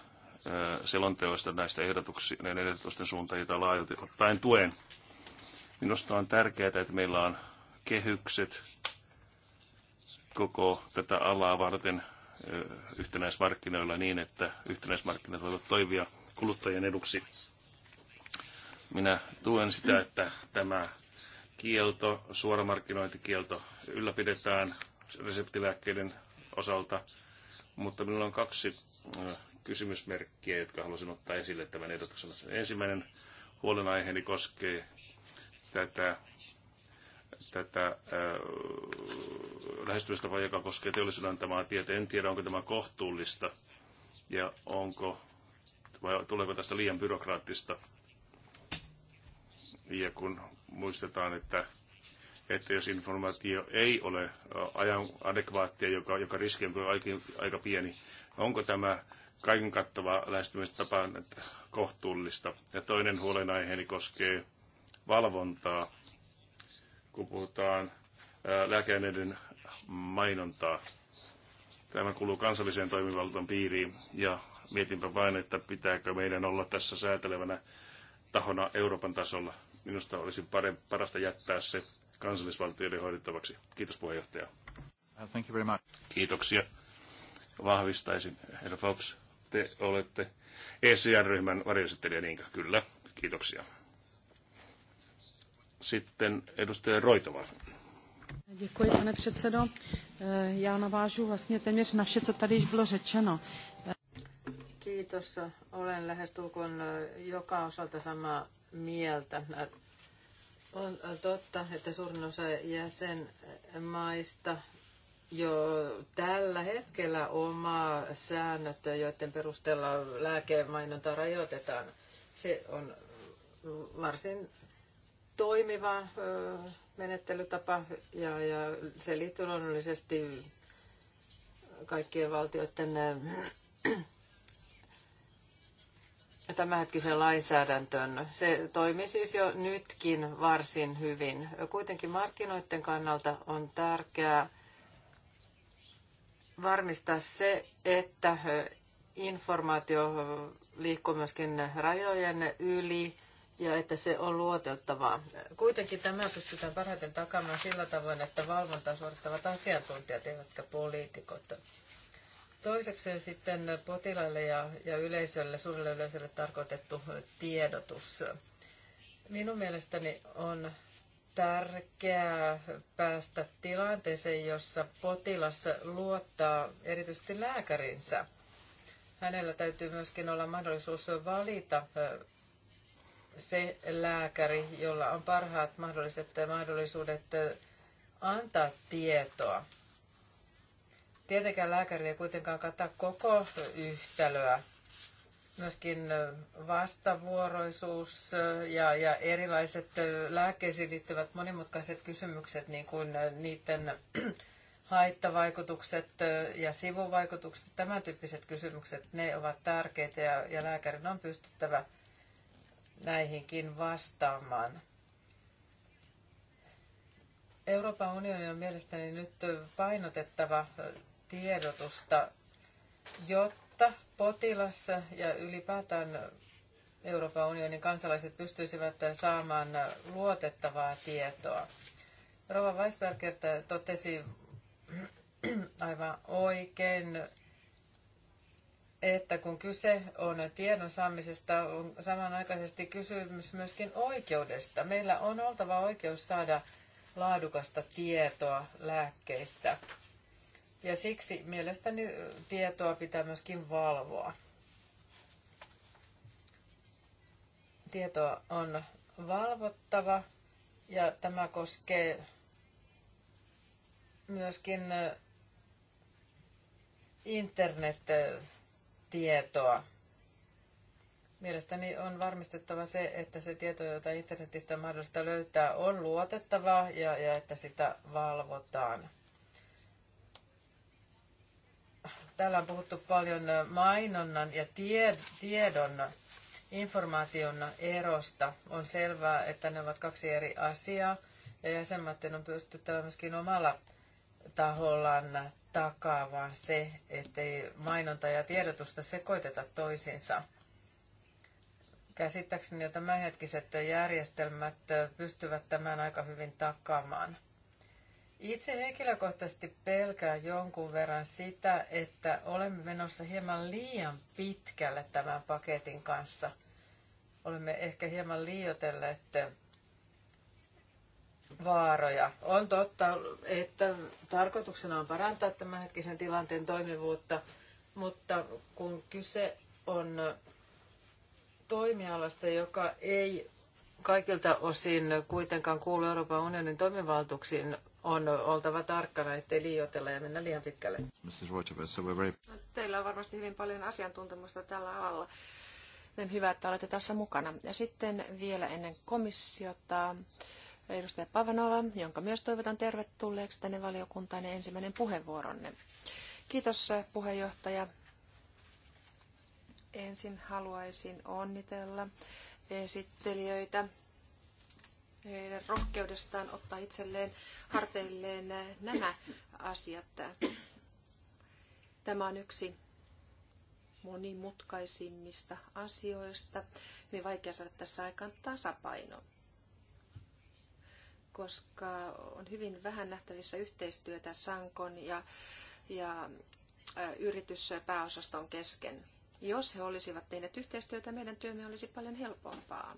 selonteoista näistä näiden ehdotusten suuntaan, joita laajalti ottaen tuen. Minusta on tärkeää, että meillä on kehykset koko tätä alaa varten yhtenäismarkkinoilla niin, että yhtenäismarkkinat voivat toimia kuluttajien eduksi. Minä tuen sitä, että tämä kielto, suoramarkkinointikielto ylläpidetään reseptilääkkeiden osalta, mutta minulla on kaksi kysymysmerkkiä, jotka haluaisin ottaa esille tämän ehdotuksen. Ensimmäinen huolenaiheeni koskee tätä, tätä äh, lähestymistapaa, joka koskee teollisuuden antamaa tietoa. En tiedä, onko tämä kohtuullista ja onko, vai tuleeko tästä liian byrokraattista. Ja kun muistetaan, että, että jos informaatio ei ole ajan adekvaattia, joka, joka riski on aika, aika pieni, onko tämä kaiken kattava lähestymistapa on kohtuullista. Ja toinen huolenaiheeni koskee valvontaa, kun puhutaan lääkeaineiden mainontaa. Tämä kuuluu kansalliseen toimivaltaan piiriin ja mietinpä vain, että pitääkö meidän olla tässä säätelevänä tahona Euroopan tasolla. Minusta olisi parasta jättää se kansallisvaltioiden hoidettavaksi. Kiitos puheenjohtaja. Thank you very much. Kiitoksia. Vahvistaisin, herra Fox, te olette ECR-ryhmän varjoesittelijä, niin Kyllä, kiitoksia. Sitten edustaja Roitova. Děkuji, pane předsedo. Eh, já navážu vlastně téměř na vše, co tady již bylo řečeno. Kiitos. Olen lähestulkoon eh, joka osalta samaa mieltä. On totta, että suurin osa jäsenmaista jo tällä hetkellä oma säännöt, joiden perusteella lääkemainonta rajoitetaan. Se on varsin toimiva menettelytapa ja, ja se liittyy luonnollisesti kaikkien valtioiden tämänhetkisen lainsäädäntöön. Se toimii siis jo nytkin varsin hyvin. Kuitenkin markkinoiden kannalta on tärkeää, varmistaa se, että informaatio liikkuu myöskin rajojen yli ja että se on luotettavaa. Kuitenkin tämä pystytään parhaiten takaamaan sillä tavoin, että valvontaa suorittavat asiantuntijat eivätkä poliitikot. Toiseksi sitten potilaille ja, ja yleisölle, suurelle yleisölle tarkoitettu tiedotus. Minun mielestäni on tärkeää päästä tilanteeseen, jossa potilas luottaa erityisesti lääkärinsä. Hänellä täytyy myöskin olla mahdollisuus valita se lääkäri, jolla on parhaat mahdolliset mahdollisuudet antaa tietoa. Tietenkään lääkäri ei kuitenkaan kata koko yhtälöä, myöskin vastavuoroisuus ja, ja erilaiset lääkkeisiin liittyvät monimutkaiset kysymykset, niin kuin niiden haittavaikutukset ja sivuvaikutukset, tämän tyyppiset kysymykset, ne ovat tärkeitä ja, ja lääkärin on pystyttävä näihinkin vastaamaan. Euroopan unionin on mielestäni nyt painotettava tiedotusta, jotta jotta potilas ja ylipäätään Euroopan unionin kansalaiset pystyisivät saamaan luotettavaa tietoa. Rova Weisberger totesi aivan oikein, että kun kyse on tiedon saamisesta, on samanaikaisesti kysymys myöskin oikeudesta. Meillä on oltava oikeus saada laadukasta tietoa lääkkeistä. Ja siksi mielestäni tietoa pitää myöskin valvoa. Tietoa on valvottava ja tämä koskee myöskin internet-tietoa. Mielestäni on varmistettava se, että se tieto, jota internetistä mahdollista löytää, on luotettavaa ja, ja että sitä valvotaan. Täällä on puhuttu paljon mainonnan ja tiedon informaation erosta. On selvää, että ne ovat kaksi eri asiaa ja jäsenmaiden on pystyttävä myöskin omalla tahollaan takaamaan se, ettei mainonta ja tiedotusta sekoiteta toisiinsa. Käsittääkseni jo tämänhetkiset järjestelmät pystyvät tämän aika hyvin takaamaan. Itse henkilökohtaisesti pelkään jonkun verran sitä, että olemme menossa hieman liian pitkälle tämän paketin kanssa. Olemme ehkä hieman liioitelleet vaaroja. On totta, että tarkoituksena on parantaa tämänhetkisen tilanteen toimivuutta, mutta kun kyse on toimialasta, joka ei kaikilta osin kuitenkaan kuulu Euroopan unionin toimivaltuuksiin, on oltava tarkkana, ettei liioitella ja mennä liian pitkälle. Teillä on varmasti hyvin paljon asiantuntemusta tällä alalla. Joten hyvä, että olette tässä mukana. Ja sitten vielä ennen komissiota edustaja Pavanova, jonka myös toivotan tervetulleeksi tänne valiokuntaan ensimmäinen puheenvuoronne. Kiitos puheenjohtaja. Ensin haluaisin onnitella esittelijöitä heidän rohkeudestaan ottaa itselleen harteilleen nämä asiat. Tämä on yksi monimutkaisimmista asioista. Hyvin vaikea saada tässä aikaan tasapaino, koska on hyvin vähän nähtävissä yhteistyötä Sankon ja, ja yrityspääosaston kesken. Jos he olisivat tehneet yhteistyötä, meidän työmme olisi paljon helpompaa.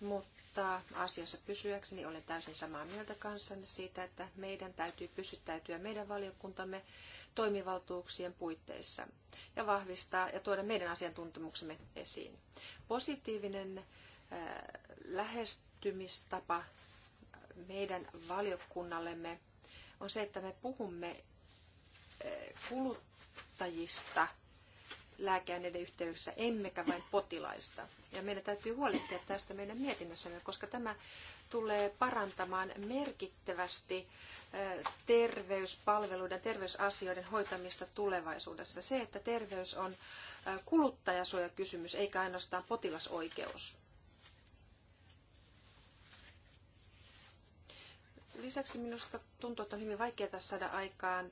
Mutta kohtaa asiassa pysyäkseni olen täysin samaa mieltä kanssanne siitä, että meidän täytyy pysyttäytyä meidän valiokuntamme toimivaltuuksien puitteissa ja vahvistaa ja tuoda meidän asiantuntemuksemme esiin. Positiivinen äh, lähestymistapa meidän valiokunnallemme on se, että me puhumme äh, kuluttajista – lääkeaineiden yhteydessä, emmekä vain potilaista. Ja meidän täytyy huolehtia tästä meidän mietinnössämme, koska tämä tulee parantamaan merkittävästi terveyspalveluiden, terveysasioiden hoitamista tulevaisuudessa. Se, että terveys on kuluttajasuojakysymys eikä ainoastaan potilasoikeus. Lisäksi minusta tuntuu, että on hyvin vaikeaa saada aikaan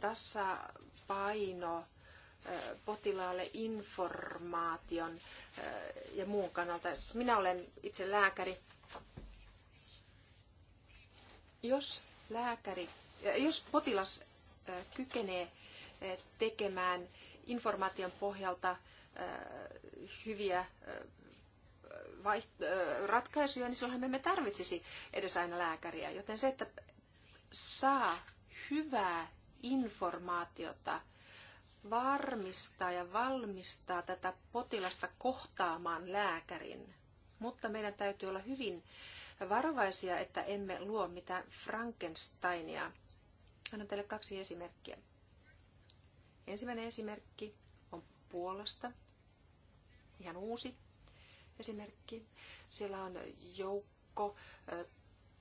tasapaino potilaalle informaation äh, ja muun kannalta. Minä olen itse lääkäri. Jos, lääkäri, äh, jos potilas äh, kykenee tekemään informaation pohjalta hyviä ratkaisuja, niin silloinhan me emme tarvitsisi edes aina lääkäriä. Joten se, että saa hyvää informaatiota – varmistaa ja valmistaa tätä potilasta kohtaamaan lääkärin. Mutta meidän täytyy olla hyvin varovaisia, että emme luo mitään Frankensteinia. Annan teille kaksi esimerkkiä. Ensimmäinen esimerkki on Puolasta. Ihan uusi esimerkki. Siellä on joukko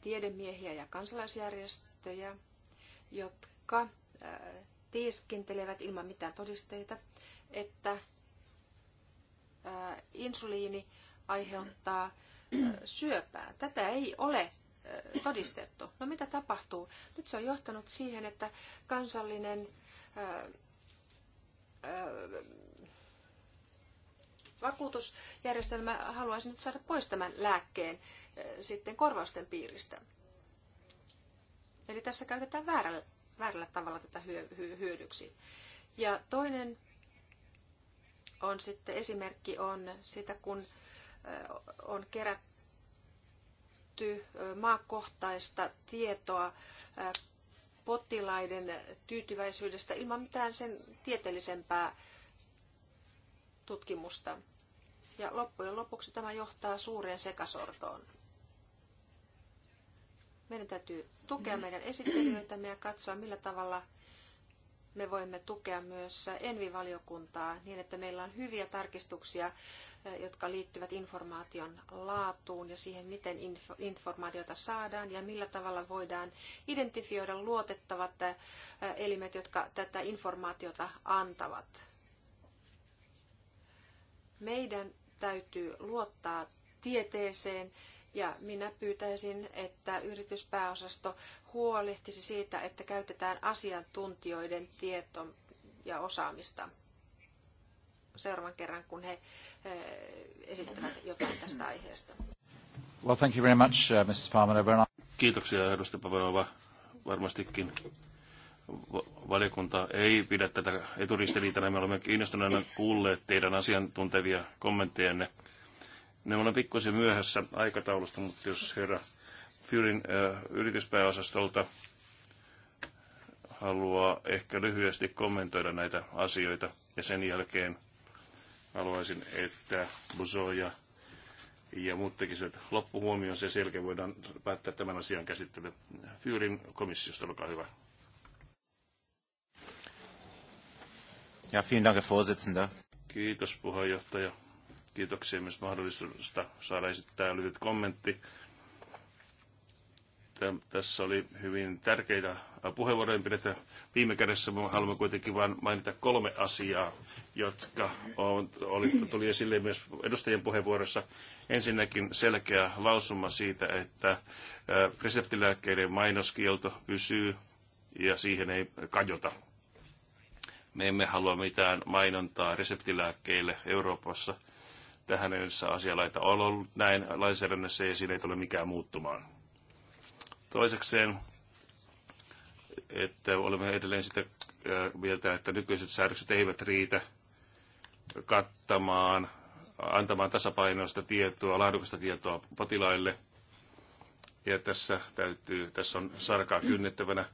tiedemiehiä ja kansalaisjärjestöjä, jotka tieskentelevät ilman mitään todisteita, että äh, insuliini aiheuttaa äh, syöpää. Tätä ei ole äh, todistettu. No mitä tapahtuu? Nyt se on johtanut siihen, että kansallinen vakuutusjärjestelmä haluaisi nyt saada pois tämän lääkkeen sitten korvausten piiristä. Eli tässä käytetään väärä väärällä tavalla tätä hyödyksi. Ja toinen on sitten esimerkki on sitä, kun on kerätty maakohtaista tietoa potilaiden tyytyväisyydestä ilman mitään sen tieteellisempää tutkimusta. Ja loppujen lopuksi tämä johtaa suureen sekasortoon. Meidän täytyy tukea meidän esittelijöitämme ja katsoa, millä tavalla me voimme tukea myös Envivaliokuntaa niin, että meillä on hyviä tarkistuksia, jotka liittyvät informaation laatuun ja siihen, miten informaatiota saadaan ja millä tavalla voidaan identifioida luotettavat elimet, jotka tätä informaatiota antavat. Meidän täytyy luottaa tieteeseen ja minä pyytäisin, että yrityspääosasto huolehtisi siitä, että käytetään asiantuntijoiden tietoa ja osaamista seuraavan kerran, kun he eh, esittävät jotain tästä aiheesta. Well, thank you very much, uh, Mrs. Palmer. Kiitoksia, edustaja Pavelova. Varmastikin valiokunta ei pidä tätä eturistiriitana. Me olemme kiinnostuneena kuulleet teidän asiantuntevia kommenttejanne ne on pikkusen myöhässä aikataulusta, mutta jos herra Fyrin äh, yrityspääosastolta haluaa ehkä lyhyesti kommentoida näitä asioita, ja sen jälkeen haluaisin, että Buzo ja, ja muut tekisivät loppuhuomioon, sen selkeä voidaan päättää tämän asian käsittely. Fyrin komissiosta, olkaa hyvä. Ja, vielen Dank, Herr Vorsitzender. Kiitos, puheenjohtaja. Kiitoksia myös mahdollisuudesta saada esittää lyhyt kommentti. Tässä oli hyvin tärkeitä puheenvuoroja pidetä. Viime kädessä haluamme kuitenkin vain mainita kolme asiaa, jotka on, oli, tuli esille myös edustajien puheenvuorossa. Ensinnäkin selkeä lausuma siitä, että reseptilääkkeiden mainoskielto pysyy ja siihen ei kajota. Me emme halua mitään mainontaa reseptilääkkeille Euroopassa – Tähän mennessä asialaita on ollut näin lainsäädännössä ja siinä ei tule mikään muuttumaan. Toisekseen, että olemme edelleen sitä mieltä, että nykyiset säädökset eivät riitä kattamaan, antamaan tasapainoista tietoa, laadukasta tietoa potilaille. Ja tässä, täytyy, tässä on sarkaa kynnettävänä.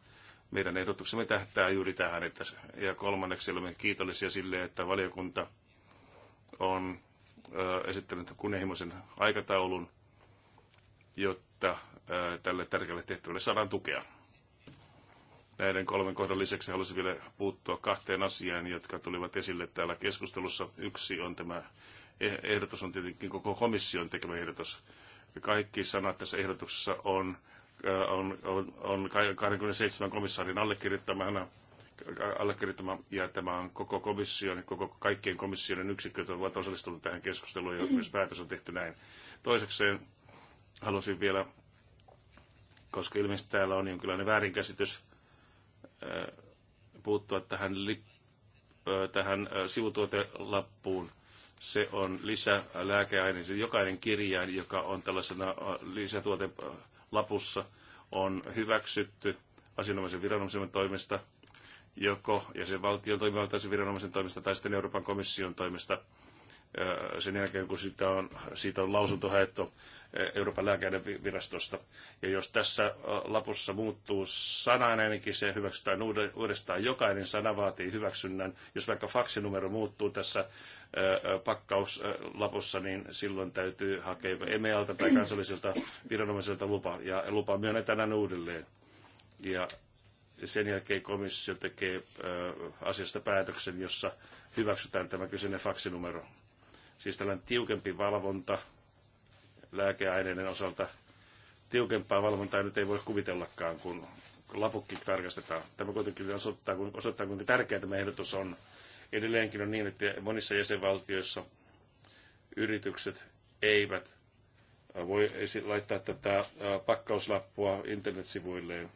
Meidän ehdotuksemme tähtää juuri tähän. Että, ja kolmanneksi olemme kiitollisia sille, että valiokunta on esittänyt kunnianhimoisen aikataulun, jotta tälle tärkeälle tehtävälle saadaan tukea. Näiden kolmen kohdan lisäksi haluaisin vielä puuttua kahteen asiaan, jotka tulivat esille täällä keskustelussa. Yksi on tämä eh-, ehdotus, on tietenkin koko komission tekemä ehdotus. Kaikki sanat tässä ehdotuksessa on, on, on, on 27 komissaarin allekirjoittamana allekirjoittama, ja tämä on koko komission, koko kaikkien komission yksiköt ovat osallistuneet tähän keskusteluun, ja myös päätös on tehty näin. Toisekseen halusin vielä, koska ilmeisesti täällä on jonkinlainen väärinkäsitys, äh, puuttua tähän, lip, äh, tähän äh, sivutuotelappuun. Se on lisälääkeaine. Jokainen kirjain, joka on tällaisena lisätuotelapussa, on hyväksytty asianomaisen viranomaisen toimesta – joko jäsenvaltion toimivaltaisen viranomaisen toimesta tai sitten Euroopan komission toimesta sen jälkeen, kun siitä on, siitä on lausunto haettu Euroopan virastosta. Ja jos tässä lapussa muuttuu sana, ainakin niin se hyväksytään uudestaan. Jokainen sana vaatii hyväksynnän. Jos vaikka faksinumero muuttuu tässä pakkauslapussa, niin silloin täytyy hakea EMEALta tai kansalliselta viranomaiselta lupa. Ja lupa myönnetään uudelleen. Ja sen jälkeen komissio tekee asiasta päätöksen, jossa hyväksytään tämä kyseinen faksinumero. Siis tällainen tiukempi valvonta lääkeaineiden osalta. Tiukempaa valvontaa nyt ei voi kuvitellakaan, kun lapukki tarkastetaan. Tämä kuitenkin osoittaa, osoittaa kuinka tärkeä tämä ehdotus on. Edelleenkin on niin, että monissa jäsenvaltioissa yritykset eivät voi laittaa tätä pakkauslappua internetsivuilleen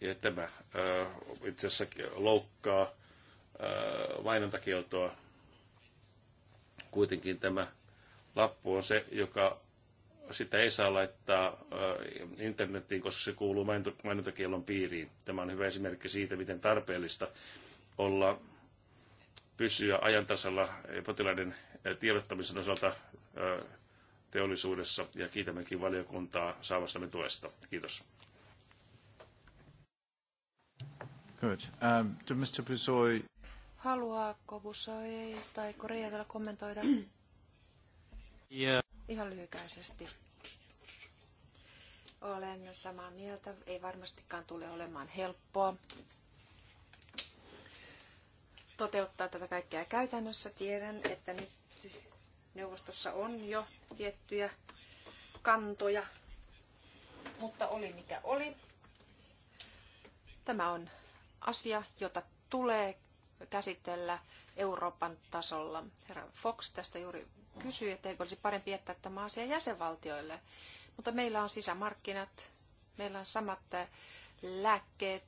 ja tämä itse asiassa loukkaa mainontakieltoa. Kuitenkin tämä lappu on se, joka sitä ei saa laittaa internettiin, koska se kuuluu mainontakielon piiriin. Tämä on hyvä esimerkki siitä, miten tarpeellista olla pysyä ajan tasalla potilaiden tiedottamisen osalta teollisuudessa ja kiitämmekin valiokuntaa saavastamme tuesta. Kiitos. Good. Um, do Mr. Haluaako Busoi tai Korea vielä kommentoida? Yeah. Ihan lyhykäisesti. Olen samaa mieltä. Ei varmastikaan tule olemaan helppoa toteuttaa tätä kaikkea käytännössä. Tiedän, että nyt neuvostossa on jo tiettyjä kantoja, mutta oli mikä oli. Tämä on asia, jota tulee käsitellä Euroopan tasolla. Herra Fox tästä juuri kysyi, että eikö olisi parempi jättää tämä asia jäsenvaltioille. Mutta meillä on sisämarkkinat, meillä on samat lääkkeet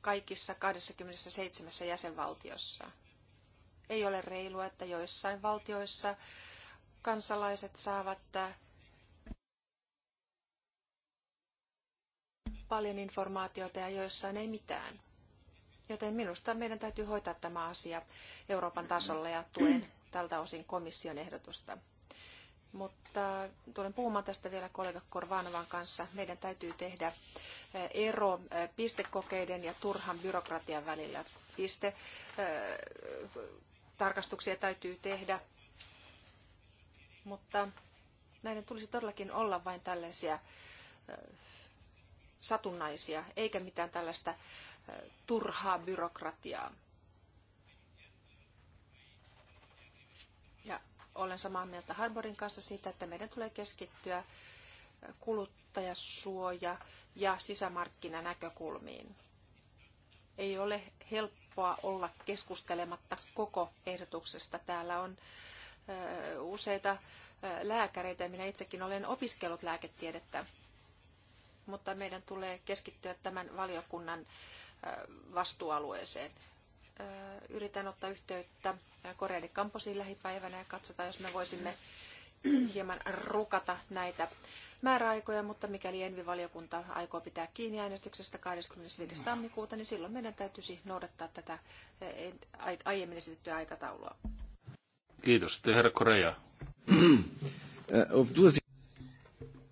kaikissa 27 jäsenvaltiossa. Ei ole reilua, että joissain valtioissa kansalaiset saavat paljon informaatiota ja joissain ei mitään. Joten minusta meidän täytyy hoitaa tämä asia Euroopan tasolla ja tuen tältä osin komission ehdotusta. Mutta tulen puhumaan tästä vielä kollega Korvanovan kanssa. Meidän täytyy tehdä eh, ero eh, pistekokeiden ja turhan byrokratian välillä. Piste, eh, tarkastuksia täytyy tehdä, mutta näiden tulisi todellakin olla vain tällaisia satunnaisia, eikä mitään tällaista turhaa byrokratiaa. Ja olen samaa mieltä Harborin kanssa siitä, että meidän tulee keskittyä kuluttajasuoja- ja sisämarkkinanäkökulmiin. Ei ole helppoa olla keskustelematta koko ehdotuksesta. Täällä on useita lääkäreitä ja minä itsekin olen opiskellut lääketiedettä mutta meidän tulee keskittyä tämän valiokunnan vastuualueeseen. Yritän ottaa yhteyttä Koreani Kamposiin lähipäivänä ja katsotaan, jos me voisimme hieman rukata näitä määräaikoja, mutta mikäli Envi-valiokunta aikoo pitää kiinni äänestyksestä 25. tammikuuta, niin silloin meidän täytyisi noudattaa tätä aiemmin esitettyä aikataulua. Kiitos. Te herra Korea.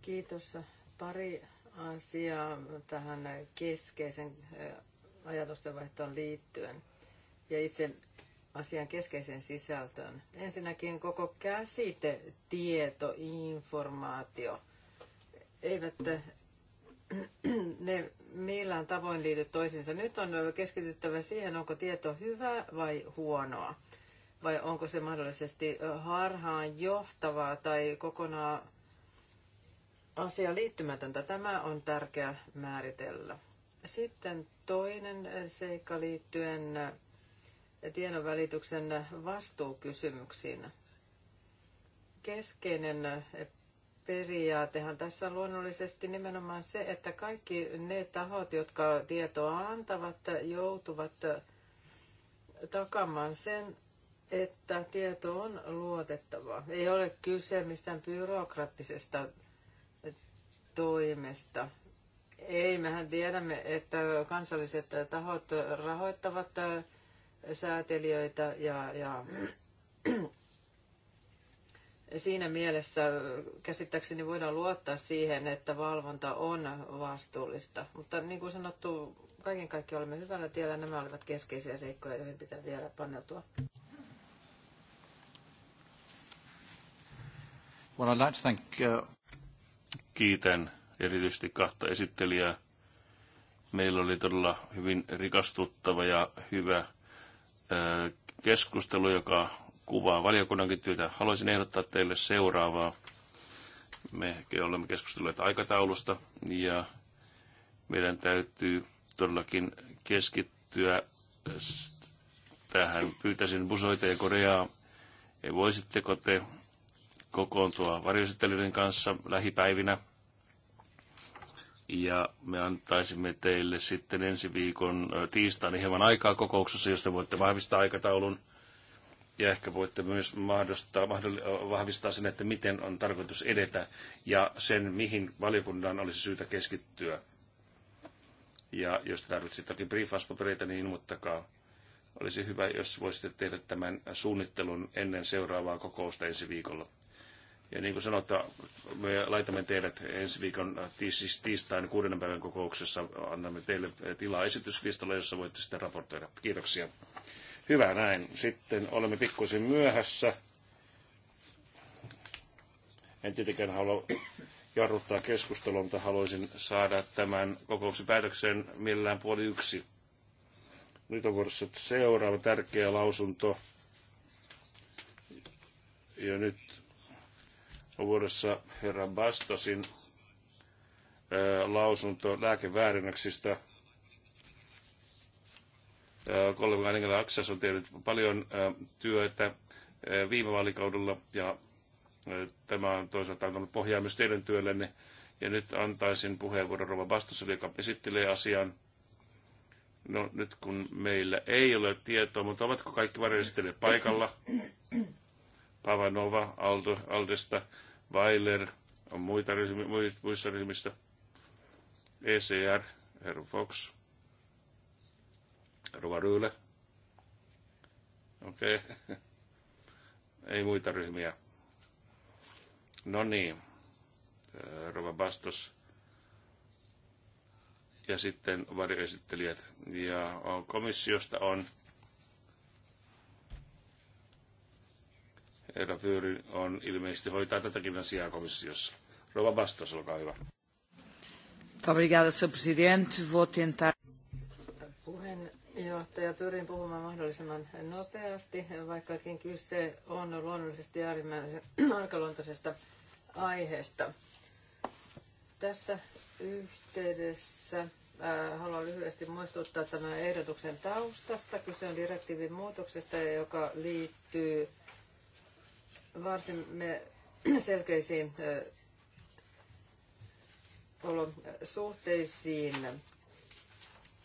Kiitos. Pari asiaa tähän keskeisen ajatustenvaihtoon liittyen ja itse asian keskeiseen sisältöön. Ensinnäkin koko käsite, tieto, informaatio eivät ne millään tavoin liity toisiinsa. Nyt on keskityttävä siihen, onko tieto hyvä vai huonoa, vai onko se mahdollisesti harhaan johtavaa tai kokonaan asia liittymätöntä. Tämä on tärkeä määritellä. Sitten toinen seikka liittyen tiedonvälityksen vastuukysymyksiin. Keskeinen periaatehan tässä on luonnollisesti nimenomaan se, että kaikki ne tahot, jotka tietoa antavat, joutuvat takamaan sen, että tieto on luotettava. Ei ole kyse mistään byrokraattisesta toimesta. Ei, mehän tiedämme, että kansalliset tahot rahoittavat äh, säätelijöitä ja, ja siinä mielessä käsittääkseni voidaan luottaa siihen, että valvonta on vastuullista. Mutta niin kuin sanottu, kaiken kaikkiaan olemme hyvällä tiellä. Nämä olivat keskeisiä seikkoja, joihin pitää vielä paneutua. Well, I'd like to thank uh, kiitän erityisesti kahta esittelijää. Meillä oli todella hyvin rikastuttava ja hyvä keskustelu, joka kuvaa valiokunnankin työtä. Haluaisin ehdottaa teille seuraavaa. Me olemme keskustelleet aikataulusta ja meidän täytyy todellakin keskittyä tähän. Pyytäisin Busoita ja Koreaa. Voisitteko te kokoontua varjoesittelyiden kanssa lähipäivinä. Ja me antaisimme teille sitten ensi viikon tiistaina hieman aikaa kokouksessa, jos te voitte vahvistaa aikataulun. Ja ehkä voitte myös mahdollistaa, vahvistaa sen, että miten on tarkoitus edetä ja sen, mihin valiokunnan olisi syytä keskittyä. Ja jos tarvitsette jotakin briefauspapereita, niin ilmoittakaa. Olisi hyvä, jos voisitte tehdä tämän suunnittelun ennen seuraavaa kokousta ensi viikolla. Ja niin kuin sanotaan, me laitamme teidät ensi viikon tiistain kuudennen päivän kokouksessa. Annamme teille tilaa esityslistalle, jossa voitte sitten raportoida. Kiitoksia. Hyvä näin. Sitten olemme pikkuisin myöhässä. En tietenkään halua jarruttaa keskustelua, mutta haluaisin saada tämän kokouksen päätökseen millään puoli yksi. Nyt on vuorossa seuraava tärkeä lausunto. Ja nyt vuodessa herra Bastosin lausunto lääkeväärennöksistä. Kollega Engel Aksas on tehnyt paljon työtä viime vaalikaudella ja tämä on toisaalta antanut pohjaa myös teidän työllenne. Ja nyt antaisin puheenvuoron Rova Bastoselle, joka esittelee asian. No nyt kun meillä ei ole tietoa, mutta ovatko kaikki varjoistelijat paikalla? Pavanova Aldo, Aldesta, Weiler on muita ryhmi, muissa ryhmistä, ECR, Herr Fox, Rova Ryyle. Okei. Okay. Ei muita ryhmiä. No niin. Rova Bastos. Ja sitten varjoesittelijät. Ja komissiosta on Herra Fyyry on ilmeisesti hoitaa tätäkin asiaa komissiossa. Rova vastaus, olkaa hyvä. Obrigada, senhor presidente. Vou tentar... Puheenjohtaja, pyrin puhumaan mahdollisimman nopeasti, vaikkakin kyse on luonnollisesti äärimmäisen arkaluontoisesta aiheesta. Tässä yhteydessä ää, äh, haluan lyhyesti muistuttaa tämän ehdotuksen taustasta. Kyse on direktiivin muutoksesta, joka liittyy varsin selkeisiin olosuhteisiin.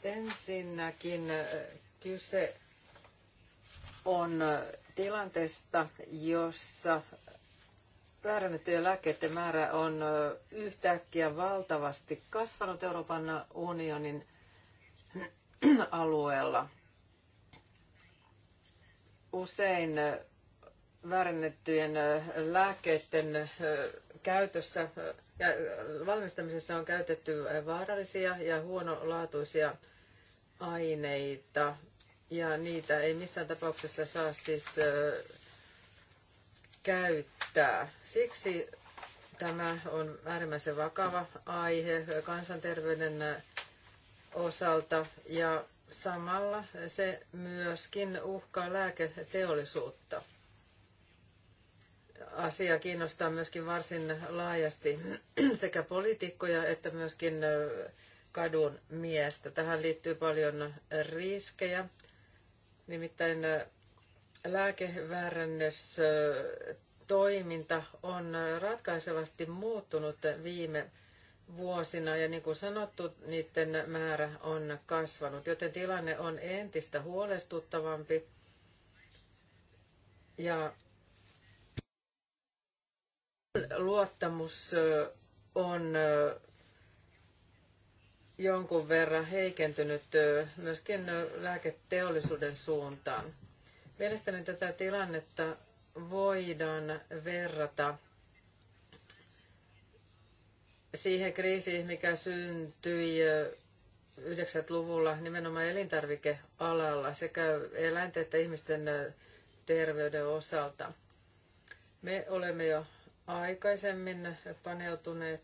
Ensinnäkin kyse on tilanteesta, jossa väärännettyjen lääkkeiden määrä on yhtäkkiä valtavasti kasvanut Euroopan unionin alueella. Usein väärennettyjen lääkkeiden käytössä, valmistamisessa on käytetty vaarallisia ja huonolaatuisia aineita. Ja niitä ei missään tapauksessa saa siis käyttää. Siksi tämä on äärimmäisen vakava aihe kansanterveyden osalta ja samalla se myöskin uhkaa lääketeollisuutta asia kiinnostaa myöskin varsin laajasti sekä poliitikkoja että myöskin kadun miestä. Tähän liittyy paljon riskejä. Nimittäin lääkeväärennös on ratkaisevasti muuttunut viime vuosina ja niin kuin sanottu, niiden määrä on kasvanut, joten tilanne on entistä huolestuttavampi. Ja luottamus on jonkun verran heikentynyt myöskin lääketeollisuuden suuntaan. Mielestäni tätä tilannetta voidaan verrata siihen kriisiin, mikä syntyi 90-luvulla nimenomaan elintarvikealalla sekä eläinten että ihmisten terveyden osalta. Me olemme jo aikaisemmin paneutuneet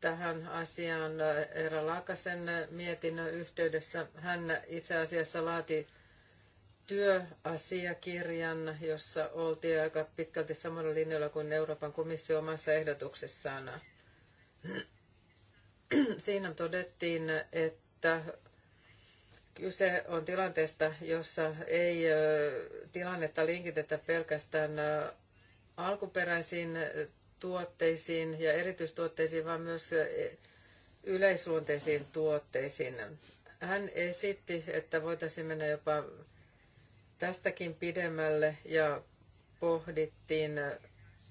tähän asiaan Eera Laakasen mietinnön yhteydessä. Hän itse asiassa laati työasiakirjan, jossa oltiin aika pitkälti samalla linjalla kuin Euroopan komissio omassa ehdotuksessaan. Siinä todettiin, että kyse on tilanteesta, jossa ei tilannetta linkitetä pelkästään alkuperäisiin eh, tuotteisiin ja erityistuotteisiin, vaan myös eh, yleisluonteisiin tuotteisiin. Hän esitti, että voitaisiin mennä jopa tästäkin pidemmälle ja pohdittiin eh,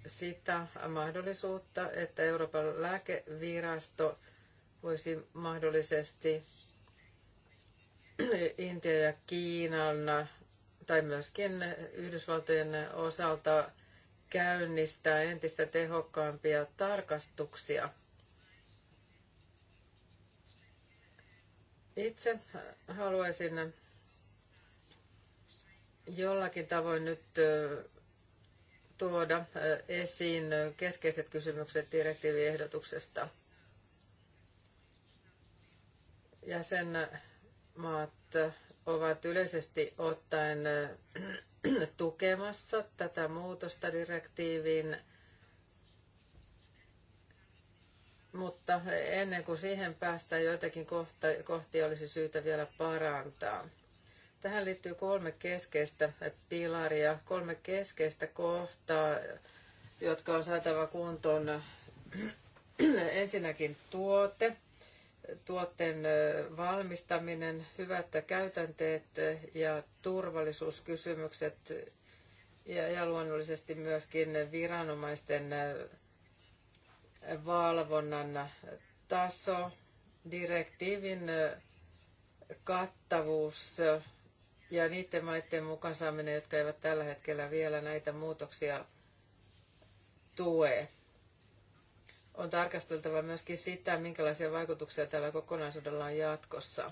sitä mahdollisuutta, että Euroopan lääkevirasto voisi mahdollisesti Intia ja Kiinan tai myöskin Yhdysvaltojen osalta käynnistää entistä tehokkaampia tarkastuksia. Itse haluaisin jollakin tavoin nyt tuoda esiin keskeiset kysymykset direktiiviehdotuksesta. Jäsenmaat ovat yleisesti ottaen tukemassa tätä muutosta direktiivin, mutta ennen kuin siihen päästään, joitakin kohta, kohtia olisi syytä vielä parantaa. Tähän liittyy kolme keskeistä pilaria, kolme keskeistä kohtaa, jotka on saatava kuntoon. Ensinnäkin tuote, tuotteen valmistaminen, hyvät käytänteet ja turvallisuuskysymykset ja, ja luonnollisesti myöskin viranomaisten valvonnan taso, direktiivin kattavuus ja niiden maiden mukaan saaminen, jotka eivät tällä hetkellä vielä näitä muutoksia tue on tarkasteltava myöskin sitä, minkälaisia vaikutuksia tällä kokonaisuudella on jatkossa.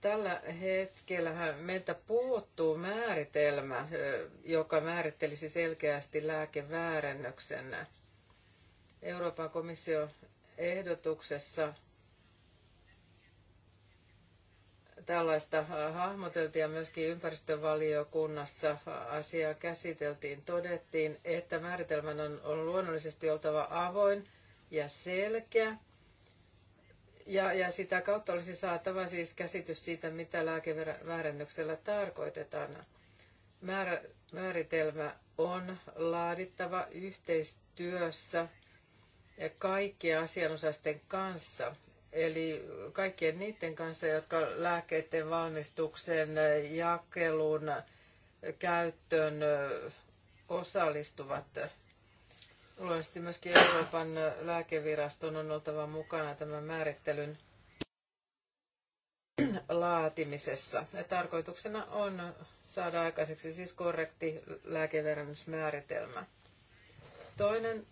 Tällä hetkellä meiltä puuttuu määritelmä, joka määrittelisi selkeästi lääkeväärennöksen. Euroopan komission ehdotuksessa tällaista äh, hahmoteltiin ja myöskin ympäristövaliokunnassa äh, asiaa käsiteltiin. Todettiin, että määritelmän on, on luonnollisesti oltava avoin ja selkeä. Ja, ja sitä kautta olisi saatava siis käsitys siitä, mitä lääkeväärennöksellä tarkoitetaan. Määrä, määritelmä on laadittava yhteistyössä kaikkien asianosaisten kanssa eli kaikkien niiden kanssa, jotka lääkkeiden valmistuksen, jakelun, käyttöön osallistuvat. Luonnollisesti myöskin Euroopan lääkeviraston on oltava mukana tämän määrittelyn laatimisessa. Ja tarkoituksena on saada aikaiseksi siis korrekti lääkeverennysmääritelmä. Toinen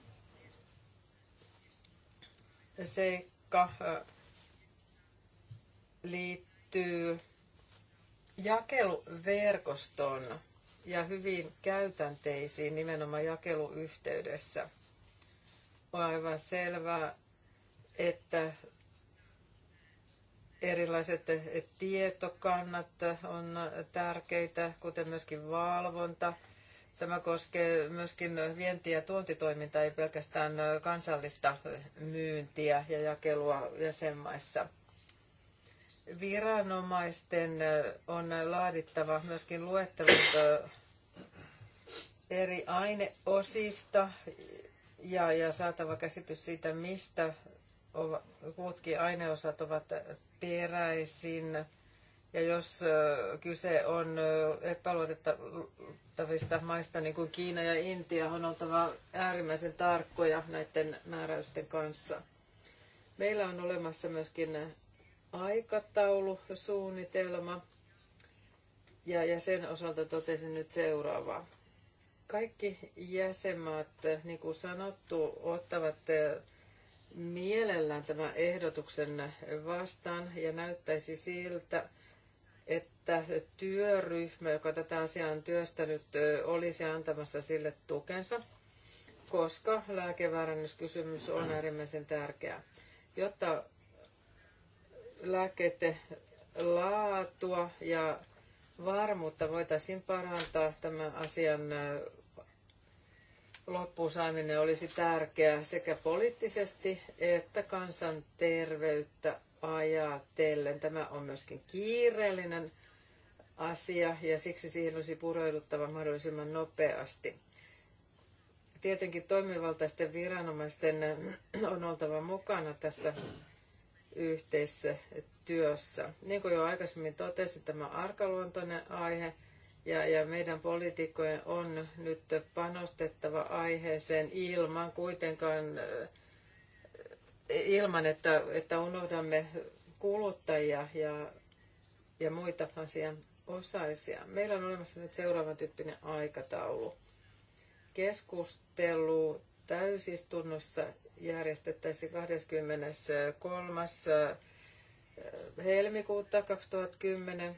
seikka taakka liittyy jakeluverkoston ja hyvin käytänteisiin nimenomaan jakeluyhteydessä. On aivan selvää, että erilaiset tietokannat on tärkeitä, kuten myöskin valvonta Tämä koskee myöskin vienti- ja tuontitoimintaa, ei pelkästään kansallista myyntiä ja jakelua jäsenmaissa. Viranomaisten on laadittava myöskin luettelut eri aineosista ja, ja saatava käsitys siitä, mistä kutkin aineosat ovat peräisin ja jos kyse on epäluotettavista maista, niin kuin Kiina ja Intia, on oltava äärimmäisen tarkkoja näiden määräysten kanssa. Meillä on olemassa myöskin aikataulusuunnitelma, ja, ja sen osalta totesin nyt seuraavaa. Kaikki jäsenmaat, niin kuin sanottu, ottavat mielellään tämän ehdotuksen vastaan ja näyttäisi siltä, että työryhmä, joka tätä asiaa on työstänyt, olisi antamassa sille tukensa, koska lääkeväärännyskysymys on äärimmäisen tärkeä. Jotta lääkkeiden laatua ja varmuutta voitaisiin parantaa tämän asian loppuun saaminen olisi tärkeää sekä poliittisesti että kansanterveyttä ajatellen. Tämä on myöskin kiireellinen asia ja siksi siihen olisi pureuduttava mahdollisimman nopeasti. Tietenkin toimivaltaisten viranomaisten on oltava mukana tässä yhteistyössä. Niin kuin jo aikaisemmin totesin, tämä arkaluontoinen aihe ja, ja meidän poliitikkojen on nyt panostettava aiheeseen ilman kuitenkaan ilman, että, että unohdamme kuluttajia ja, ja muita asian osaisia. Meillä on olemassa nyt seuraavan tyyppinen aikataulu. Keskustelu täysistunnossa järjestettäisiin 23. Eh, helmikuuta 2010.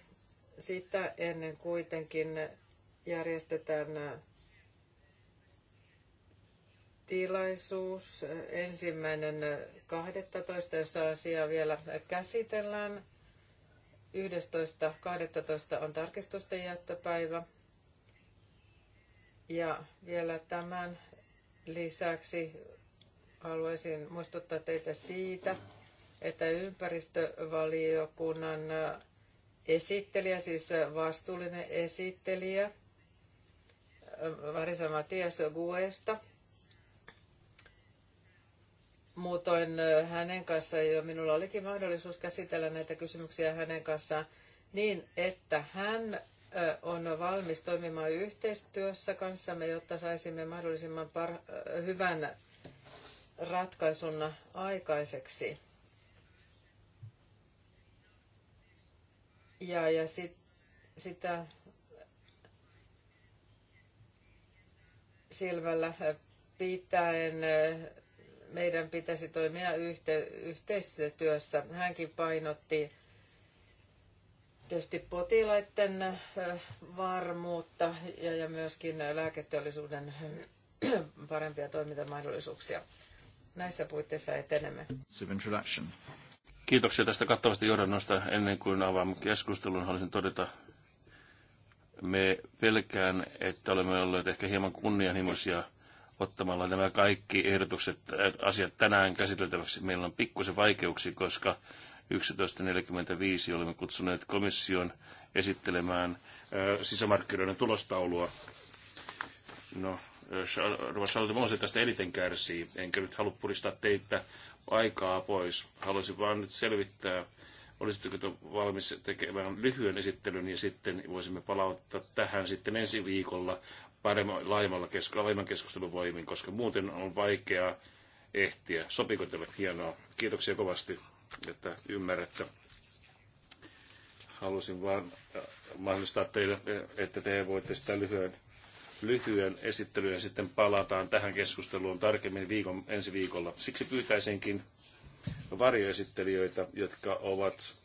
Sitä ennen kuitenkin järjestetään eh, tilaisuus ensimmäinen 12, jossa asiaa vielä käsitellään. 11.12. on tarkistusten jättöpäivä. Ja vielä tämän lisäksi haluaisin muistuttaa teitä siitä, että ympäristövaliokunnan esittelijä, siis vastuullinen esittelijä, Marisa Matias Guesta – Muutoin hänen kanssaan jo minulla olikin mahdollisuus käsitellä näitä kysymyksiä hänen kanssaan niin, että hän on valmis toimimaan yhteistyössä kanssamme, jotta saisimme mahdollisimman par- hyvän ratkaisun aikaiseksi. Ja, ja sit, sitä silmällä pitäen meidän pitäisi toimia yhte, työssä. Hänkin painotti tietysti potilaiden äh, varmuutta ja, ja myöskin lääketeollisuuden parempia toimintamahdollisuuksia. Näissä puitteissa etenemme. Kiitoksia tästä kattavasta johdannosta. Ennen kuin avaamme keskustelun, haluaisin todeta, me pelkään, että olemme olleet ehkä hieman kunnianhimoisia ottamalla nämä kaikki ehdotukset, asiat tänään käsiteltäväksi. Meillä on pikkusen vaikeuksia, koska 11.45 olemme kutsuneet komission esittelemään sisämarkkinoiden tulostaulua. No, Charles Mose tästä eniten kärsii, enkä nyt halua puristaa teitä aikaa pois. Haluaisin vaan nyt selvittää, olisitteko valmis tekemään lyhyen esittelyn ja sitten voisimme palauttaa tähän sitten ensi viikolla paremman, laajemman keskustelun, keskustelun voimin, koska muuten on vaikeaa ehtiä. Sopiko teille hienoa? Kiitoksia kovasti, että ymmärrätte. Halusin vaan äh, mahdollistaa teille, että te voitte sitä lyhyen, lyhyen esittelyyn ja sitten palataan tähän keskusteluun tarkemmin viikon, ensi viikolla. Siksi pyytäisinkin varjoesittelijöitä, jotka ovat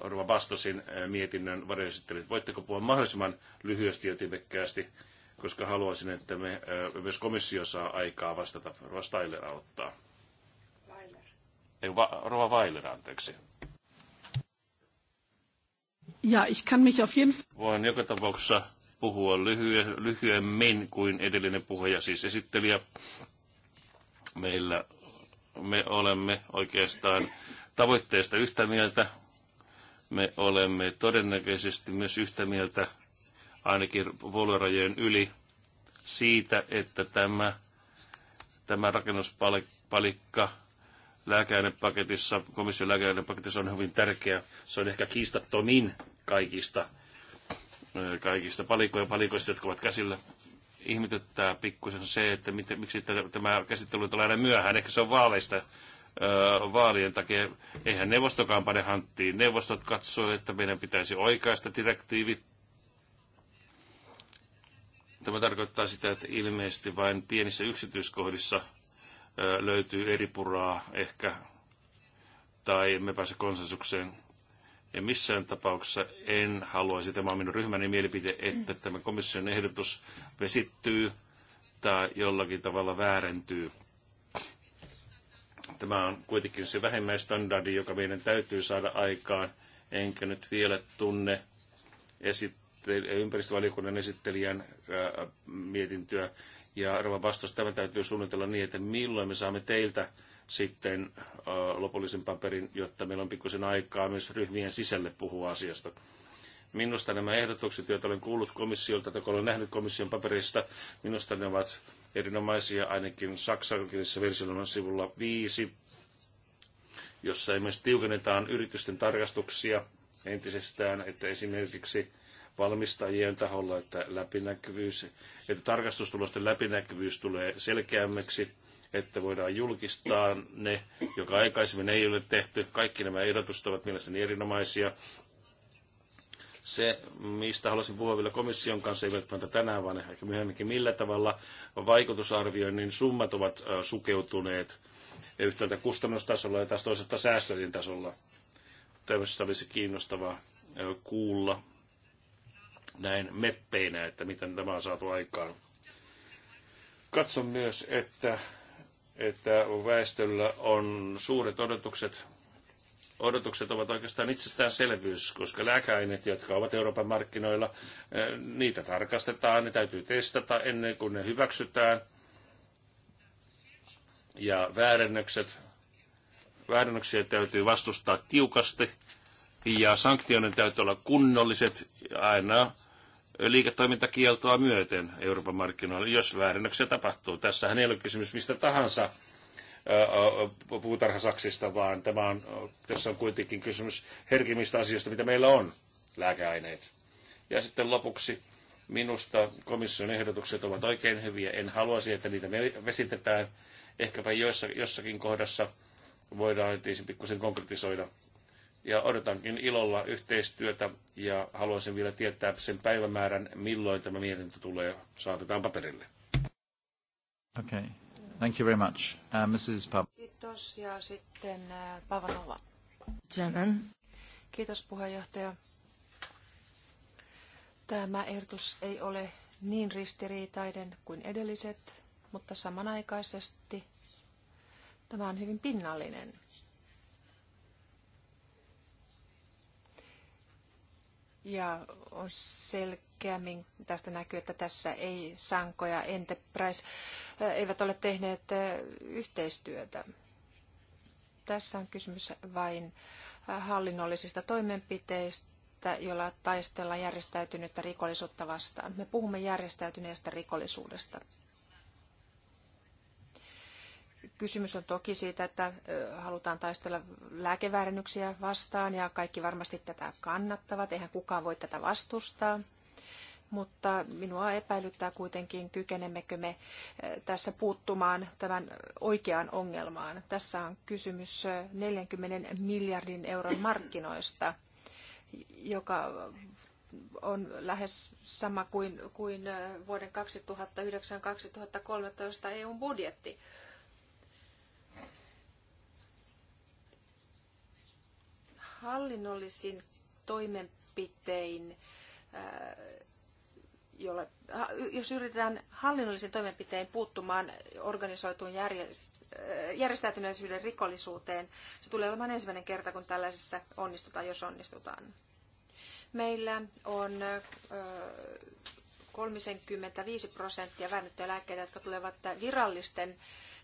Rova Bastosin mietinnön varjoesittelyt. Voitteko puhua mahdollisimman lyhyesti ja timekkäästi, koska haluaisin, että me, myös komissio saa aikaa vastata. Rova Steiler auttaa. Weiler. Ei, va, Rova Weiler, anteeksi. Ja, ich kann mich auf jeden Voin joka tapauksessa puhua lyhyen, lyhyemmin kuin edellinen puhuja, siis esittelijä. Meillä me olemme oikeastaan tavoitteesta yhtä mieltä. Me olemme todennäköisesti myös yhtä mieltä ainakin puoluerajojen yli siitä, että tämä, tämä rakennuspalikka lääkäinepaketissa, komission lääkäinepaketissa on hyvin tärkeä. Se on ehkä kiistattomin kaikista, kaikista palikoja palikoista, jotka ovat käsillä. Ihmetyttää pikkusen se, että miten, miksi tämä käsittely tulee aina myöhään. Ehkä se on vaaleista vaalien takia. Eihän neuvostokaan pane hanttiin. Neuvostot katsoo, että meidän pitäisi oikaista direktiivi. Tämä tarkoittaa sitä, että ilmeisesti vain pienissä yksityiskohdissa löytyy eri puraa ehkä, tai emme pääse konsensukseen. Ja missään tapauksessa en haluaisi, tämä on minun ryhmäni mielipide, että tämä komission ehdotus vesittyy tai jollakin tavalla väärentyy. Tämä on kuitenkin se vähimmäistandardi, joka meidän täytyy saada aikaan, enkä nyt vielä tunne esitte- ympäristövaliokunnan esittelijän ää, mietintöä. Ja Rova vastaus, tämä täytyy suunnitella niin, että milloin me saamme teiltä sitten ää, lopullisen paperin, jotta meillä on pikkusen aikaa myös ryhmien sisälle puhua asiasta minusta nämä ehdotukset, joita olen kuullut komissiolta tai olen nähnyt komission paperista, minusta ne ovat erinomaisia ainakin saksankielisessä versiolla on sivulla 5, jossa myös tiukennetaan yritysten tarkastuksia entisestään, että esimerkiksi valmistajien taholla, että läpinäkyvyys, että tarkastustulosten läpinäkyvyys tulee selkeämmäksi, että voidaan julkistaa ne, joka aikaisemmin ei ole tehty. Kaikki nämä ehdotukset ovat mielestäni erinomaisia se, mistä haluaisin puhua vielä komission kanssa, ei välttämättä tänään, vaan ehkä myöhemminkin, millä tavalla vaikutusarvioinnin summat ovat sukeutuneet yhtäältä kustannustasolla ja taas toisaalta säästöjen tasolla. Tämmöistä olisi kiinnostavaa kuulla näin meppeinä, että miten tämä on saatu aikaan. Katson myös, että, että väestöllä on suuret odotukset odotukset ovat oikeastaan itsestäänselvyys, koska lääkeaineet, jotka ovat Euroopan markkinoilla, eh, niitä tarkastetaan, ne täytyy testata ennen kuin ne hyväksytään. Ja väärennökset, väärennöksiä täytyy vastustaa tiukasti ja sanktioiden täytyy olla kunnolliset aina liiketoimintakieltoa myöten Euroopan markkinoilla, jos väärennöksiä tapahtuu. Tässähän ei ole kysymys mistä tahansa puutarhasaksista, vaan tämä on, tässä on kuitenkin kysymys herkimmistä asioista, mitä meillä on, lääkeaineet. Ja sitten lopuksi minusta komission ehdotukset ovat oikein hyviä. En haluaisi, että niitä vesitetään. Ehkäpä jossakin kohdassa voidaan niitä pikkusen konkretisoida. Ja odotankin ilolla yhteistyötä ja haluaisin vielä tietää sen päivämäärän, milloin tämä mietintö tulee saatetaan paperille. Okay, Thank you very much. Uh, Mrs. Pav- Kiitos ja sitten uh, Pavanova. Chairman. Kiitos puheenjohtaja. Tämä ehdotus ei ole niin ristiriitainen kuin edelliset, mutta samanaikaisesti tämä on hyvin pinnallinen. Ja on selkeämmin tästä näkyy, että tässä ei Sanko ja Enterprise äh, eivät ole tehneet äh, yhteistyötä. Tässä on kysymys vain äh, hallinnollisista toimenpiteistä joilla jolla taistellaan järjestäytynyttä rikollisuutta vastaan. Me puhumme järjestäytyneestä rikollisuudesta. Kysymys on toki siitä, että halutaan taistella lääkeväärennyksiä vastaan ja kaikki varmasti tätä kannattavat. Eihän kukaan voi tätä vastustaa. Mutta minua epäilyttää kuitenkin, kykenemmekö me tässä puuttumaan tämän oikeaan ongelmaan. Tässä on kysymys 40 miljardin euron markkinoista, joka on lähes sama kuin, kuin vuoden 2009-2013 eu budjetti. hallinnollisin toimenpitein, äh, jolla, jos yritetään hallinnollisin toimenpitein puuttumaan organisoituun äh, järjestäytyneisyyden rikollisuuteen, se tulee olemaan ensimmäinen kerta, kun tällaisessa onnistutaan, jos onnistutaan. Meillä on 35 äh, prosenttia väännettyjä lääkkeitä, jotka tulevat virallisten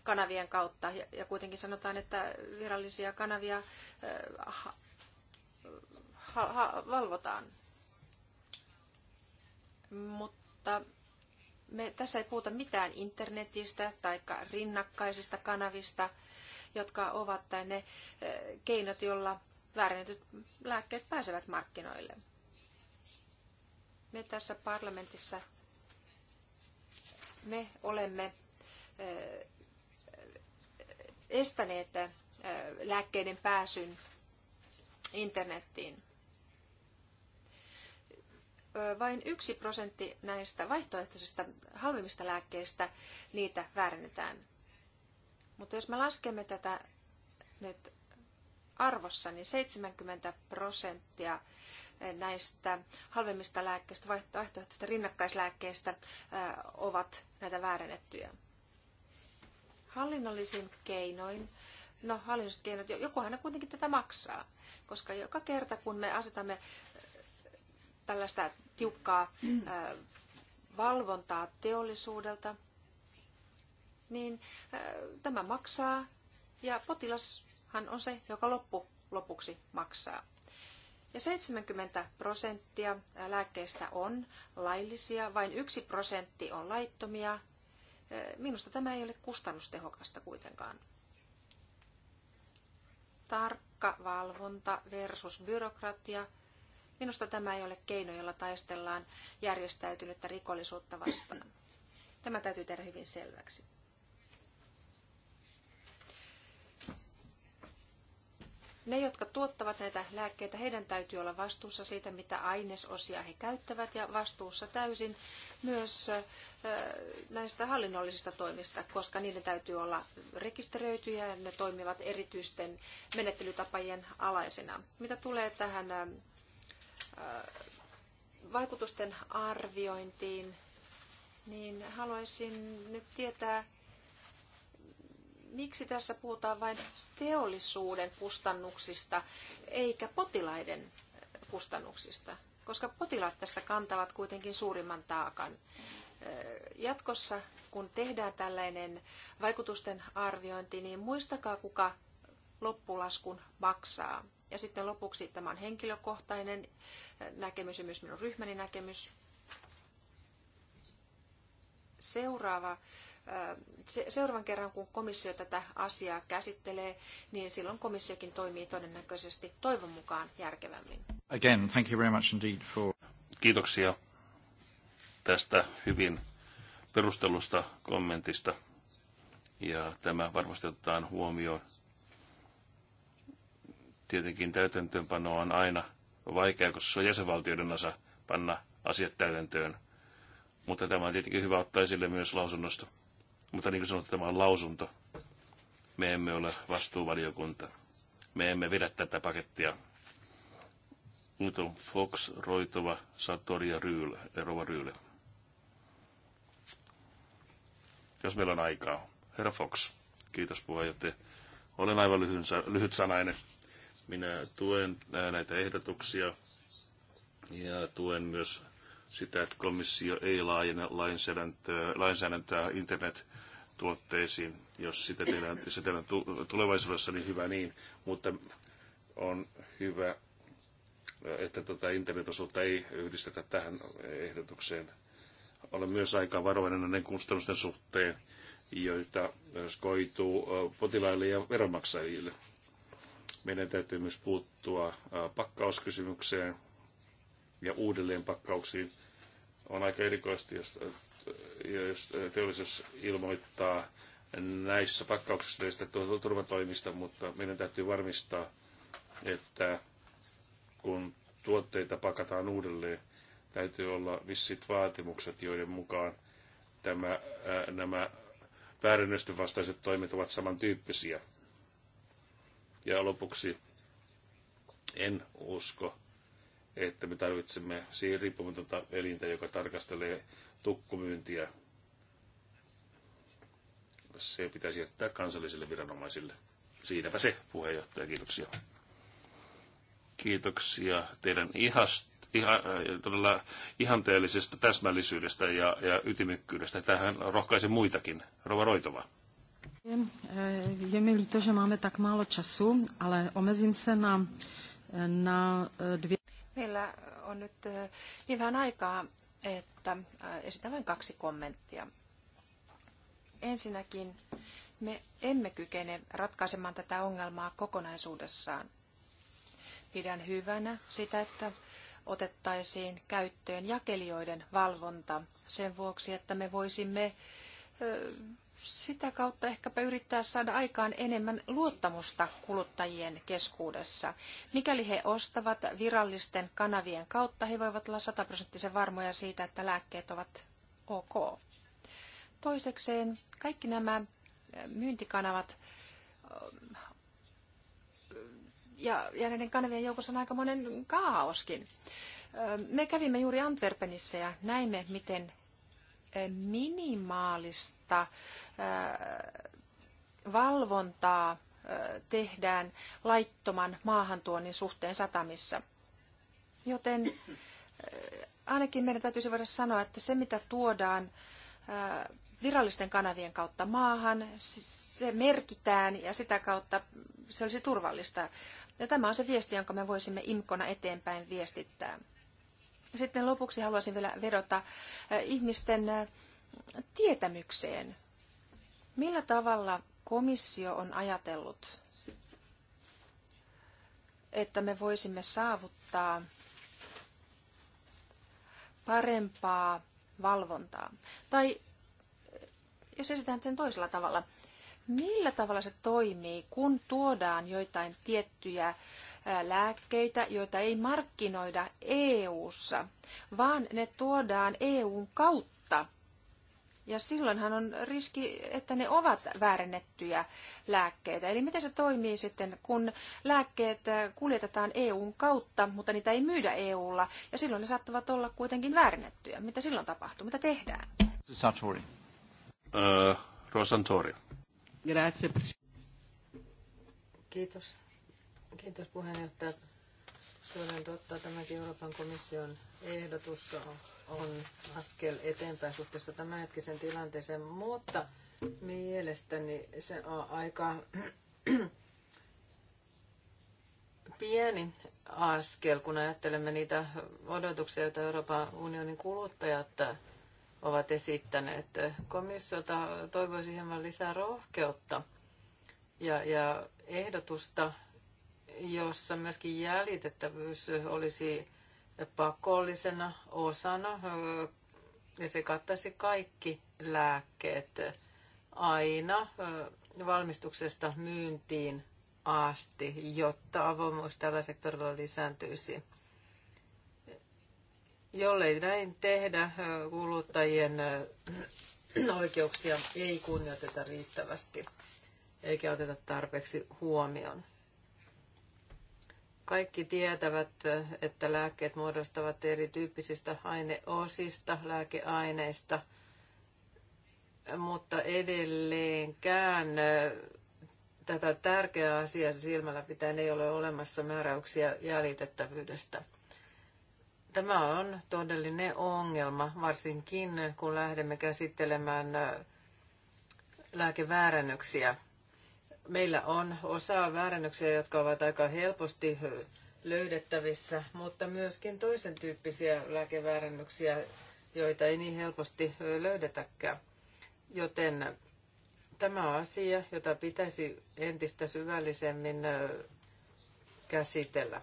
kanavien kautta. Ja kuitenkin sanotaan, että virallisia kanavia valvotaan. Mutta me, tässä ei puhuta mitään internetistä tai rinnakkaisista kanavista, jotka ovat ne eh, keinot, joilla väärennetyt lääkkeet pääsevät markkinoille. Me tässä parlamentissa me olemme eh, estäneet eh, lääkkeiden pääsyn internettiin vain yksi prosentti näistä vaihtoehtoisista halvimmista lääkkeistä, niitä väärennetään. Mutta jos me laskemme tätä nyt arvossa, niin 70 prosenttia näistä halvemmista lääkkeistä, vaihtoehtoisista rinnakkaislääkkeistä ovat näitä väärennettyjä. Hallinnollisin keinoin, no hallinnolliset keinot, jokuhan ne kuitenkin tätä maksaa, koska joka kerta kun me asetamme tällaista tiukkaa mm. valvontaa teollisuudelta, niin tämä maksaa ja potilashan on se, joka loppu lopuksi maksaa. Ja 70 prosenttia lääkkeistä on laillisia, vain yksi prosentti on laittomia. Minusta tämä ei ole kustannustehokasta kuitenkaan. Tarkka valvonta versus byrokratia – Minusta tämä ei ole keino, jolla taistellaan järjestäytynyttä rikollisuutta vastaan. Tämä täytyy tehdä hyvin selväksi. Ne, jotka tuottavat näitä lääkkeitä, heidän täytyy olla vastuussa siitä, mitä ainesosia he käyttävät ja vastuussa täysin myös näistä hallinnollisista toimista, koska niiden täytyy olla rekisteröityjä ja ne toimivat erityisten menettelytapajien alaisena. Mitä tulee tähän vaikutusten arviointiin, niin haluaisin nyt tietää, miksi tässä puhutaan vain teollisuuden kustannuksista eikä potilaiden kustannuksista, koska potilaat tästä kantavat kuitenkin suurimman taakan. Jatkossa, kun tehdään tällainen vaikutusten arviointi, niin muistakaa, kuka loppulaskun maksaa. Ja sitten lopuksi tämä on henkilökohtainen näkemys ja myös minun ryhmäni näkemys. Seuraava äh, seuraavan kerran, kun komissio tätä asiaa käsittelee, niin silloin komissiokin toimii todennäköisesti toivon mukaan järkevämmin. Again, thank you very much indeed for... Kiitoksia tästä hyvin perustelusta kommentista. Ja tämä varmasti otetaan huomioon Tietenkin täytäntöönpano on aina vaikea, koska se on jäsenvaltioiden osa panna asiat täytäntöön. Mutta tämä on tietenkin hyvä ottaa esille myös lausunnosta. Mutta niin kuin sanottu, tämä on lausunto. Me emme ole vastuuvaliokunta. Me emme vedä tätä pakettia. Nyt on Fox, Roitova, Satori ja Ryyl, Rova Ryyle. Jos meillä on aikaa. Herra Fox, kiitos puheenjohtaja. Olen aivan lyhyt sanainen. Minä tuen äh, näitä ehdotuksia ja tuen myös sitä, että komissio ei laajenna lainsäädäntöä, lainsäädäntöä internet-tuotteisiin. Jos sitä tehdään, sitä tehdään tulevaisuudessa, niin hyvä niin, mutta on hyvä, äh, että tätä internetosuutta ei yhdistetä tähän ehdotukseen. Olen myös aika varovainen näiden kustannusten suhteen, joita äh, koituu potilaille ja veronmaksajille. Meidän täytyy myös puuttua pakkauskysymykseen ja uudelleen pakkauksiin. On aika erikoista, jos, jos teollisuus ilmoittaa näissä pakkauksissa näistä turvatoimista, mutta meidän täytyy varmistaa, että kun tuotteita pakataan uudelleen, täytyy olla vissit vaatimukset, joiden mukaan tämä, nämä väärennösten vastaiset toimet ovat samantyyppisiä. Ja lopuksi en usko, että me tarvitsemme siihen riippumatonta elintä, joka tarkastelee tukkumyyntiä. Se pitäisi jättää kansallisille viranomaisille. Siinäpä se, puheenjohtaja. Kiitoksia. Kiitoksia teidän ihast, iha, äh, todella ihanteellisesta täsmällisyydestä ja, ja ytimykkyydestä. Tähän rohkaisi muitakin. Rova Roitova. Eh, je mi líto, že máme tak málo času, ale omezím se na, na eh, dvě... Meillä on nyt eh, niin vähän aikaa, että esitän vain kaksi kommenttia. Ensinnäkin me emme kykene ratkaisemaan tätä ongelmaa kokonaisuudessaan. Pidän hyvänä sitä, että otettaisiin käyttöön jakelijoiden valvonta sen vuoksi, että me voisimme sitä kautta ehkäpä yrittää saada aikaan enemmän luottamusta kuluttajien keskuudessa. Mikäli he ostavat virallisten kanavien kautta, he voivat olla sataprosenttisen varmoja siitä, että lääkkeet ovat ok. Toisekseen kaikki nämä myyntikanavat ja, ja näiden kanavien joukossa on aika monen kaaoskin. Me kävimme juuri Antwerpenissä ja näimme, miten minimaalista äh, valvontaa äh, tehdään laittoman maahantuonnin suhteen satamissa. Joten äh, ainakin meidän täytyisi voida sanoa, että se mitä tuodaan virallisten kanavien kautta maahan, se merkitään ja sitä kautta se olisi turvallista. Ja tämä on se viesti, jonka me voisimme imkona eteenpäin viestittää. Sitten lopuksi haluaisin vielä vedota äh, ihmisten äh, tietämykseen. Millä tavalla komissio on ajatellut, että me voisimme saavuttaa parempaa valvontaa? Tai äh, jos esitän sen toisella tavalla, millä tavalla se toimii, kun tuodaan joitain tiettyjä lääkkeitä, joita ei markkinoida EU:ssa, vaan ne tuodaan EUn kautta. Ja silloinhan on riski, että ne ovat väärennettyjä lääkkeitä. Eli miten se toimii sitten, kun lääkkeet kuljetetaan EUn kautta, mutta niitä ei myydä EUlla, ja silloin ne saattavat olla kuitenkin väärennettyjä. Mitä silloin tapahtuu? Mitä tehdään? Satori. Öö, Rosantori. Grazie. Kiitos Kiitos puheenjohtaja. Suoraan totta, tämäkin Euroopan komission ehdotus on askel eteenpäin suhteessa tämänhetkisen tilanteeseen, mutta mielestäni se on aika pieni askel, kun ajattelemme niitä odotuksia, joita Euroopan unionin kuluttajat ovat esittäneet. Komissiota toivoisi hieman lisää rohkeutta ja, ja ehdotusta jossa myöskin jäljitettävyys olisi pakollisena osana ja se kattaisi kaikki lääkkeet aina valmistuksesta myyntiin asti, jotta avoimuus tällä sektorilla lisääntyisi. Jollei näin tehdä, kuluttajien oikeuksia ei kunnioiteta riittävästi eikä oteta tarpeeksi huomioon. Kaikki tietävät, että lääkkeet muodostavat erityyppisistä aineosista, lääkeaineista, mutta edelleenkään tätä tärkeää asiaa silmällä pitäen ei ole olemassa määräyksiä jäljitettävyydestä. Tämä on todellinen ongelma, varsinkin kun lähdemme käsittelemään lääkeväärännyksiä – Meillä on osa väärännöksiä, jotka ovat aika helposti löydettävissä, mutta myöskin toisen tyyppisiä lääkeväärännöksiä, joita ei niin helposti löydetäkään. Joten tämä on asia, jota pitäisi entistä syvällisemmin käsitellä.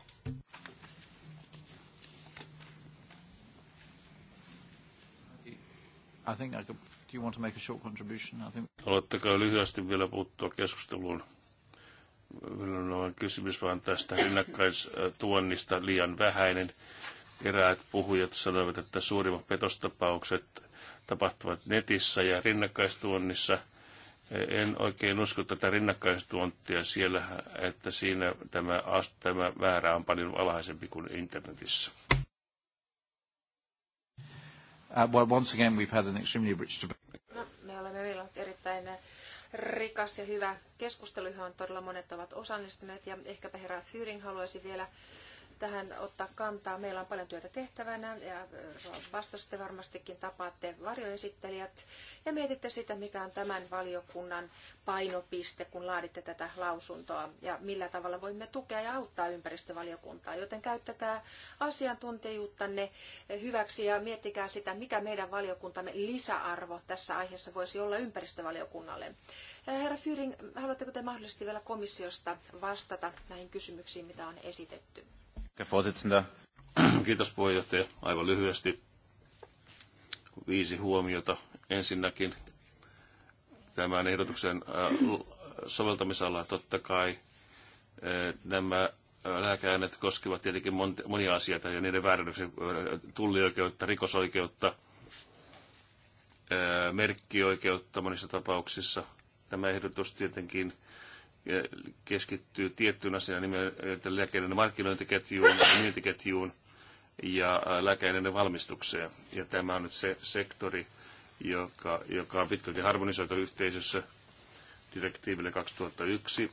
I think I could you want to make a short contribution, I think. Haluatteko lyhyesti vielä puuttua keskusteluun? Minulla on kysymys vain tästä rinnakkaistuonnista liian vähäinen. Eräät puhujat sanoivat, että suurimmat petostapaukset tapahtuvat netissä ja rinnakkaistuonnissa. En oikein usko tätä rinnakkaistuontia siellä, että siinä tämä, tämä määrä on paljon alhaisempi kuin internetissä. Uh, well, Once again, we've had an extremely rich debate ollut erittäin rikas ja hyvä keskustelu, johon todella monet ovat osallistuneet. Ja ehkäpä herra Fyring haluaisi vielä tähän ottaa kantaa. Meillä on paljon työtä tehtävänä ja äh, vastasitte varmastikin tapaatte varjoesittelijät ja mietitte sitä, mikä on tämän valiokunnan painopiste, kun laaditte tätä lausuntoa ja millä tavalla voimme tukea ja auttaa ympäristövaliokuntaa. Joten käyttäkää asiantuntijuuttanne hyväksi ja miettikää sitä, mikä meidän valiokuntamme lisäarvo tässä aiheessa voisi olla ympäristövaliokunnalle. Äh, herra Fyring, haluatteko te mahdollisesti vielä komissiosta vastata näihin kysymyksiin, mitä on esitetty? Kiitos puheenjohtaja. Aivan lyhyesti viisi huomiota. Ensinnäkin tämän ehdotuksen äh, soveltamisalla totta kai äh, nämä äh, lääkeaineet koskevat tietenkin monia asioita ja niiden väärännyksen tullioikeutta, rikosoikeutta, merkkioikeutta monissa tapauksissa. Tämä ehdotus tietenkin keskittyy tiettyyn asiaan nimeltä lääkeiden markkinointiketjuun, myyntiketjuun ja lääkeiden valmistukseen. Ja tämä on nyt se sektori, joka, joka on pitkälti harmonisoitu yhteisössä direktiiville 2001.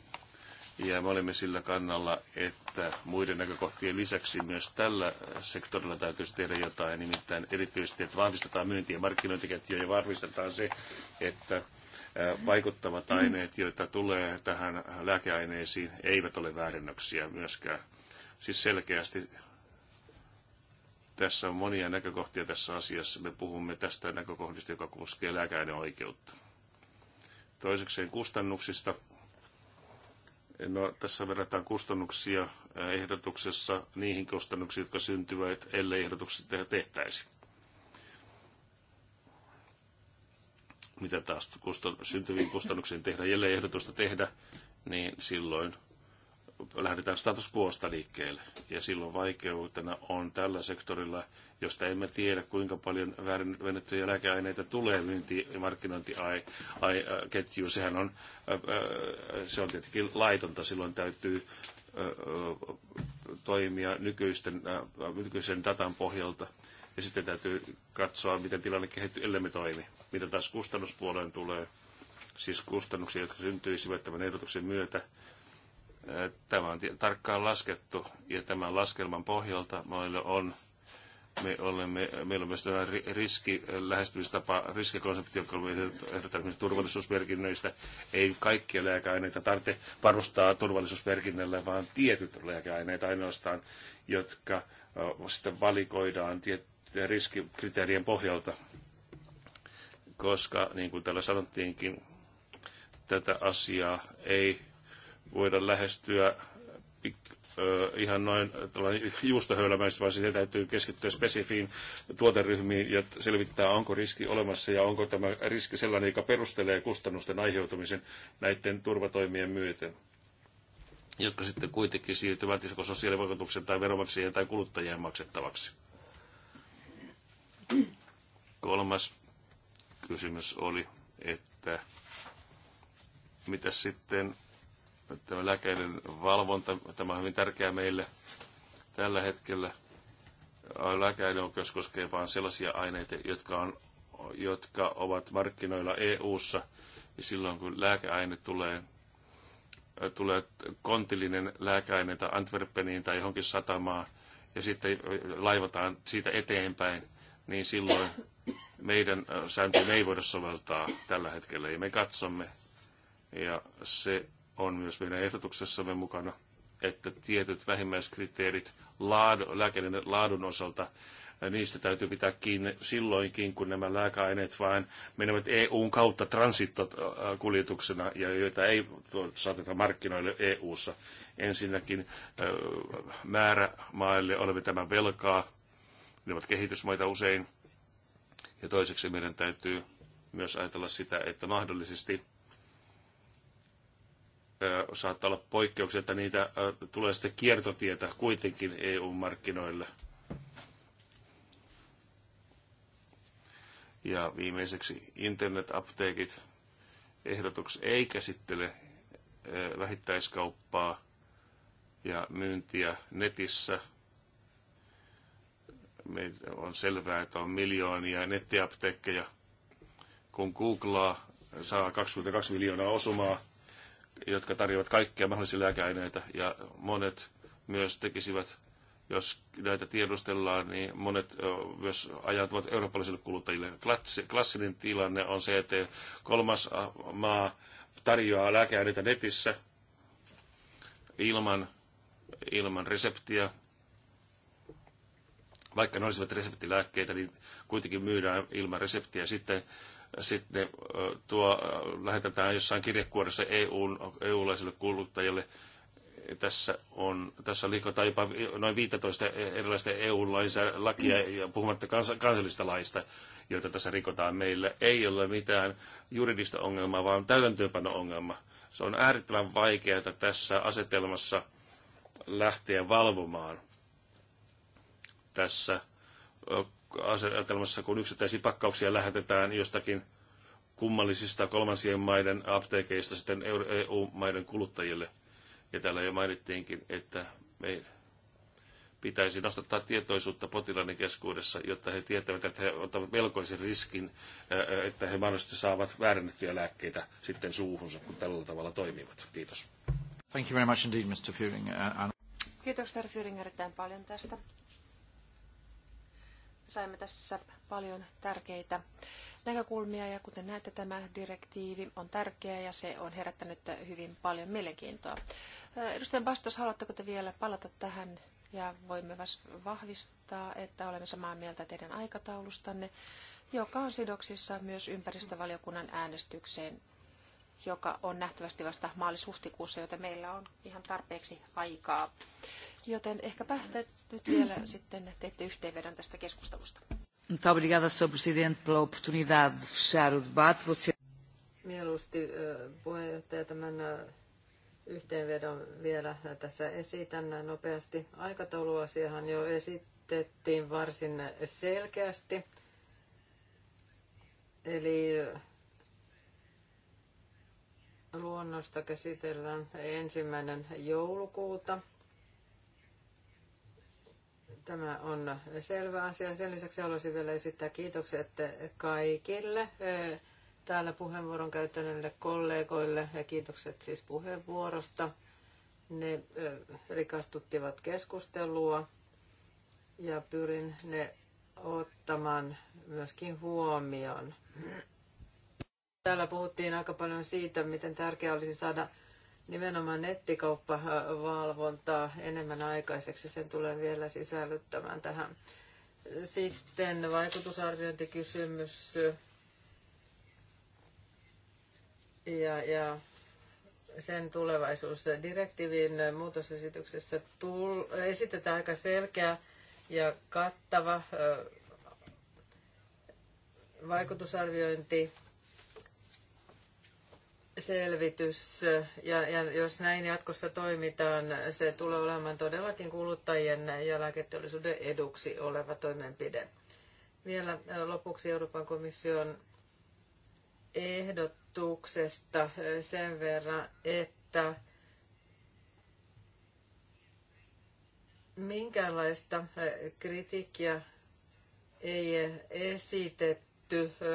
Ja me olemme sillä kannalla, että muiden näkökohtien lisäksi myös tällä sektorilla täytyisi tehdä jotain, nimittäin erityisesti, että vahvistetaan myynti- ja markkinointiketjuja ja varmistetaan se, että vaikuttavat aineet, joita tulee tähän lääkeaineisiin, eivät ole väärennöksiä myöskään. Siis selkeästi tässä on monia näkökohtia tässä asiassa. Me puhumme tästä näkökohdista, joka koskee oikeutta. Toisekseen kustannuksista. No, tässä verrataan kustannuksia ehdotuksessa niihin kustannuksiin, jotka syntyvät, ellei ehdotukset tehtäisi. mitä taas kustan, syntyviin kustannuksiin tehdä, jälleen ehdotusta tehdä, niin silloin lähdetään status quoista liikkeelle. Ja silloin vaikeutena on tällä sektorilla, josta emme tiedä kuinka paljon väärinvennettyjä lääkeaineita tulee myynti- ja markkinointiketjuun. Sehän on, se on tietenkin laitonta. Silloin täytyy toimia nykyisten, nykyisen datan pohjalta. Ja sitten täytyy katsoa, miten tilanne kehittyy, ellei me toimi. Mitä taas kustannuspuoleen tulee, siis kustannuksia, jotka syntyisivät tämän ehdotuksen myötä. Tämä on tarkkaan laskettu ja tämän laskelman pohjalta meillä on me olemme, meillä on myös tämä riski, lähestymistapa, riskikonsepti, joka on ehdottanut turvallisuusmerkinnöistä. Ei kaikkia lääkeaineita tarvitse varustaa turvallisuusmerkinnällä, vaan tietyt lääkeaineet ainoastaan, jotka sitten valikoidaan tiet, riskikriteerien pohjalta, koska niin kuin täällä sanottiinkin, tätä asiaa ei voida lähestyä ihan noin juustohöylämäisesti, vaan siihen täytyy keskittyä spesifiin tuoteryhmiin ja selvittää, onko riski olemassa ja onko tämä riski sellainen, joka perustelee kustannusten aiheutumisen näiden turvatoimien myöten jotka sitten kuitenkin siirtyvät joko sosiaalivakuutuksen tai veronmaksajien tai kuluttajien maksettavaksi. Kolmas kysymys oli, että mitä sitten tämä lääkäiden valvonta, tämä on hyvin tärkeää meille tällä hetkellä. oikeus koskee vain sellaisia aineita, jotka, on, jotka ovat markkinoilla EU-ssa. Ja silloin kun lääkeaine tulee, tulee kontillinen lääkeaine tai Antwerpeniin tai johonkin satamaan, ja sitten laivataan siitä eteenpäin, niin silloin meidän äh, sääntöjä ei voida soveltaa tällä hetkellä. Ja me katsomme, ja se on myös meidän ehdotuksessamme mukana, että tietyt vähimmäiskriteerit laadun, lääkeiden laadun osalta, äh, niistä täytyy pitää kiinni silloinkin, kun nämä lääkeaineet vain menevät EUn kautta transittokuljetuksena ja joita ei saateta markkinoille EUssa. Ensinnäkin äh, määrämaille olemme tämän velkaa ne ovat kehitysmaita usein. Ja toiseksi meidän täytyy myös ajatella sitä, että mahdollisesti saattaa olla poikkeuksia, että niitä tulee sitten kiertotietä kuitenkin EU-markkinoille. Ja viimeiseksi internet-apteekit ehdotus ei käsittele vähittäiskauppaa ja myyntiä netissä – me on selvää, että on miljoonia nettiapteekkeja. Kun googlaa, saa 22 miljoonaa osumaa, jotka tarjoavat kaikkia mahdollisia lääkeaineita. Ja monet myös tekisivät, jos näitä tiedustellaan, niin monet myös ajautuvat eurooppalaisille kuluttajille. Klassinen tilanne on se, että kolmas maa tarjoaa lääkeaineita netissä ilman, ilman reseptiä vaikka ne olisivat reseptilääkkeitä, niin kuitenkin myydään ilman reseptiä. Sitten sitten tuo lähetetään jossain kirjekuoressa EUn, EU-laiselle kuluttajalle. Tässä, on, tässä liikutaan jopa noin 15 erilaista EU-lakia mm. ja puhumatta kans, kansallista laista, joita tässä rikotaan meillä. Ei ole mitään juridista ongelmaa, vaan täytäntöönpano-ongelma. Se on äärettömän vaikeaa tässä asetelmassa lähteä valvomaan tässä asetelmassa, kun yksittäisiä pakkauksia lähetetään jostakin kummallisista kolmansien maiden apteekeista sitten EU-maiden e kuluttajille. Ja täällä jo mainittiinkin, että meidän pitäisi nostattaa tietoisuutta potilaiden keskuudessa, jotta he tietävät, että he ottavat melkoisen riskin, että he mahdollisesti saavat väärennettyjä lääkkeitä sitten suuhunsa, kun tällä tavalla toimivat. Kiitos. Thank you very much indeed, Mr. Herr Führing, erittäin paljon tästä saimme tässä paljon tärkeitä näkökulmia ja kuten näette tämä direktiivi on tärkeä ja se on herättänyt hyvin paljon mielenkiintoa. Edustaja vastaus, haluatteko te vielä palata tähän ja voimme vahvistaa, että olemme samaa mieltä teidän aikataulustanne, joka on sidoksissa myös ympäristövaliokunnan äänestykseen joka on nähtävästi vasta maalis-huhtikuussa, joten meillä on ihan tarpeeksi aikaa. Joten ehkäpä te nyt vielä sitten teette yhteenvedon tästä keskustelusta. Muito obrigada, Sr. Presidente, pela oportunidade de fechar o debate. Você... Mieluusti puheenjohtaja tämän yhteenvedon vielä tässä esitän nopeasti. Aikatauluasiahan jo esitettiin varsin selkeästi. Eli luonnosta käsitellään ensimmäinen joulukuuta. Tämä on selvä asia. Sen lisäksi haluaisin vielä esittää kiitokset kaikille täällä puheenvuoron käyttäneille kollegoille ja kiitokset siis puheenvuorosta. Ne rikastuttivat keskustelua ja pyrin ne ottamaan myöskin huomioon. Täällä puhuttiin aika paljon siitä, miten tärkeää olisi saada nimenomaan nettikauppavalvontaa enemmän aikaiseksi. Sen tulee vielä sisällyttämään tähän. Sitten vaikutusarviointikysymys ja, ja sen tulevaisuus. Direktiivin muutosesityksessä tull, esitetään aika selkeä ja kattava vaikutusarviointi selvitys, ja, ja jos näin jatkossa toimitaan, se tulee olemaan todellakin kuluttajien ja lääketeollisuuden eduksi oleva toimenpide. Vielä lopuksi Euroopan komission ehdotuksesta sen verran, että minkäänlaista kritiikkiä ei esitetty tehty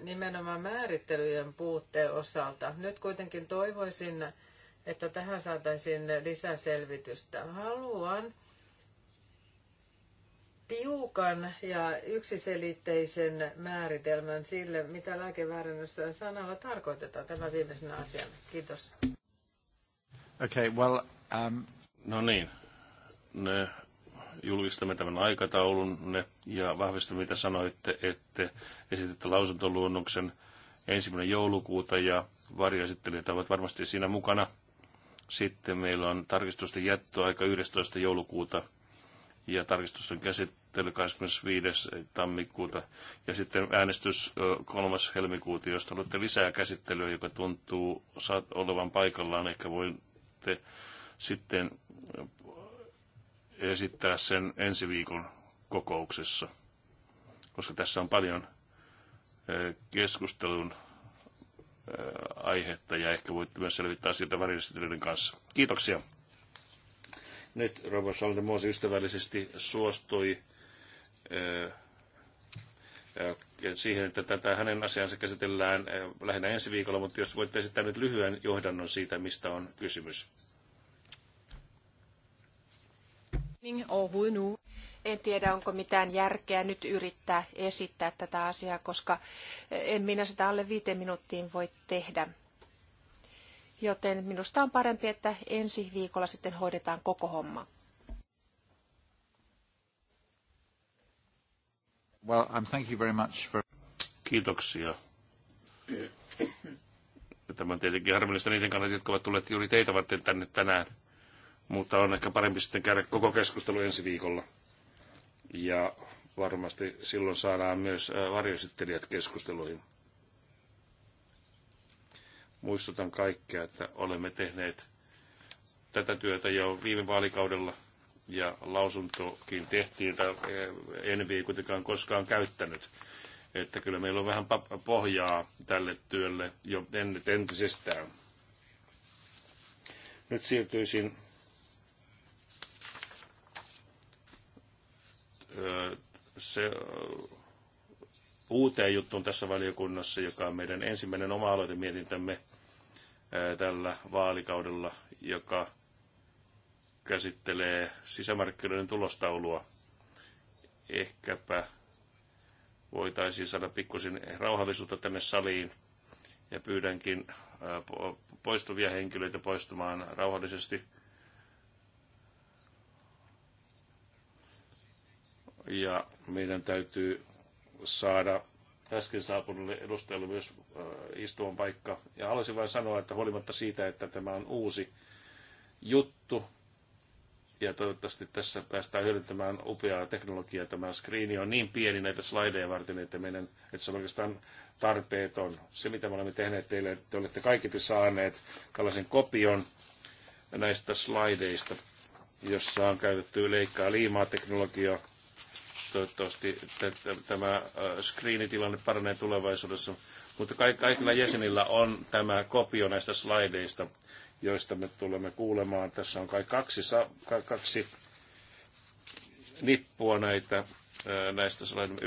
nimenomaan määrittelyjen puutteen osalta. Nyt kuitenkin toivoisin, että tähän saataisiin lisäselvitystä. Haluan tiukan ja yksiselitteisen määritelmän sille, mitä lääkeväärennössä sanalla tarkoitetaan. Tämä viimeisenä asiana. Kiitos. Okay, well, um... No niin, ne julkistamme tämän aikataulunne ja vahvistamme, mitä sanoitte, että esititte lausuntoluonnoksen ensimmäinen joulukuuta ja varjoesittelijät ovat varmasti siinä mukana. Sitten meillä on tarkistusten jättöaika 11. joulukuuta ja tarkistusten käsittely 25. tammikuuta ja sitten äänestys 3. helmikuuta, jos olette lisää käsittelyä, joka tuntuu olevan paikallaan, ehkä voitte sitten esittää sen ensi viikon kokouksessa, koska tässä on paljon eh, keskustelun eh, aihetta ja ehkä voitte myös selvittää siitä välineistelijöiden kanssa. Kiitoksia. Nyt Robert Saldemosi ystävällisesti suostui eh, siihen, että tätä hänen asiansa käsitellään lähinnä ensi viikolla, mutta jos voitte esittää nyt lyhyen johdannon siitä, mistä on kysymys. En tiedä, onko mitään järkeä nyt yrittää esittää tätä asiaa, koska eh, en minä sitä alle viiteen minuuttiin voi tehdä. Joten minusta on parempi, että ensi viikolla sitten hoidetaan koko homma. Well, I'm thank you very much for... Kiitoksia. Tämä on tietenkin harmillista niiden kannalta, jotka ovat tulleet juuri teitä varten tänne tänään mutta on ehkä parempi sitten käydä koko keskustelu ensi viikolla. Ja varmasti silloin saadaan myös varjosittelijat keskusteluihin. Muistutan kaikkea, että olemme tehneet tätä työtä jo viime vaalikaudella ja lausuntokin tehtiin, tai en vii kuitenkaan koskaan käyttänyt. Että kyllä meillä on vähän pohjaa tälle työlle jo entisestään. Nyt siirtyisin se uuteen juttuun tässä valiokunnassa, joka on meidän ensimmäinen oma-aloitemietintämme tällä vaalikaudella, joka käsittelee sisämarkkinoiden tulostaulua. Ehkäpä voitaisiin saada pikkusin rauhallisuutta tänne saliin ja pyydänkin poistuvia henkilöitä poistumaan rauhallisesti – ja meidän täytyy saada äsken saapuneelle edustajalle myös äh, istuvan paikka. Ja haluaisin vain sanoa, että huolimatta siitä, että tämä on uusi juttu, ja toivottavasti tässä päästään hyödyntämään upeaa teknologiaa. Tämä screeni on niin pieni näitä slideja varten, että, meidän, että se on oikeastaan tarpeeton. Se, mitä me olemme tehneet teille, te olette kaikki saaneet tällaisen kopion näistä slideista, jossa on käytetty leikkaa liimaa teknologiaa Toivottavasti tämä äh, screenitilanne paranee tulevaisuudessa. Mutta kaikilla jäsenillä on tämä kopio näistä slaideista, joista me tulemme kuulemaan. Tässä on kai kaksi, kaksi nippua näitä, äh, näistä slaideista.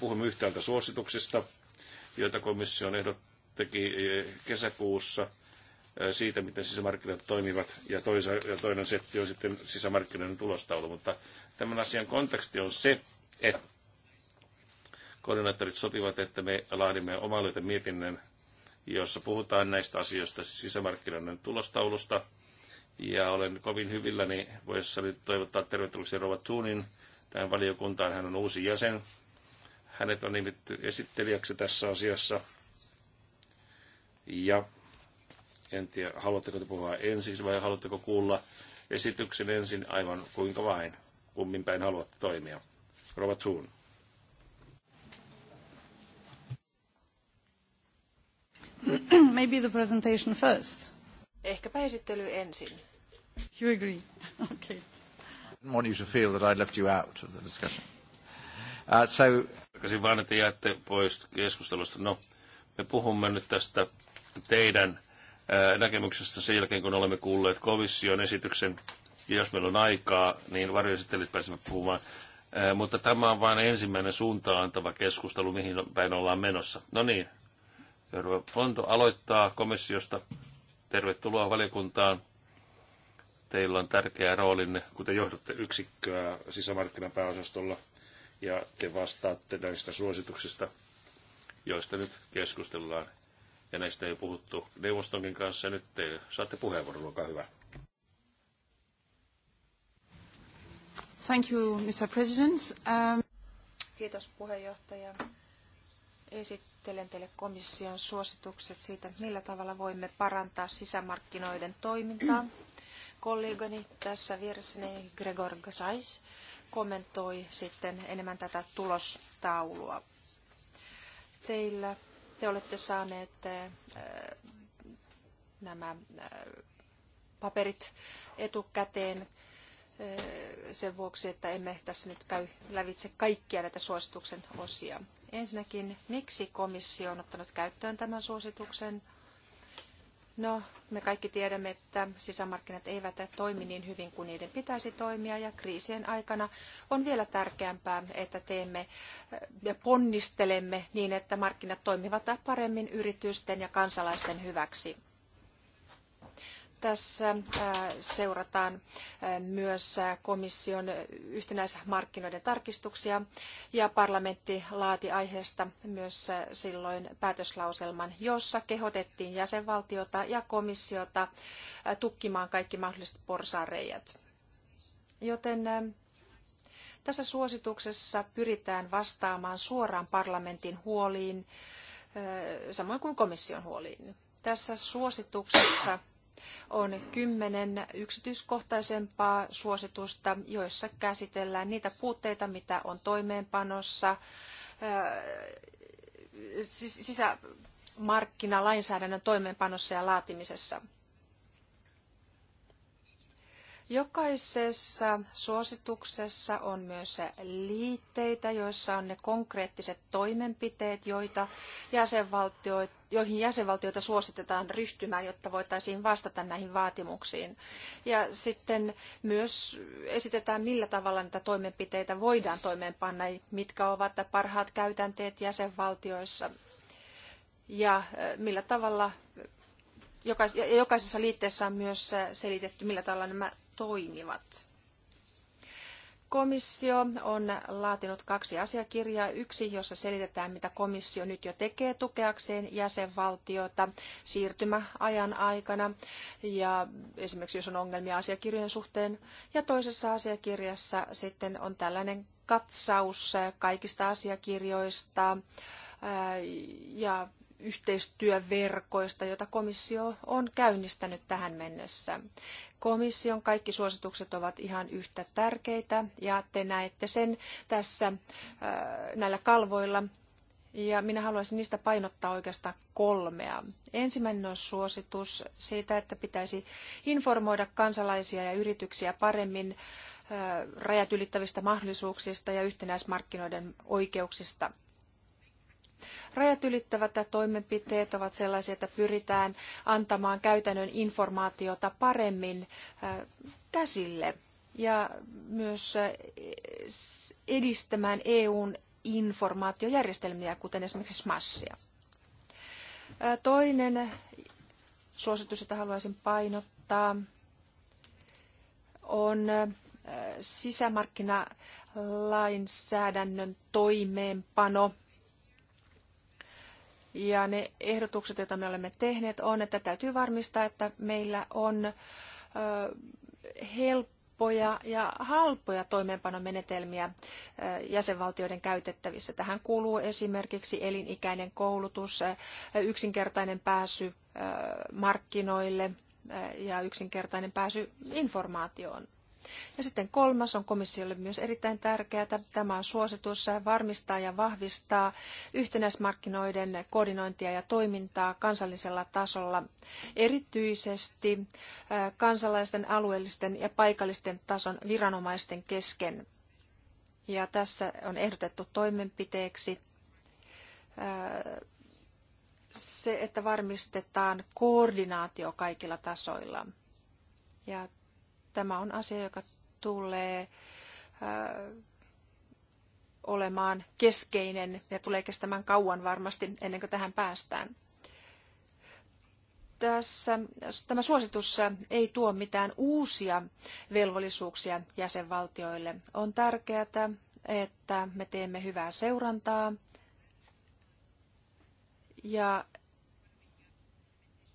Puhumme yhtäältä suosituksista, joita komissio teki e, kesäkuussa äh, siitä, miten sisämarkkinat toimivat, ja, toisa, ja toinen setti on sitten sisämarkkinoiden tulostaulu, mutta Tämän asian konteksti on se, että koordinaattorit sopivat, että me laadimme oma mietinnön, jossa puhutaan näistä asioista sisämarkkinoiden tulostaulusta. Ja olen kovin hyvilläni, voisi toivottaa tervetulleeksi Rova Tuunin tähän valiokuntaan. Hän on uusi jäsen. Hänet on nimetty esittelijäksi tässä asiassa. Ja en tiedä, haluatteko te puhua ensiksi vai haluatteko kuulla esityksen ensin aivan kuinka vain kummin päin haluat toimia. Rova Thun. Maybe the presentation first. Ehkäpä esittely ensin. You agree. Okay. I didn't want you to feel that I left you out of the discussion. Uh, so... Kysyn vaan, että jäätte pois keskustelusta. No, me puhumme nyt tästä teidän näkemyksestä sen jälkeen, kun olemme kuulleet komission esityksen ja jos meillä on aikaa, niin varjoesittelijät pääsemme puhumaan. Mutta tämä on vain ensimmäinen suuntaan antava keskustelu, mihin päin ollaan menossa. No niin, seuraava Ponto aloittaa komissiosta. Tervetuloa valiokuntaan. Teillä on tärkeä roolinne, kun te johdatte yksikköä sisämarkkinan pääosastolla ja te vastaatte näistä suosituksista, joista nyt keskustellaan. Ja näistä ei puhuttu neuvostonkin kanssa. Nyt te saatte puheenvuoron, olkaa hyvä. Thank you, Mr. President. Um... Kiitos puheenjohtaja. Esittelen teille komission suositukset siitä, millä tavalla voimme parantaa sisämarkkinoiden toimintaa. Kollegani tässä vieressäni Gregor Gasais kommentoi sitten enemmän tätä tulostaulua. Teillä te olette saaneet äh, nämä äh, paperit etukäteen sen vuoksi, että emme tässä nyt käy lävitse kaikkia näitä suosituksen osia. Ensinnäkin, miksi komissio on ottanut käyttöön tämän suosituksen? No, me kaikki tiedämme, että sisämarkkinat eivät toimi niin hyvin kuin niiden pitäisi toimia ja kriisien aikana on vielä tärkeämpää, että teemme ja ponnistelemme niin, että markkinat toimivat paremmin yritysten ja kansalaisten hyväksi. Tässä äh, seurataan äh, myös äh, komission yhtenäismarkkinoiden tarkistuksia ja parlamentti laati aiheesta myös silloin päätöslauselman, jossa kehotettiin jäsenvaltiota ja komissiota tukkimaan kaikki mahdolliset porsaanreijät. Joten tässä suosituksessa pyritään vastaamaan suoraan parlamentin huoliin, samoin kuin komission huoliin. Tässä suosituksessa on kymmenen yksityiskohtaisempaa suositusta, joissa käsitellään niitä puutteita, mitä on toimeenpanossa, äh, sisämarkkinalainsäädännön toimeenpanossa ja laatimisessa. Jokaisessa suosituksessa on myös liitteitä, joissa on ne konkreettiset toimenpiteet, joita jäsenvaltioita joihin jäsenvaltioita suositetaan ryhtymään, jotta voitaisiin vastata näihin vaatimuksiin. Ja sitten myös esitetään, millä tavalla näitä toimenpiteitä voidaan toimeenpanna, mitkä ovat parhaat käytänteet jäsenvaltioissa ja äh, millä tavalla jokaisessa liitteessä on myös äh, selitetty, millä tavalla nämä toimivat. Komissio on laatinut kaksi asiakirjaa. Yksi, jossa selitetään, mitä komissio nyt jo tekee tukeakseen jäsenvaltiota siirtymäajan aikana. Ja esimerkiksi jos on ongelmia asiakirjojen suhteen. Ja toisessa asiakirjassa sitten on tällainen katsaus kaikista asiakirjoista ja yhteistyöverkoista, jota komissio on käynnistänyt tähän mennessä. Komission kaikki suositukset ovat ihan yhtä tärkeitä ja te näette sen tässä äh, näillä kalvoilla. Ja minä haluaisin niistä painottaa oikeastaan kolmea. Ensimmäinen on suositus siitä, että pitäisi informoida kansalaisia ja yrityksiä paremmin äh, rajat ylittävistä mahdollisuuksista ja yhtenäismarkkinoiden oikeuksista. Rajat ylittävät toimenpiteet ovat sellaisia, että pyritään antamaan käytännön informaatiota paremmin käsille ja myös edistämään EUn informaatiojärjestelmiä, kuten esimerkiksi SMASia. Toinen suositus, jota haluaisin painottaa, on sisämarkkinalainsäädännön toimeenpano – ja ne ehdotukset, joita me olemme tehneet, on, että täytyy varmistaa, että meillä on ö, helppoja ja halpoja toimeenpanomenetelmiä jäsenvaltioiden käytettävissä. Tähän kuuluu esimerkiksi elinikäinen koulutus, yksinkertainen pääsy markkinoille ja yksinkertainen pääsy informaatioon. Ja sitten kolmas on komissiolle myös erittäin tärkeää. Tämä on suositus varmistaa ja vahvistaa yhtenäismarkkinoiden koordinointia ja toimintaa kansallisella tasolla, erityisesti kansalaisten, alueellisten ja paikallisten tason viranomaisten kesken. Ja tässä on ehdotettu toimenpiteeksi se, että varmistetaan koordinaatio kaikilla tasoilla. Ja Tämä on asia, joka tulee äh, olemaan keskeinen ja tulee kestämään kauan varmasti ennen kuin tähän päästään. Tässä, tämä suositus ei tuo mitään uusia velvollisuuksia jäsenvaltioille. On tärkeää, että me teemme hyvää seurantaa ja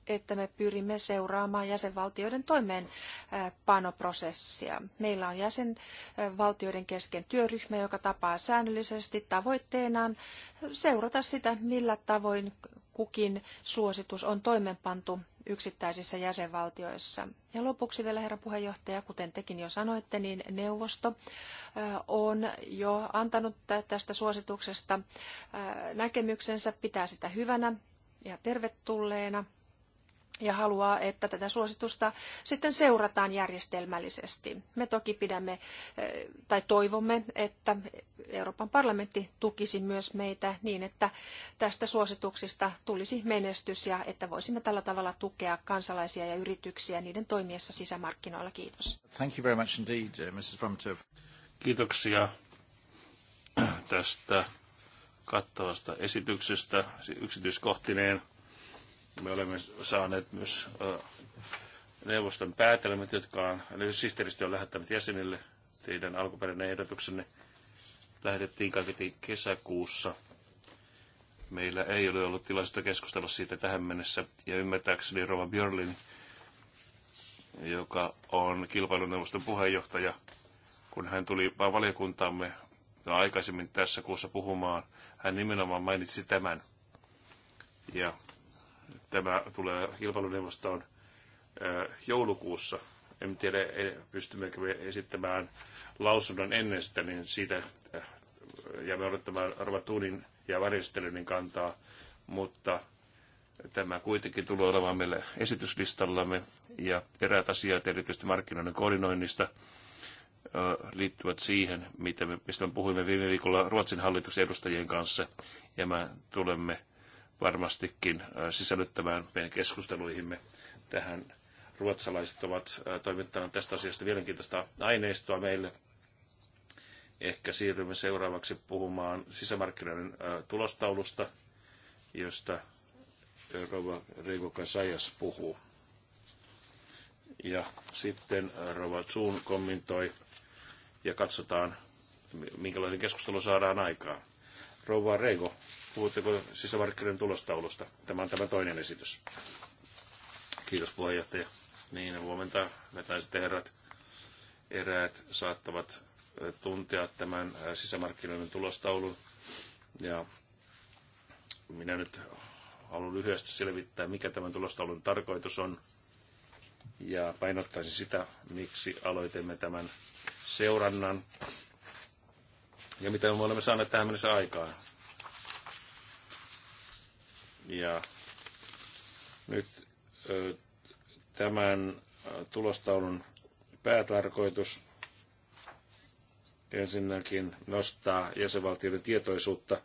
että me pyrimme seuraamaan jäsenvaltioiden toimeenpanoprosessia. Meillä on jäsenvaltioiden kesken työryhmä, joka tapaa säännöllisesti tavoitteenaan seurata sitä, millä tavoin kukin suositus on toimeenpantu yksittäisissä jäsenvaltioissa. Ja lopuksi vielä, herra puheenjohtaja, kuten tekin jo sanoitte, niin neuvosto on jo antanut tästä suosituksesta näkemyksensä, pitää sitä hyvänä ja tervetulleena ja haluaa, että tätä suositusta sitten seurataan järjestelmällisesti. Me toki pidämme eh, tai toivomme, että Euroopan parlamentti tukisi myös meitä niin, että tästä suosituksista tulisi menestys ja että voisimme tällä tavalla tukea kansalaisia ja yrityksiä niiden toimiessa sisämarkkinoilla. Kiitos. Thank you very much indeed, uh, Mrs. Kiitoksia tästä kattavasta esityksestä yksityiskohtineen me olemme saaneet myös neuvoston päätelmät, jotka on, sihteeristö on lähettänyt jäsenille. Teidän alkuperäinen ehdotuksenne lähetettiin kaiketi kesäkuussa. Meillä ei ole ollut tilaisuutta keskustella siitä tähän mennessä. Ja ymmärtääkseni Rova Björlin, joka on kilpailuneuvoston puheenjohtaja, kun hän tuli valiokuntaamme aikaisemmin tässä kuussa puhumaan, hän nimenomaan mainitsi tämän. Ja Tämä tulee kilpailuneuvostoon äh, joulukuussa. En tiedä, eh, pystymmekö me esittämään lausunnon sitä, niin siitä äh, me odottamaan Arvatunin ja Varjostelinin kantaa, mutta tämä kuitenkin tulee olemaan meille esityslistallamme ja eräät asiat, erityisesti markkinoiden koordinoinnista, äh, liittyvät siihen, mitä me, mistä me puhuimme viime viikolla Ruotsin hallituksen edustajien kanssa, ja me tulemme varmastikin sisällyttämään meidän keskusteluihimme tähän. Ruotsalaiset ovat toimittaneet tästä asiasta mielenkiintoista aineistoa meille. Ehkä siirrymme seuraavaksi puhumaan sisämarkkinoiden tulostaulusta, josta rova Reivo Kasajas puhuu. Ja sitten Rova Zuun kommentoi ja katsotaan, minkälainen keskustelu saadaan aikaan. rova rego Puhutteko sisämarkkinoiden tulostaulusta? Tämä on tämä toinen esitys. Kiitos puheenjohtaja. Niin, huomenta. Me taisitte herrat. Eräät saattavat tuntea tämän sisämarkkinoiden tulostaulun. Ja minä nyt haluan lyhyesti selvittää, mikä tämän tulostaulun tarkoitus on. Ja painottaisin sitä, miksi aloitimme tämän seurannan ja mitä me olemme saaneet tähän mennessä aikaan. Ja nyt tämän tulostaulun päätarkoitus ensinnäkin nostaa jäsenvaltioiden tietoisuutta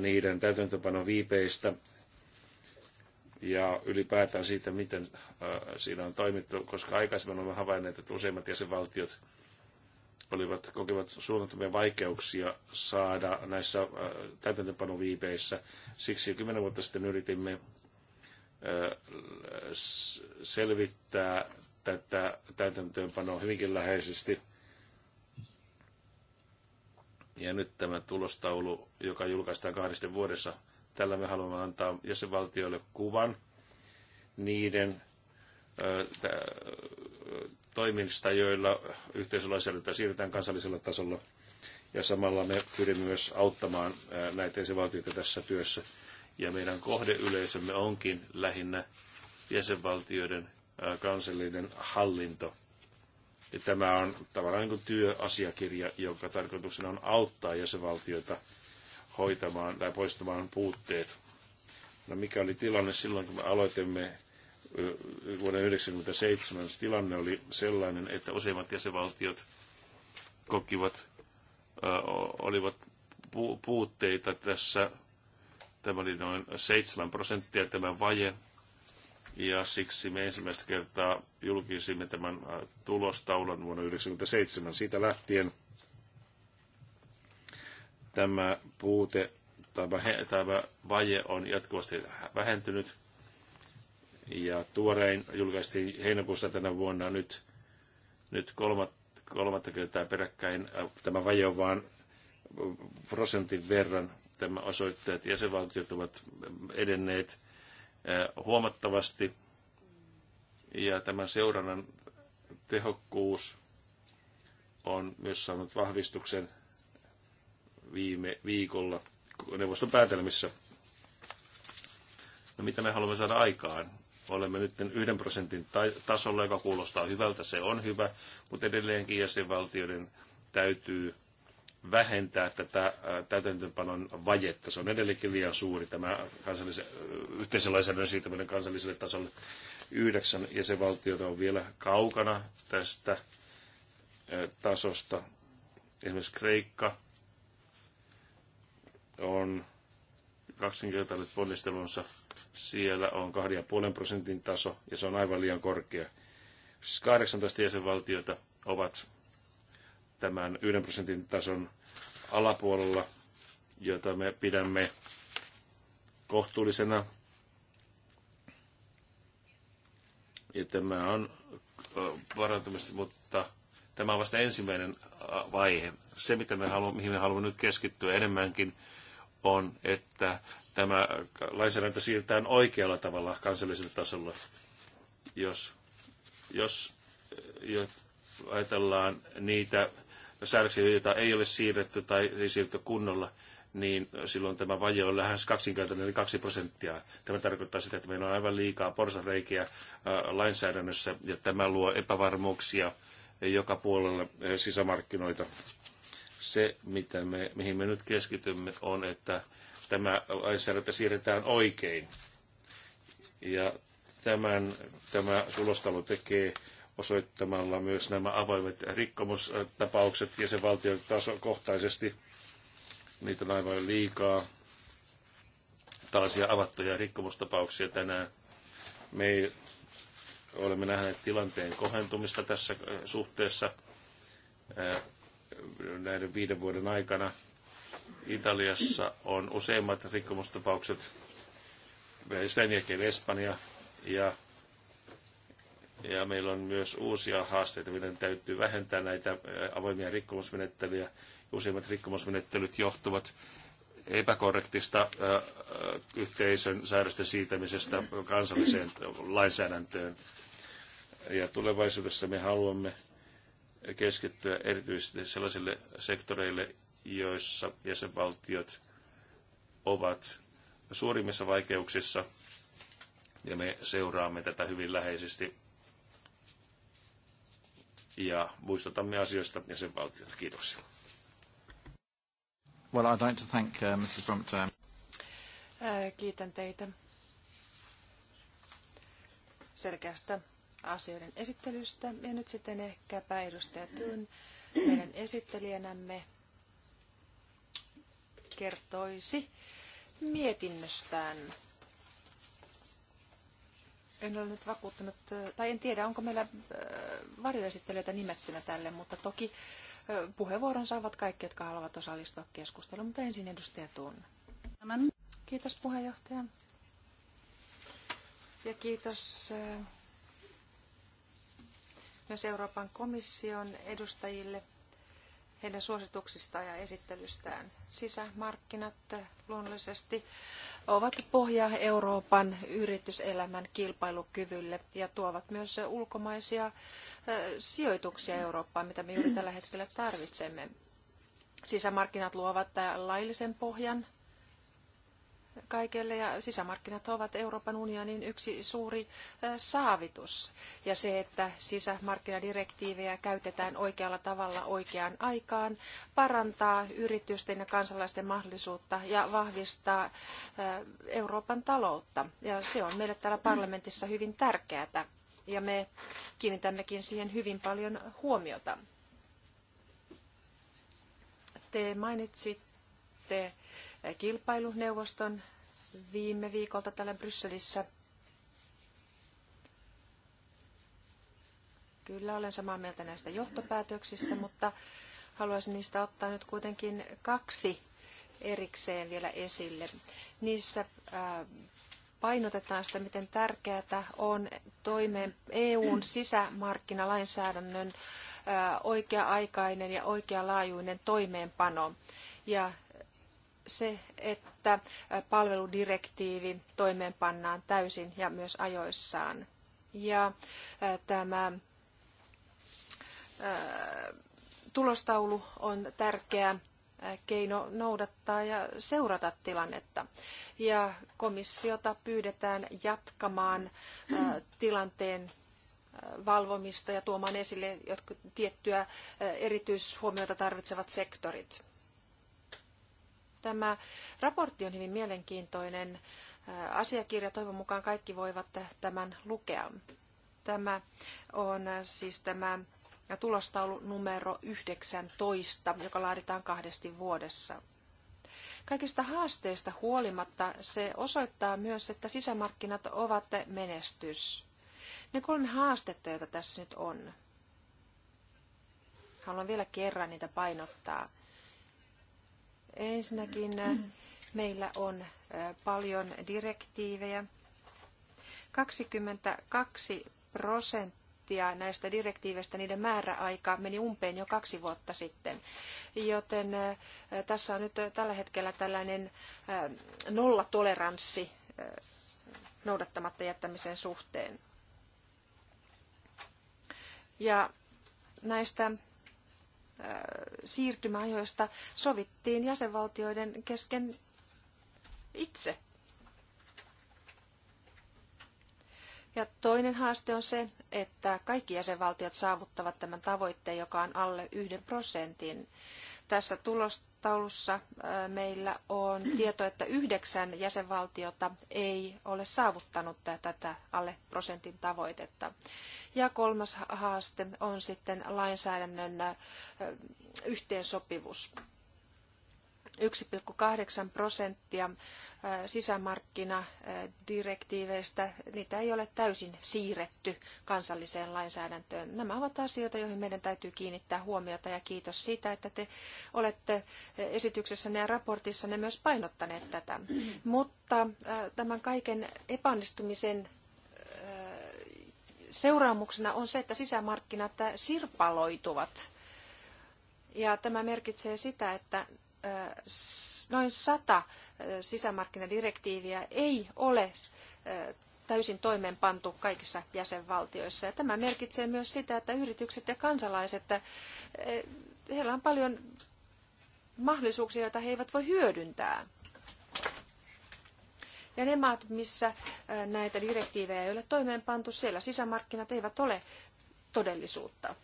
niiden täytäntöpanon viipeistä ja ylipäätään siitä, miten siinä on toimittu, koska aikaisemmin olemme havainneet, että useimmat jäsenvaltiot olivat, kokevat suunnattomia vaikeuksia saada näissä äh, täytäntöpanoviipeissä. Siksi kymmenen vuotta sitten yritimme äh, selvittää tätä täytäntöönpanoa hyvinkin läheisesti. Ja nyt tämä tulostaulu, joka julkaistaan kahdesti vuodessa, tällä me haluamme antaa jäsenvaltioille kuvan niiden äh, toiminnasta, joilla yhteisölainsäädäntöä siirretään kansallisella tasolla. Ja samalla me pyrimme myös auttamaan näitä jäsenvaltioita tässä työssä. Ja meidän kohdeyleisömme onkin lähinnä jäsenvaltioiden kansallinen hallinto. Ja tämä on tavallaan niin kuin työasiakirja, jonka tarkoituksena on auttaa jäsenvaltioita hoitamaan tai poistamaan puutteet. No mikä oli tilanne silloin, kun me aloitimme vuoden 1997 tilanne oli sellainen, että useimmat jäsenvaltiot kokivat, olivat puutteita tässä. Tämä oli noin 7 prosenttia tämä vaje. Ja siksi me ensimmäistä kertaa julkisimme tämän tulostaulan vuonna 1997. Siitä lähtien tämä puute, tämä, tämä vaje on jatkuvasti vähentynyt – ja tuorein julkaistiin heinäkuussa tänä vuonna nyt, nyt kolmatta, kolmatta kertaa peräkkäin. Äh, tämä vaje on vain prosentin verran. Tämä osoittaa, että jäsenvaltiot ovat edenneet äh, huomattavasti. Ja tämän seurannan tehokkuus on myös saanut vahvistuksen viime viikolla neuvoston päätelmissä. No mitä me haluamme saada aikaan? Olemme nyt yhden prosentin tasolla, joka kuulostaa hyvältä, se on hyvä, mutta edelleenkin jäsenvaltioiden täytyy vähentää tätä täytäntöönpanon vajetta. Se on edelleenkin liian suuri tämä yhteisen lainsäädännön siirtäminen kansalliselle tasolle. Yhdeksän jäsenvaltiota on vielä kaukana tästä tasosta. Esimerkiksi Kreikka on kaksinkertaiset ponnistelunsa. Siellä on 2,5 prosentin taso ja se on aivan liian korkea. Siis 18 jäsenvaltiota ovat tämän 1 prosentin tason alapuolella, jota me pidämme kohtuullisena. Ja tämä on parantumista, mutta tämä on vasta ensimmäinen vaihe. Se, mitä me haluamme, mihin me haluamme nyt keskittyä enemmänkin, on, että tämä lainsäädäntö siirretään oikealla tavalla kansalliselle tasolle. Jos, jos, jos ajatellaan niitä säädöksiä, joita ei ole siirretty tai ei siirretty kunnolla, niin silloin tämä vaje on lähes kaksinkertainen, eli kaksi prosenttia. Tämä tarkoittaa sitä, että meillä on aivan liikaa porsareikiä äh, lainsäädännössä, ja tämä luo epävarmuuksia joka puolella äh, sisämarkkinoita se, mitä me, mihin me nyt keskitymme, on, että tämä lainsäädäntö siirretään oikein. Ja tämän, tämä tulostalo tekee osoittamalla myös nämä avoimet rikkomustapaukset ja se taso kohtaisesti Niitä on aivan liikaa. Tällaisia avattuja rikkomustapauksia tänään. Me olemme nähneet tilanteen kohentumista tässä äh, suhteessa äh, näiden viiden vuoden aikana. Italiassa on useimmat rikkomustapaukset, sen jälkeen Espanja, ja, ja meillä on myös uusia haasteita, miten täytyy vähentää näitä avoimia rikkomusmenettelyjä. Useimmat rikkomusmenettelyt johtuvat epäkorrektista yhteisön säädösten siirtämisestä kansalliseen lainsäädäntöön. Ja tulevaisuudessa me haluamme keskittyä erityisesti sellaisille sektoreille, joissa jäsenvaltiot ovat suurimmissa vaikeuksissa, ja me seuraamme tätä hyvin läheisesti ja muistutamme asioista jäsenvaltiota. Kiitoksia. Well, I'd like to thank uh, Mrs. uh... Kiitän teitä selkeästä asioiden esittelystä. Ja nyt sitten ehkäpä edustaja Tyyn, meidän esittelijänämme, kertoisi mietinnöstään. En ole nyt vakuuttunut, tai en tiedä, onko meillä äh, varjoesittelijöitä nimettynä tälle, mutta toki äh, puheenvuoron saavat kaikki, jotka haluavat osallistua keskusteluun. Mutta ensin edustaja Tuun. Kiitos puheenjohtaja. Ja kiitos äh, myös Euroopan komission edustajille heidän suosituksistaan ja esittelystään. Sisämarkkinat luonnollisesti ovat pohja Euroopan yrityselämän kilpailukyvylle ja tuovat myös ulkomaisia sijoituksia Eurooppaan, mitä me juuri tällä hetkellä tarvitsemme. Sisämarkkinat luovat laillisen pohjan kaikelle ja sisämarkkinat ovat Euroopan unionin yksi suuri saavitus. Ja se, että sisämarkkinadirektiivejä käytetään oikealla tavalla oikeaan aikaan, parantaa yritysten ja kansalaisten mahdollisuutta ja vahvistaa Euroopan taloutta. Ja se on meille täällä parlamentissa hyvin tärkeää ja me kiinnitämmekin siihen hyvin paljon huomiota. Te mainitsitte kilpailuneuvoston viime viikolta täällä Brysselissä. Kyllä olen samaa mieltä näistä johtopäätöksistä, mutta haluaisin niistä ottaa nyt kuitenkin kaksi erikseen vielä esille. Niissä painotetaan sitä, miten tärkeää on toimeen EUn sisämarkkinalainsäädännön oikea-aikainen ja oikealaajuinen toimeenpano. Ja se, että palveludirektiivi toimeenpannaan täysin ja myös ajoissaan. Ja tämä tulostaulu on tärkeä keino noudattaa ja seurata tilannetta. Ja komissiota pyydetään jatkamaan tilanteen valvomista ja tuomaan esille jotkut tiettyä erityishuomiota tarvitsevat sektorit. Tämä raportti on hyvin mielenkiintoinen äh, asiakirja. Toivon mukaan kaikki voivat tämän lukea. Tämä on äh, siis tämä tulostaulu numero 19, joka laaditaan kahdesti vuodessa. Kaikista haasteista huolimatta se osoittaa myös, että sisämarkkinat ovat menestys. Ne kolme haastetta, joita tässä nyt on. Haluan vielä kerran niitä painottaa. Ensinnäkin äh, meillä on äh, paljon direktiivejä. 22 prosenttia näistä direktiiveistä, niiden määräaika meni umpeen jo kaksi vuotta sitten. Joten äh, tässä on nyt tällä hetkellä tällainen nollatoleranssi noudattamatta jättämisen suhteen. Ja näistä siirtymäajoista sovittiin jäsenvaltioiden kesken itse. Ja toinen haaste on se, että kaikki jäsenvaltiot saavuttavat tämän tavoitteen, joka on alle yhden prosentin. Tässä tulos, aikataulussa meillä on tieto, että yhdeksän jäsenvaltiota ei ole saavuttanut tätä alle prosentin tavoitetta. Ja kolmas haaste on sitten lainsäädännön yhteensopivuus. 1,8 prosenttia sisämarkkinadirektiiveistä, niitä ei ole täysin siirretty kansalliseen lainsäädäntöön. Nämä ovat asioita, joihin meidän täytyy kiinnittää huomiota ja kiitos siitä, että te olette esityksessänne ja raportissanne myös painottaneet tätä. Mutta tämän kaiken epäonnistumisen seuraamuksena on se, että sisämarkkinat sirpaloituvat. Ja tämä merkitsee sitä, että noin sata sisämarkkinadirektiiviä ei ole täysin toimeenpantu kaikissa jäsenvaltioissa. Ja tämä merkitsee myös sitä, että yritykset ja kansalaiset, heillä on paljon mahdollisuuksia, joita he eivät voi hyödyntää. Ja ne maat, missä näitä direktiivejä ei ole toimeenpantu, siellä sisämarkkinat eivät ole todellisuutta.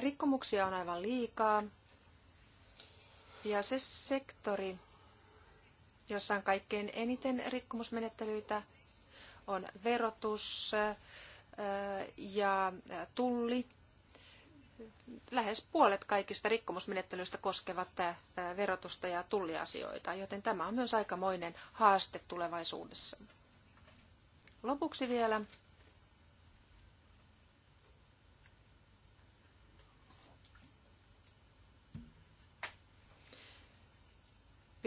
Rikkomuksia on aivan liikaa. Ja se sektori, jossa on kaikkein eniten rikkomusmenettelyitä, on verotus ja tulli. Lähes puolet kaikista rikkomusmenettelyistä koskevat verotusta ja tulliasioita, joten tämä on myös aikamoinen haaste tulevaisuudessa. Lopuksi vielä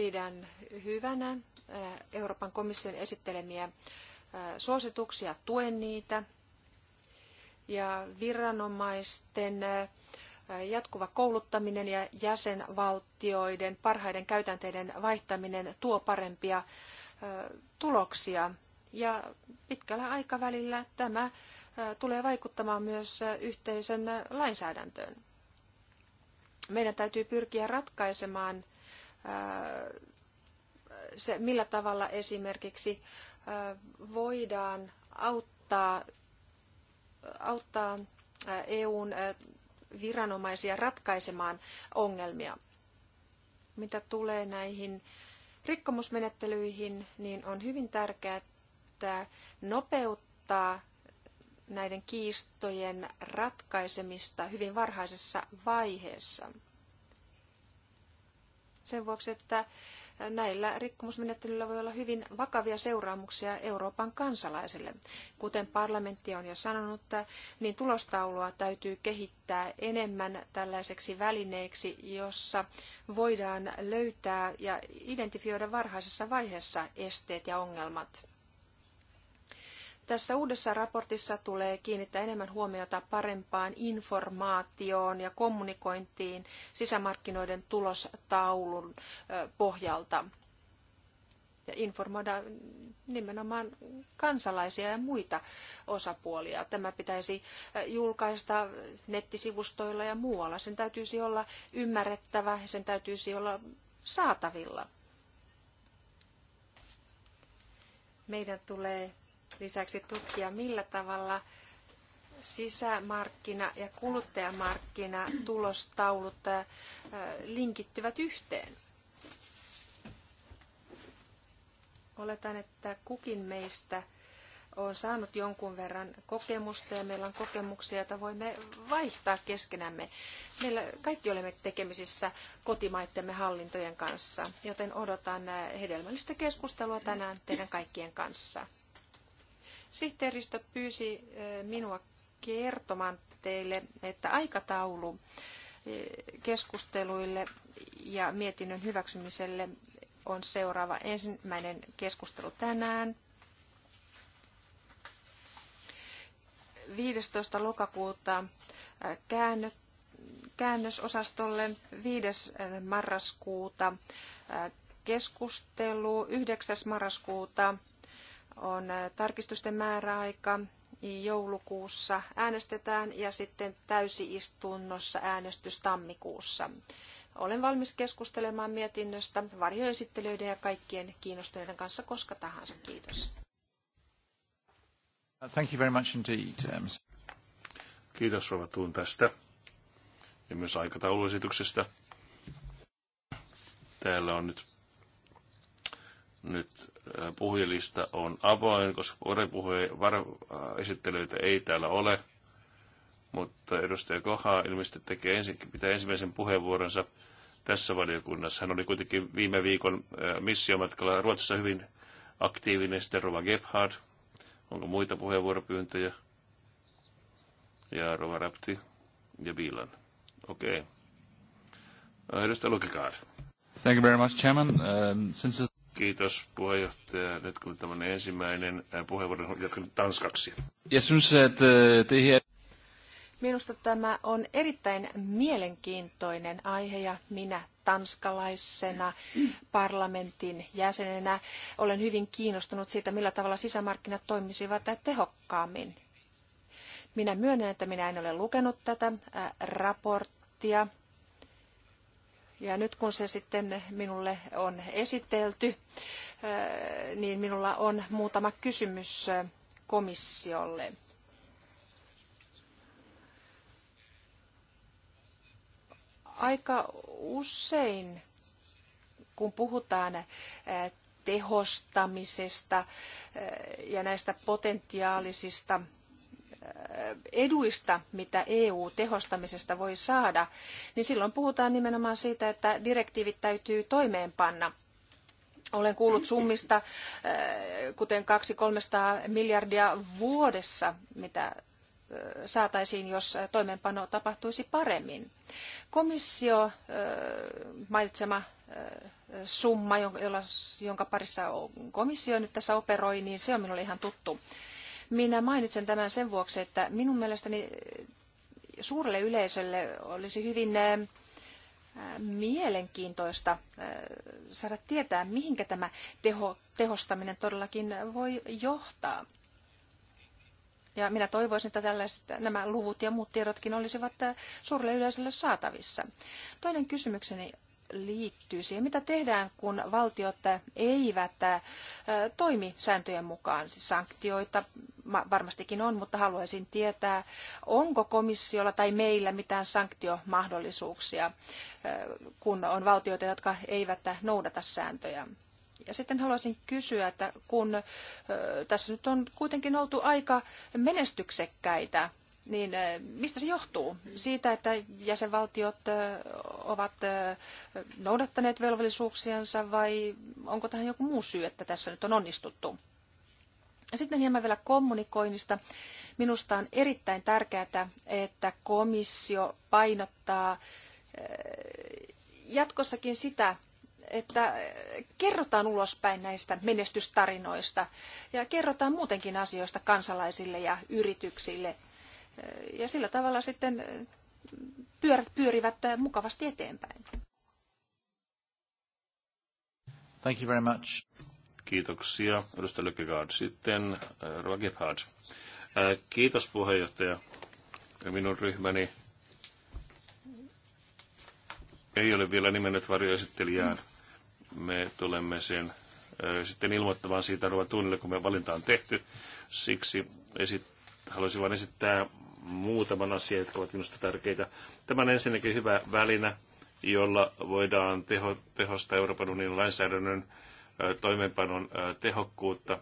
pidän hyvänä äh, Euroopan komission esittelemiä äh, suosituksia, tuen niitä. Ja viranomaisten äh, jatkuva kouluttaminen ja jäsenvaltioiden parhaiden käytänteiden vaihtaminen tuo parempia tuloksia. Ja pitkällä aikavälillä tämä tulee vaikuttamaan myös yhteisön lainsäädäntöön. Meidän täytyy pyrkiä ratkaisemaan se, millä tavalla esimerkiksi voidaan auttaa, auttaa EUn viranomaisia ratkaisemaan ongelmia. Mitä tulee näihin rikkomusmenettelyihin, niin on hyvin tärkeää, että nopeuttaa näiden kiistojen ratkaisemista hyvin varhaisessa vaiheessa sen vuoksi, että näillä rikkomusmenettelyillä voi olla hyvin vakavia seuraamuksia Euroopan kansalaisille. Kuten parlamentti on jo sanonut, niin tulostaulua täytyy kehittää enemmän tällaiseksi välineeksi, jossa voidaan löytää ja identifioida varhaisessa vaiheessa esteet ja ongelmat. Tässä uudessa raportissa tulee kiinnittää enemmän huomiota parempaan informaatioon ja kommunikointiin sisämarkkinoiden tulostaulun pohjalta. Ja informoida nimenomaan kansalaisia ja muita osapuolia. Tämä pitäisi julkaista nettisivustoilla ja muualla. Sen täytyisi olla ymmärrettävä ja sen täytyisi olla saatavilla. Meidän tulee lisäksi tutkia, millä tavalla sisämarkkina- ja kuluttajamarkkina tulostaulut äh, linkittyvät yhteen. Oletan, että kukin meistä on saanut jonkun verran kokemusta ja meillä on kokemuksia, joita voimme vaihtaa keskenämme. Meillä kaikki olemme tekemisissä kotimaittemme hallintojen kanssa, joten odotan äh, hedelmällistä keskustelua tänään teidän kaikkien kanssa. Sihteeristö pyysi minua kertomaan teille, että aikataulu keskusteluille ja mietinnön hyväksymiselle on seuraava ensimmäinen keskustelu tänään. 15. lokakuuta käännöt käännösosastolle 5. marraskuuta keskustelu, 9. marraskuuta on tarkistusten määräaika. Joulukuussa äänestetään ja sitten täysiistunnossa äänestys tammikuussa. Olen valmis keskustelemaan mietinnöstä varjoesittelyiden ja kaikkien kiinnostuneiden kanssa koska tahansa. Kiitos. Thank you very much indeed. Uh, Kiitos Rova Tuun tästä ja myös aikatauluesityksestä. Täällä on nyt, nyt puhujalista on avoin, koska orepuhe äh, esittelyitä ei täällä ole. Mutta edustaja Koha ilmeisesti tekee ensin, pitää ensimmäisen puheenvuoronsa tässä valiokunnassa. Hän oli kuitenkin viime viikon äh, missiomatkalla Ruotsissa hyvin aktiivinen, sitten Rova Gebhard. Onko muita puheenvuoropyyntöjä? Ja Rova Rapti ja Bilan. Okei. Okay. Äh, edustaja Lukikaar. Thank you very much, Chairman. Um, since Kiitos puheenjohtaja. Nyt kun ensimmäinen äh, puheenvuoro jatkan tanskaksi. Äh, Minusta tämä on erittäin mielenkiintoinen aihe ja minä tanskalaisena parlamentin jäsenenä olen hyvin kiinnostunut siitä, millä tavalla sisämarkkinat toimisivat tehokkaammin. Minä myönnän, että minä en ole lukenut tätä äh, raporttia ja nyt kun se sitten minulle on esitelty, niin minulla on muutama kysymys komissiolle. Aika usein, kun puhutaan tehostamisesta ja näistä potentiaalisista eduista, mitä EU-tehostamisesta voi saada, niin silloin puhutaan nimenomaan siitä, että direktiivit täytyy toimeenpanna. Olen kuullut summista, äh, kuten 200-300 miljardia vuodessa, mitä äh, saataisiin, jos toimeenpano tapahtuisi paremmin. Komissio äh, mainitsema summa, jonka parissa komissio nyt tässä operoi, niin se on minulle ihan tuttu. Minä mainitsen tämän sen vuoksi, että minun mielestäni suurelle yleisölle olisi hyvin mielenkiintoista saada tietää, mihinkä tämä teho, tehostaminen todellakin voi johtaa. Ja minä toivoisin, että tällaiset, nämä luvut ja muut tiedotkin olisivat suurelle yleisölle saatavissa. Toinen kysymykseni liittyy siihen, mitä tehdään, kun valtiot eivät toimi sääntöjen mukaan. Siis sanktioita varmastikin on, mutta haluaisin tietää, onko komissiolla tai meillä mitään sanktiomahdollisuuksia, kun on valtioita, jotka eivät noudata sääntöjä. Ja sitten haluaisin kysyä, että kun tässä nyt on kuitenkin oltu aika menestyksekkäitä niin äh, mistä se johtuu? Siitä, että jäsenvaltiot äh, ovat äh, noudattaneet velvollisuuksiansa vai onko tähän joku muu syy, että tässä nyt on onnistuttu? Sitten hieman vielä kommunikoinnista. Minusta on erittäin tärkeää, että komissio painottaa jatkossakin sitä, että kerrotaan ulospäin näistä menestystarinoista ja kerrotaan muutenkin asioista kansalaisille ja yrityksille – ja sillä tavalla sitten pyörät pyörivät mukavasti eteenpäin. Thank you very much. Kiitoksia. Edustaja Lykkegaard. Sitten äh, Rova äh, Kiitos puheenjohtaja. Minun ryhmäni ei ole vielä nimennyt varjoesittelijään. Me tulemme sen äh, sitten ilmoittamaan siitä ruoan tunnille, kun me valinta on tehty. Siksi esit- haluaisin vain esittää muutaman asian, jotka ovat minusta tärkeitä. Tämä on ensinnäkin hyvä väline, jolla voidaan teho, tehostaa Euroopan unionin lainsäädännön toimeenpanon tehokkuutta.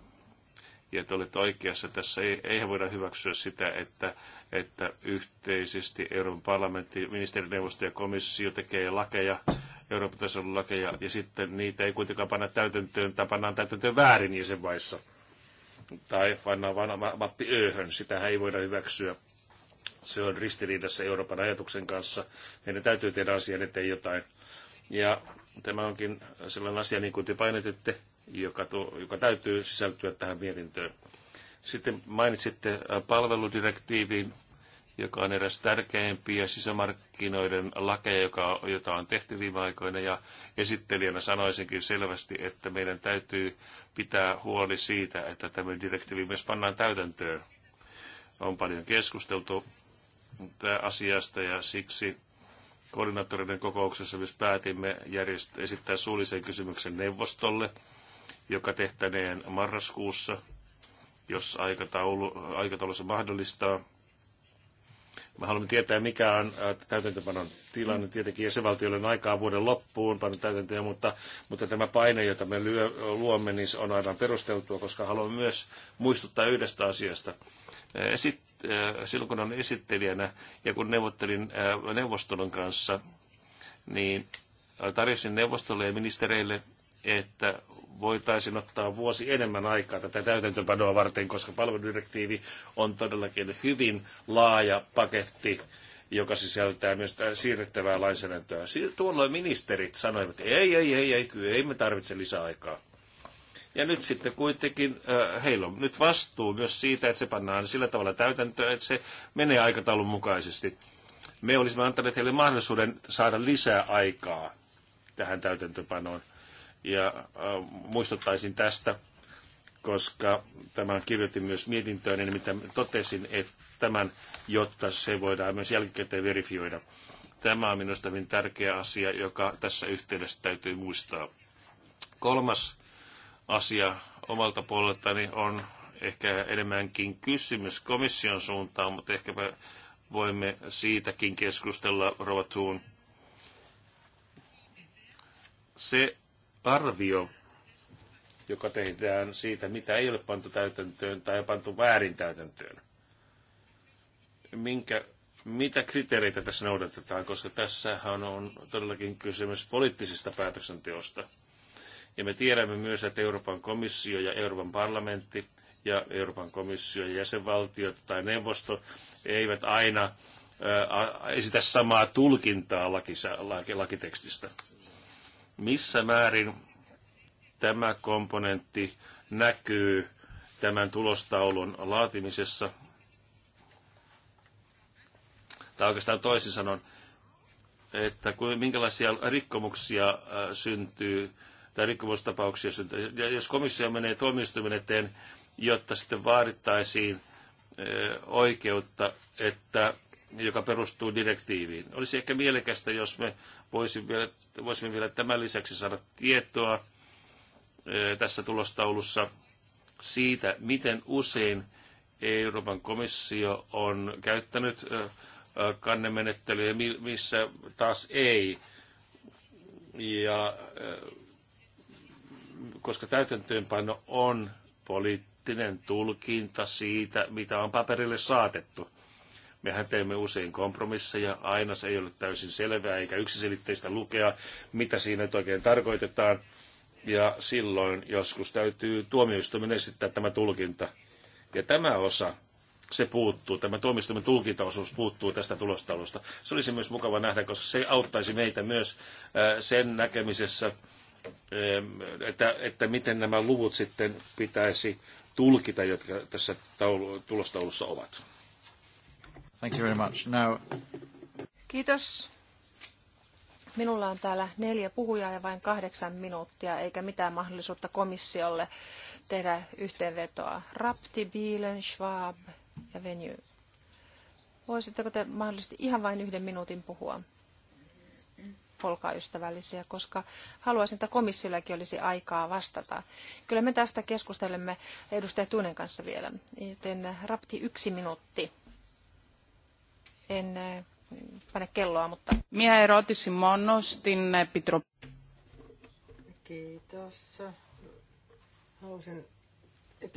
Ja te olette oikeassa, tässä ei, eihän voida hyväksyä sitä, että, että yhteisesti Euroopan parlamentti, ministerineuvosto ja komissio tekee lakeja, Euroopan tasolla lakeja, ja sitten niitä ei kuitenkaan panna täytäntöön, tai pannaan täytäntöön väärin jäsenmaissa. Tai pannaan vain mappi ööhön, sitä ei voida hyväksyä. Se on ristiriidassa Euroopan ajatuksen kanssa. Meidän täytyy tehdä asian eteen jotain. Ja tämä onkin sellainen asia, niin kuin te painotitte, joka, tuo, joka täytyy sisältyä tähän mietintöön. Sitten mainitsitte palveludirektiivin, joka on eräs tärkeimpiä sisämarkkinoiden lakeja, joka, jota on tehty viime aikoina. Ja esittelijänä sanoisinkin selvästi, että meidän täytyy pitää huoli siitä, että tämä direktiivi myös pannaan täytäntöön. On paljon keskusteltu asiasta ja siksi koordinaattoreiden kokouksessa myös päätimme järjest- esittää suullisen kysymyksen neuvostolle, joka tehtäneen marraskuussa, jos aikataulu, aikataulu se mahdollistaa. Me haluamme tietää, mikä on äh, täytäntöpanon tilanne. Tietenkin jäsenvaltioille on aikaa vuoden loppuun panna täytäntöön, mutta, mutta tämä paine, jota me lyö, luomme, niin se on aivan perusteltua, koska haluamme myös muistuttaa yhdestä asiasta. Äh, Esit, Äh, silloin kun on esittelijänä ja kun neuvottelin äh, neuvostolon kanssa, niin äh, tarjosin neuvostolle ja ministereille, että voitaisiin ottaa vuosi enemmän aikaa tätä täytäntöpanoa varten, koska palveludirektiivi on todellakin hyvin laaja paketti, joka sisältää myös siirrettävää lainsäädäntöä. Tuolloin ministerit sanoivat, että ei, ei, ei, ei, kyllä ei me tarvitse lisäaikaa. Ja nyt sitten kuitenkin heillä on nyt vastuu myös siitä, että se pannaan sillä tavalla täytäntöön, että se menee aikataulun mukaisesti. Me olisimme antaneet heille mahdollisuuden saada lisää aikaa tähän täytäntöpanoon. Ja äh, muistuttaisin tästä, koska tämän kirjoitin myös mietintöön, niin mitä totesin, että tämän, jotta se voidaan myös jälkikäteen verifioida. Tämä on minusta hyvin tärkeä asia, joka tässä yhteydessä täytyy muistaa. Kolmas asia omalta puoleltani on ehkä enemmänkin kysymys komission suuntaan, mutta ehkäpä voimme siitäkin keskustella, Rova Thun. Se arvio, joka tehdään siitä, mitä ei ole pantu täytäntöön tai pantu väärin täytäntöön. Minkä, mitä kriteereitä tässä noudatetaan, koska tässä on todellakin kysymys poliittisesta päätöksenteosta – ja me tiedämme myös, että Euroopan komissio ja Euroopan parlamentti ja Euroopan komissio ja jäsenvaltiot tai neuvosto eivät aina esitä samaa tulkintaa lakitekstistä. Missä määrin tämä komponentti näkyy tämän tulostaulun laatimisessa? Tai oikeastaan toisin sanon, että minkälaisia rikkomuksia syntyy tai rikkomustapauksia syntyy. Ja jos komissio menee tuomioistuimen eteen, jotta sitten vaadittaisiin oikeutta, että, joka perustuu direktiiviin. Olisi ehkä mielekästä, jos me voisimme vielä, voisimme vielä tämän lisäksi saada tietoa tässä tulostaulussa siitä, miten usein Euroopan komissio on käyttänyt kannemenettelyä ja missä taas ei. Ja koska täytäntöönpano on poliittinen tulkinta siitä, mitä on paperille saatettu. Mehän teemme usein kompromisseja, aina se ei ole täysin selvää eikä yksiselitteistä lukea, mitä siinä oikein tarkoitetaan. Ja silloin joskus täytyy tuomioistuminen esittää tämä tulkinta. Ja tämä osa, se puuttuu, tämä tuomioistuimen tulkintaosuus puuttuu tästä tulostalosta. Se olisi myös mukava nähdä, koska se auttaisi meitä myös äh, sen näkemisessä, että, että miten nämä luvut sitten pitäisi tulkita, jotka tässä taulu, tulostaulussa ovat. Thank you very much. Now... Kiitos. Minulla on täällä neljä puhujaa ja vain kahdeksan minuuttia, eikä mitään mahdollisuutta komissiolle tehdä yhteenvetoa. Rapti, Bielen, Schwab ja Venue. Voisitteko te mahdollisesti ihan vain yhden minuutin puhua? polkaystävällisiä, koska haluaisin, että komissiollakin olisi aikaa vastata. Kyllä me tästä keskustelemme edustaja Tuunen kanssa vielä, joten rapti yksi minuutti. En eh, pane kelloa, mutta... Mia erotisin monostin pitro... Kiitos. Haluaisin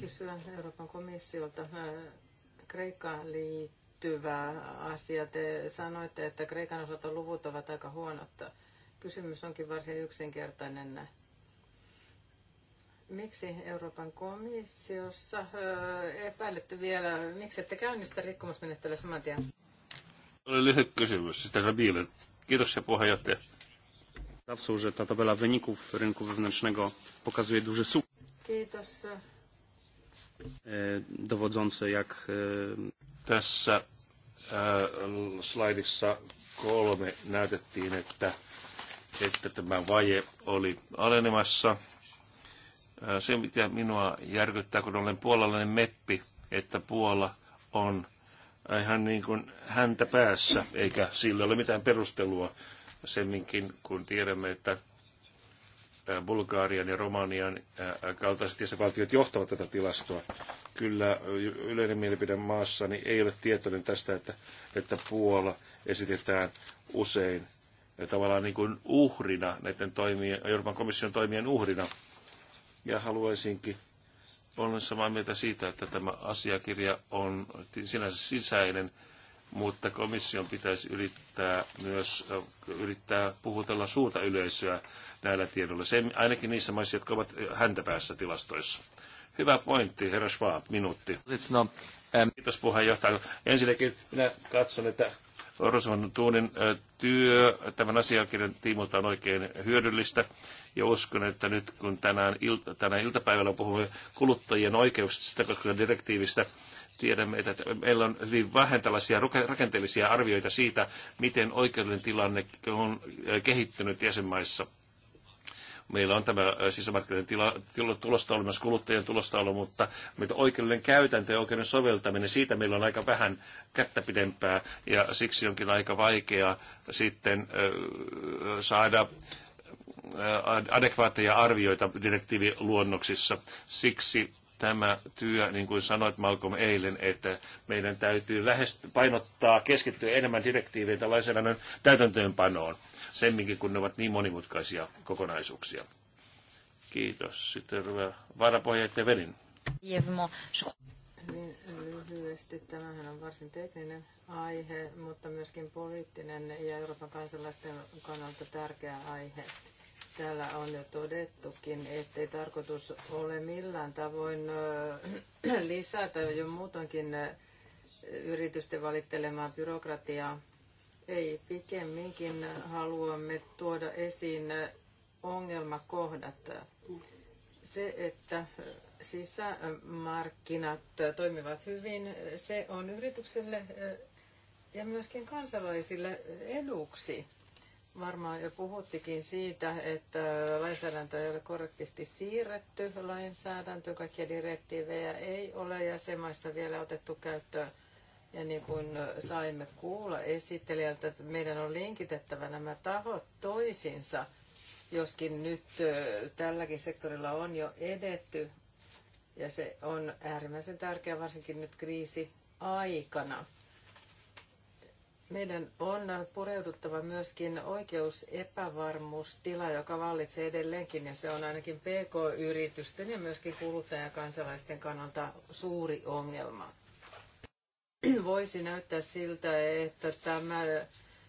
kysyä Euroopan komissiolta eh, Kreikkaan liittyen liittyvä asia. Te sanoitte, että Kreikan osalta luvut ovat aika huonot. Kysymys onkin varsin yksinkertainen. Miksi Euroopan komissiossa epäilette vielä, miksi ette käynnistä rikkomusmenettelyä saman tien? Oli lyhyt kysymys, sitä Rabiilen. Kiitos se puheenjohtaja. że ta tabela wyników rynku wewnętrznego pokazuje duży sukces. Kiitos e, dowodzący jak... E, Tässä Äh, slaidissa kolme näytettiin, että, että tämä vaje oli alenemassa. Äh, se, mitä minua järkyttää, kun olen puolalainen meppi, että Puola on ihan niin kuin häntä päässä, eikä sillä ole mitään perustelua semminkin, kun tiedämme, että Äh, Bulgaarian ja Romanian äh, kaltaiset jäsenvaltiot johtavat tätä tilastoa. Kyllä yleinen mielipide niin ei ole tietoinen tästä, että, että Puola esitetään usein äh, tavallaan niin kuin uhrina, näiden toimien, Euroopan komission toimien uhrina. Ja haluaisinkin olla samaa mieltä siitä, että tämä asiakirja on sinänsä sisäinen mutta komission pitäisi yrittää myös yrittää puhutella suurta yleisöä näillä tiedoilla. Se ainakin niissä maissa, jotka ovat häntä päässä tilastoissa. Hyvä pointti, herra Schwab, minuutti. No, äm... Kiitos puheenjohtaja. Ensinnäkin minä katson, että Rosman Tuunin työ tämän asiakirjan tiimoilta on oikein hyödyllistä ja uskon, että nyt kun tänään, ilta, tänään iltapäivällä puhumme kuluttajien oikeuksista, koska direktiivistä, tiedämme, että meillä on hyvin vähän tällaisia rakenteellisia arvioita siitä, miten oikeudellinen tilanne on äh, kehittynyt jäsenmaissa. Meillä on tämä äh, sisämarkkinoiden tila, tila, tulostaulu, myös kuluttajien ollut, mutta meitä oikeudellinen käytäntö ja oikeuden soveltaminen, siitä meillä on aika vähän kättä pidempää ja siksi onkin aika vaikea sitten äh, saada adekvaatteja arvioita direktiiviluonnoksissa. Siksi tämä työ, niin kuin sanoit Malcolm eilen, että meidän täytyy lähest- painottaa, keskittyä enemmän direktiivien tällaisen lainsäädännön täytäntöönpanoon, semminkin kun ne ovat niin monimutkaisia kokonaisuuksia. Kiitos. Sitten varapuheenjohtaja Velin. Niin lyhyesti, tämähän on varsin tekninen aihe, mutta myöskin poliittinen ja Euroopan kansalaisten kannalta tärkeä aihe. Täällä on jo todettukin, ettei tarkoitus ole millään tavoin lisätä jo muutoinkin yritysten valittelemaa byrokratiaa. Ei, pikemminkin haluamme tuoda esiin ongelmakohdat. Se, että sisämarkkinat toimivat hyvin, se on yritykselle ja myöskin kansalaisille eduksi varmaan jo puhuttikin siitä, että lainsäädäntö ei ole korrektisti siirretty lainsäädäntö, kaikkia direktiivejä ei ole jäsenmaista vielä otettu käyttöön. Ja niin kuin saimme kuulla esittelijältä, että meidän on linkitettävä nämä tahot toisiinsa, joskin nyt tälläkin sektorilla on jo edetty. Ja se on äärimmäisen tärkeää varsinkin nyt kriisi aikana. Meidän on pureuduttava myöskin oikeus epävarmuustila, joka vallitsee edelleenkin, ja se on ainakin PK-yritysten ja myöskin kuluttajakansalaisten kannalta suuri ongelma. Voisi näyttää siltä, että tämä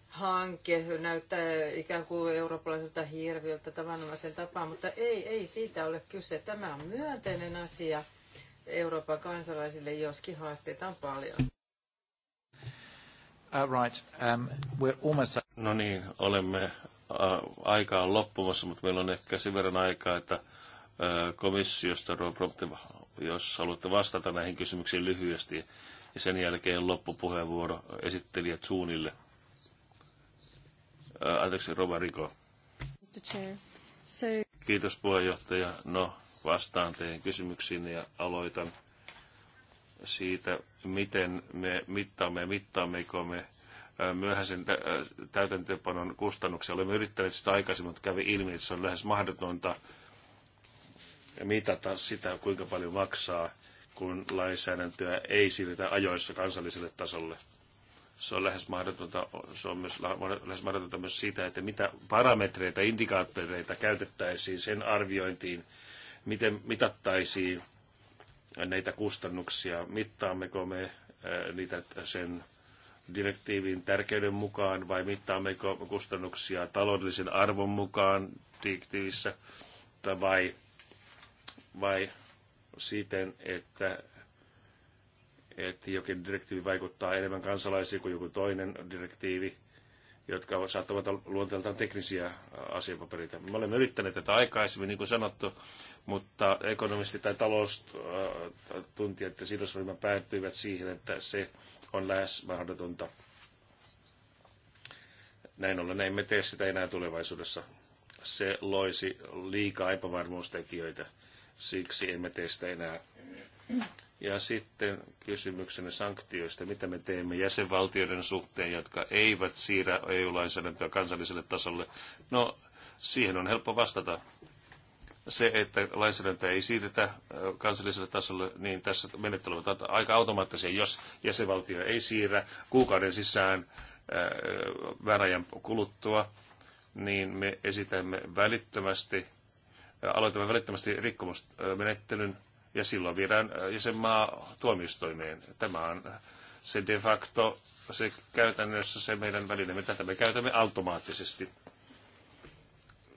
hanke näyttää ikään kuin eurooppalaiselta hirviöltä tavanomaisen tapaan, mutta ei, ei siitä ole kyse. Tämä on myönteinen asia Euroopan kansalaisille, joskin haasteita on paljon. Uh, right. Um, we're almost... No niin, olemme, uh, loppumassa, mutta meillä on ehkä sen verran aikaa, että uh, komissiosta, jos haluatte vastata näihin kysymyksiin lyhyesti, ja sen jälkeen loppupuheenvuoro esittelijät suunnille. Uh, anteeksi, Rova Riko. Mr. Chair. So... Kiitos puheenjohtaja. No, vastaan teidän kysymyksiin ja aloitan siitä, miten me mittaamme ja mittaammeko me myöhäisen täytäntöönpanon kustannuksia. Olemme yrittäneet sitä aikaisemmin, mutta kävi ilmi, että se on lähes mahdotonta mitata sitä, kuinka paljon maksaa, kun lainsäädäntöä ei siirretä ajoissa kansalliselle tasolle. Se on lähes mahdotonta, se on myös, lähes mahdotonta myös sitä, että mitä parametreita, indikaattoreita käytettäisiin sen arviointiin, miten mitattaisiin näitä kustannuksia, mittaammeko me niitä sen direktiivin tärkeyden mukaan vai mittaammeko kustannuksia taloudellisen arvon mukaan direktiivissä vai, vai siten, että, että jokin direktiivi vaikuttaa enemmän kansalaisiin kuin joku toinen direktiivi jotka saattavat olla luonteeltaan teknisiä äh, asiapapereita. Me olemme yrittäneet tätä aikaisemmin, niin kuin sanottu, mutta ekonomisti tai taloustuntijat ja sidosryhmä päättyivät siihen, että se on lähes mahdotonta. Näin ollen emme tee sitä enää tulevaisuudessa. Se loisi liikaa epävarmuustekijöitä, siksi emme tee sitä enää. Ja sitten kysymyksenä sanktioista, mitä me teemme jäsenvaltioiden suhteen, jotka eivät siirrä EU-lainsäädäntöä kansalliselle tasolle. No, siihen on helppo vastata. Se, että lainsäädäntöä ei siirretä kansalliselle tasolle, niin tässä menettely on aika automaattisia, jos jäsenvaltio ei siirrä kuukauden sisään väärän kuluttua, niin me esitämme välittömästi, aloitamme välittömästi rikkomusmenettelyn ja silloin viedään äh, jäsenmaa tuomioistuimeen. Tämä on äh, se de facto, se käytännössä se meidän välineemme, tätä me käytämme automaattisesti.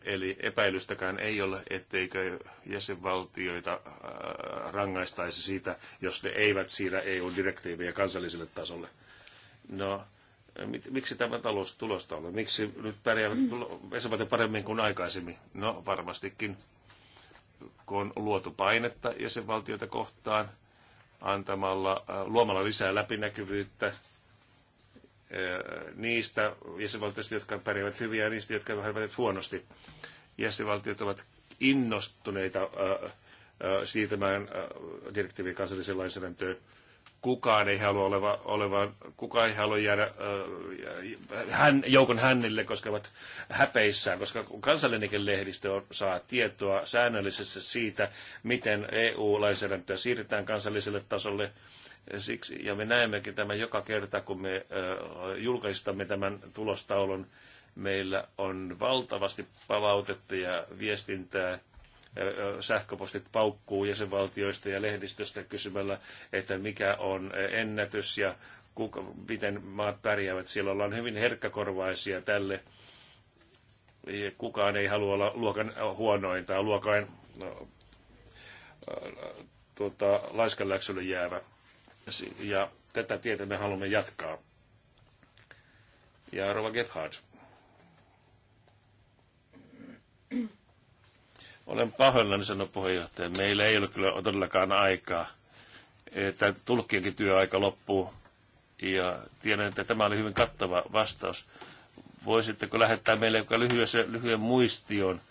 Eli epäilystäkään ei ole, etteikö jäsenvaltioita äh, rangaistaisi siitä, jos ne eivät siirrä EU-direktiiviä kansalliselle tasolle. No, miksi tämä talous tulosta on? Miksi nyt pärjäävät mm. paremmin kuin aikaisemmin? No, varmastikin kun on luotu painetta jäsenvaltioita kohtaan antamalla, äh, luomalla lisää läpinäkyvyyttä äh, niistä jäsenvaltioista, jotka pärjäävät hyviä ja niistä, jotka pärjäävät huonosti. Jäsenvaltiot ovat innostuneita äh, siirtämään direktiivin kansalliseen lainsäädäntöön kukaan ei halua oleva, oleva, kukaan ei halua jäädä äh, hän, joukon hännille, koska ovat häpeissään, koska kansallinenkin lehdistö on, saa tietoa säännöllisesti siitä, miten EU-lainsäädäntöä siirretään kansalliselle tasolle. Siksi, ja me näemmekin tämän joka kerta, kun me äh, julkaistamme tämän tulostaulun. Meillä on valtavasti palautetta ja viestintää sähköpostit paukkuu jäsenvaltioista ja lehdistöstä kysymällä, että mikä on ennätys ja kuka, miten maat pärjäävät. Siellä ollaan hyvin herkkäkorvaisia tälle. Kukaan ei halua olla luokan huonoin tai luokan no, tuota, laiskanläksylle jäävä. Ja tätä tietä me haluamme jatkaa. Ja Rova Gebhard. Olen pahoillani, sanoi puheenjohtaja. Meillä ei ole kyllä todellakaan aikaa. Tämä tulkkienkin työaika loppuu. Ja tiedän, että tämä oli hyvin kattava vastaus. Voisitteko lähettää meille lyhyessä, lyhyen muistion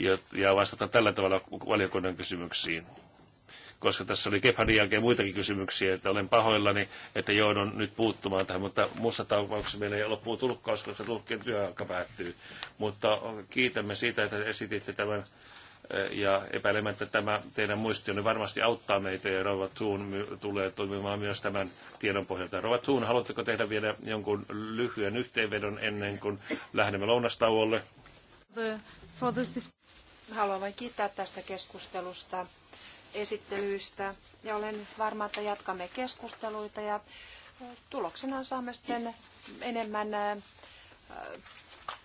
ja, ja vastata tällä tavalla valiokunnan kysymyksiin? koska tässä oli Kephanin jälkeen muitakin kysymyksiä, että olen pahoillani, että joudun nyt puuttumaan tähän, mutta muussa tapauksessa meillä ei loppuu tulkkaus, koska tulkkien työaika päättyy. Mutta kiitämme siitä, että esititte tämän ja epäilemättä tämä teidän muistionne varmasti auttaa meitä ja Rova Thun tulee toimimaan myös tämän tiedon pohjalta. Rova Thun, haluatteko tehdä vielä jonkun lyhyen yhteenvedon ennen kuin lähdemme lounastauolle? Haluan vain kiittää tästä keskustelusta, esittelyistä ja olen varma, että jatkamme keskusteluita ja tuloksena saamme sitten enemmän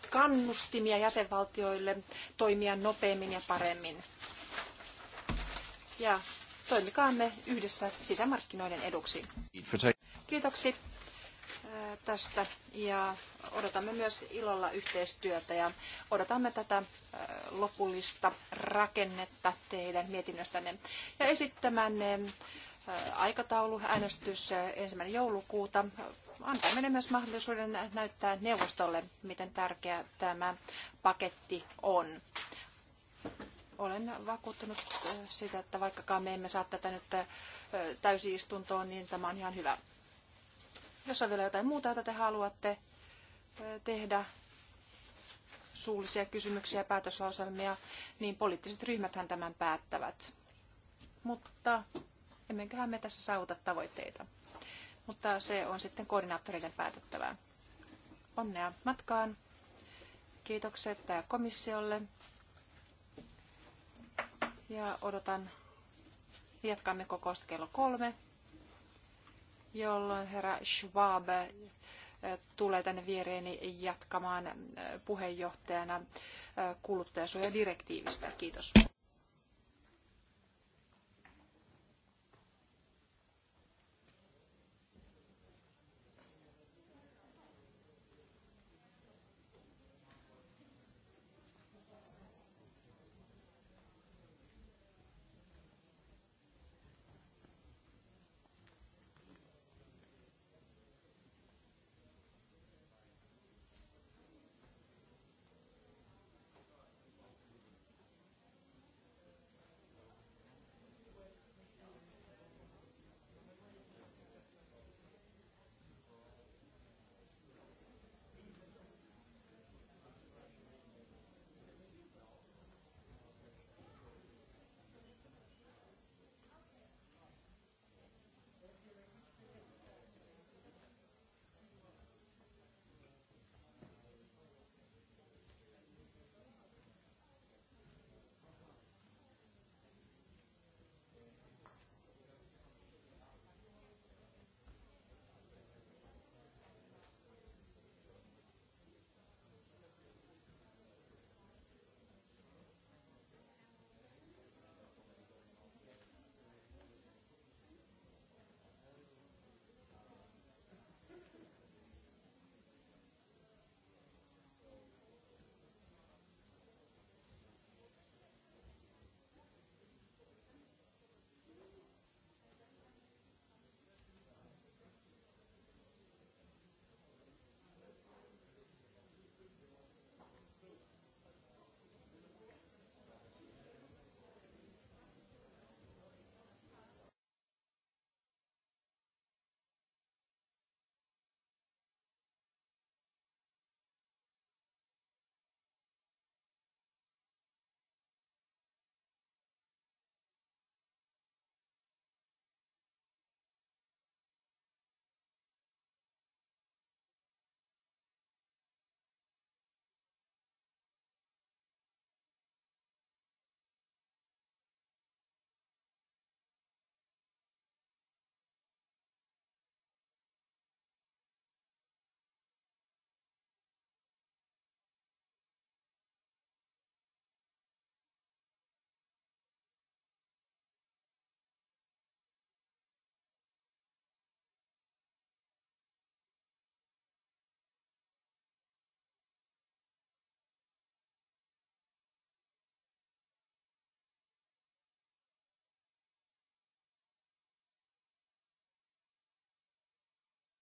kannustimia jäsenvaltioille toimia nopeammin ja paremmin. Ja toimikaamme yhdessä sisämarkkinoiden eduksi. Kiitoksi tästä ja odotamme myös ilolla yhteistyötä ja odotamme tätä äh, lopullista rakennetta teidän mietinnöstänne ja esittämänne aikataulu, äänestys ensimmäinen joulukuuta antaa meille myös mahdollisuuden näyttää neuvostolle, miten tärkeä tämä paketti on. Olen vakuuttunut siitä, että vaikkakaan me emme saa tätä nyt täysistuntoon, niin tämä on ihan hyvä. Jos on vielä jotain muuta, jota te haluatte tehdä, suullisia kysymyksiä päätöslauselmia, niin poliittiset ryhmäthän tämän päättävät. Mutta Emmeköhän me tässä saavuta tavoitteita. Mutta se on sitten koordinaattoreiden päätettävää. Onnea matkaan. Kiitokset tämä komissiolle. Ja odotan, jatkamme kokousta kello kolme, jolloin herra Schwab eh, tulee tänne viereeni jatkamaan eh, puheenjohtajana eh, kuluttajasuojadirektiivistä. Kiitos.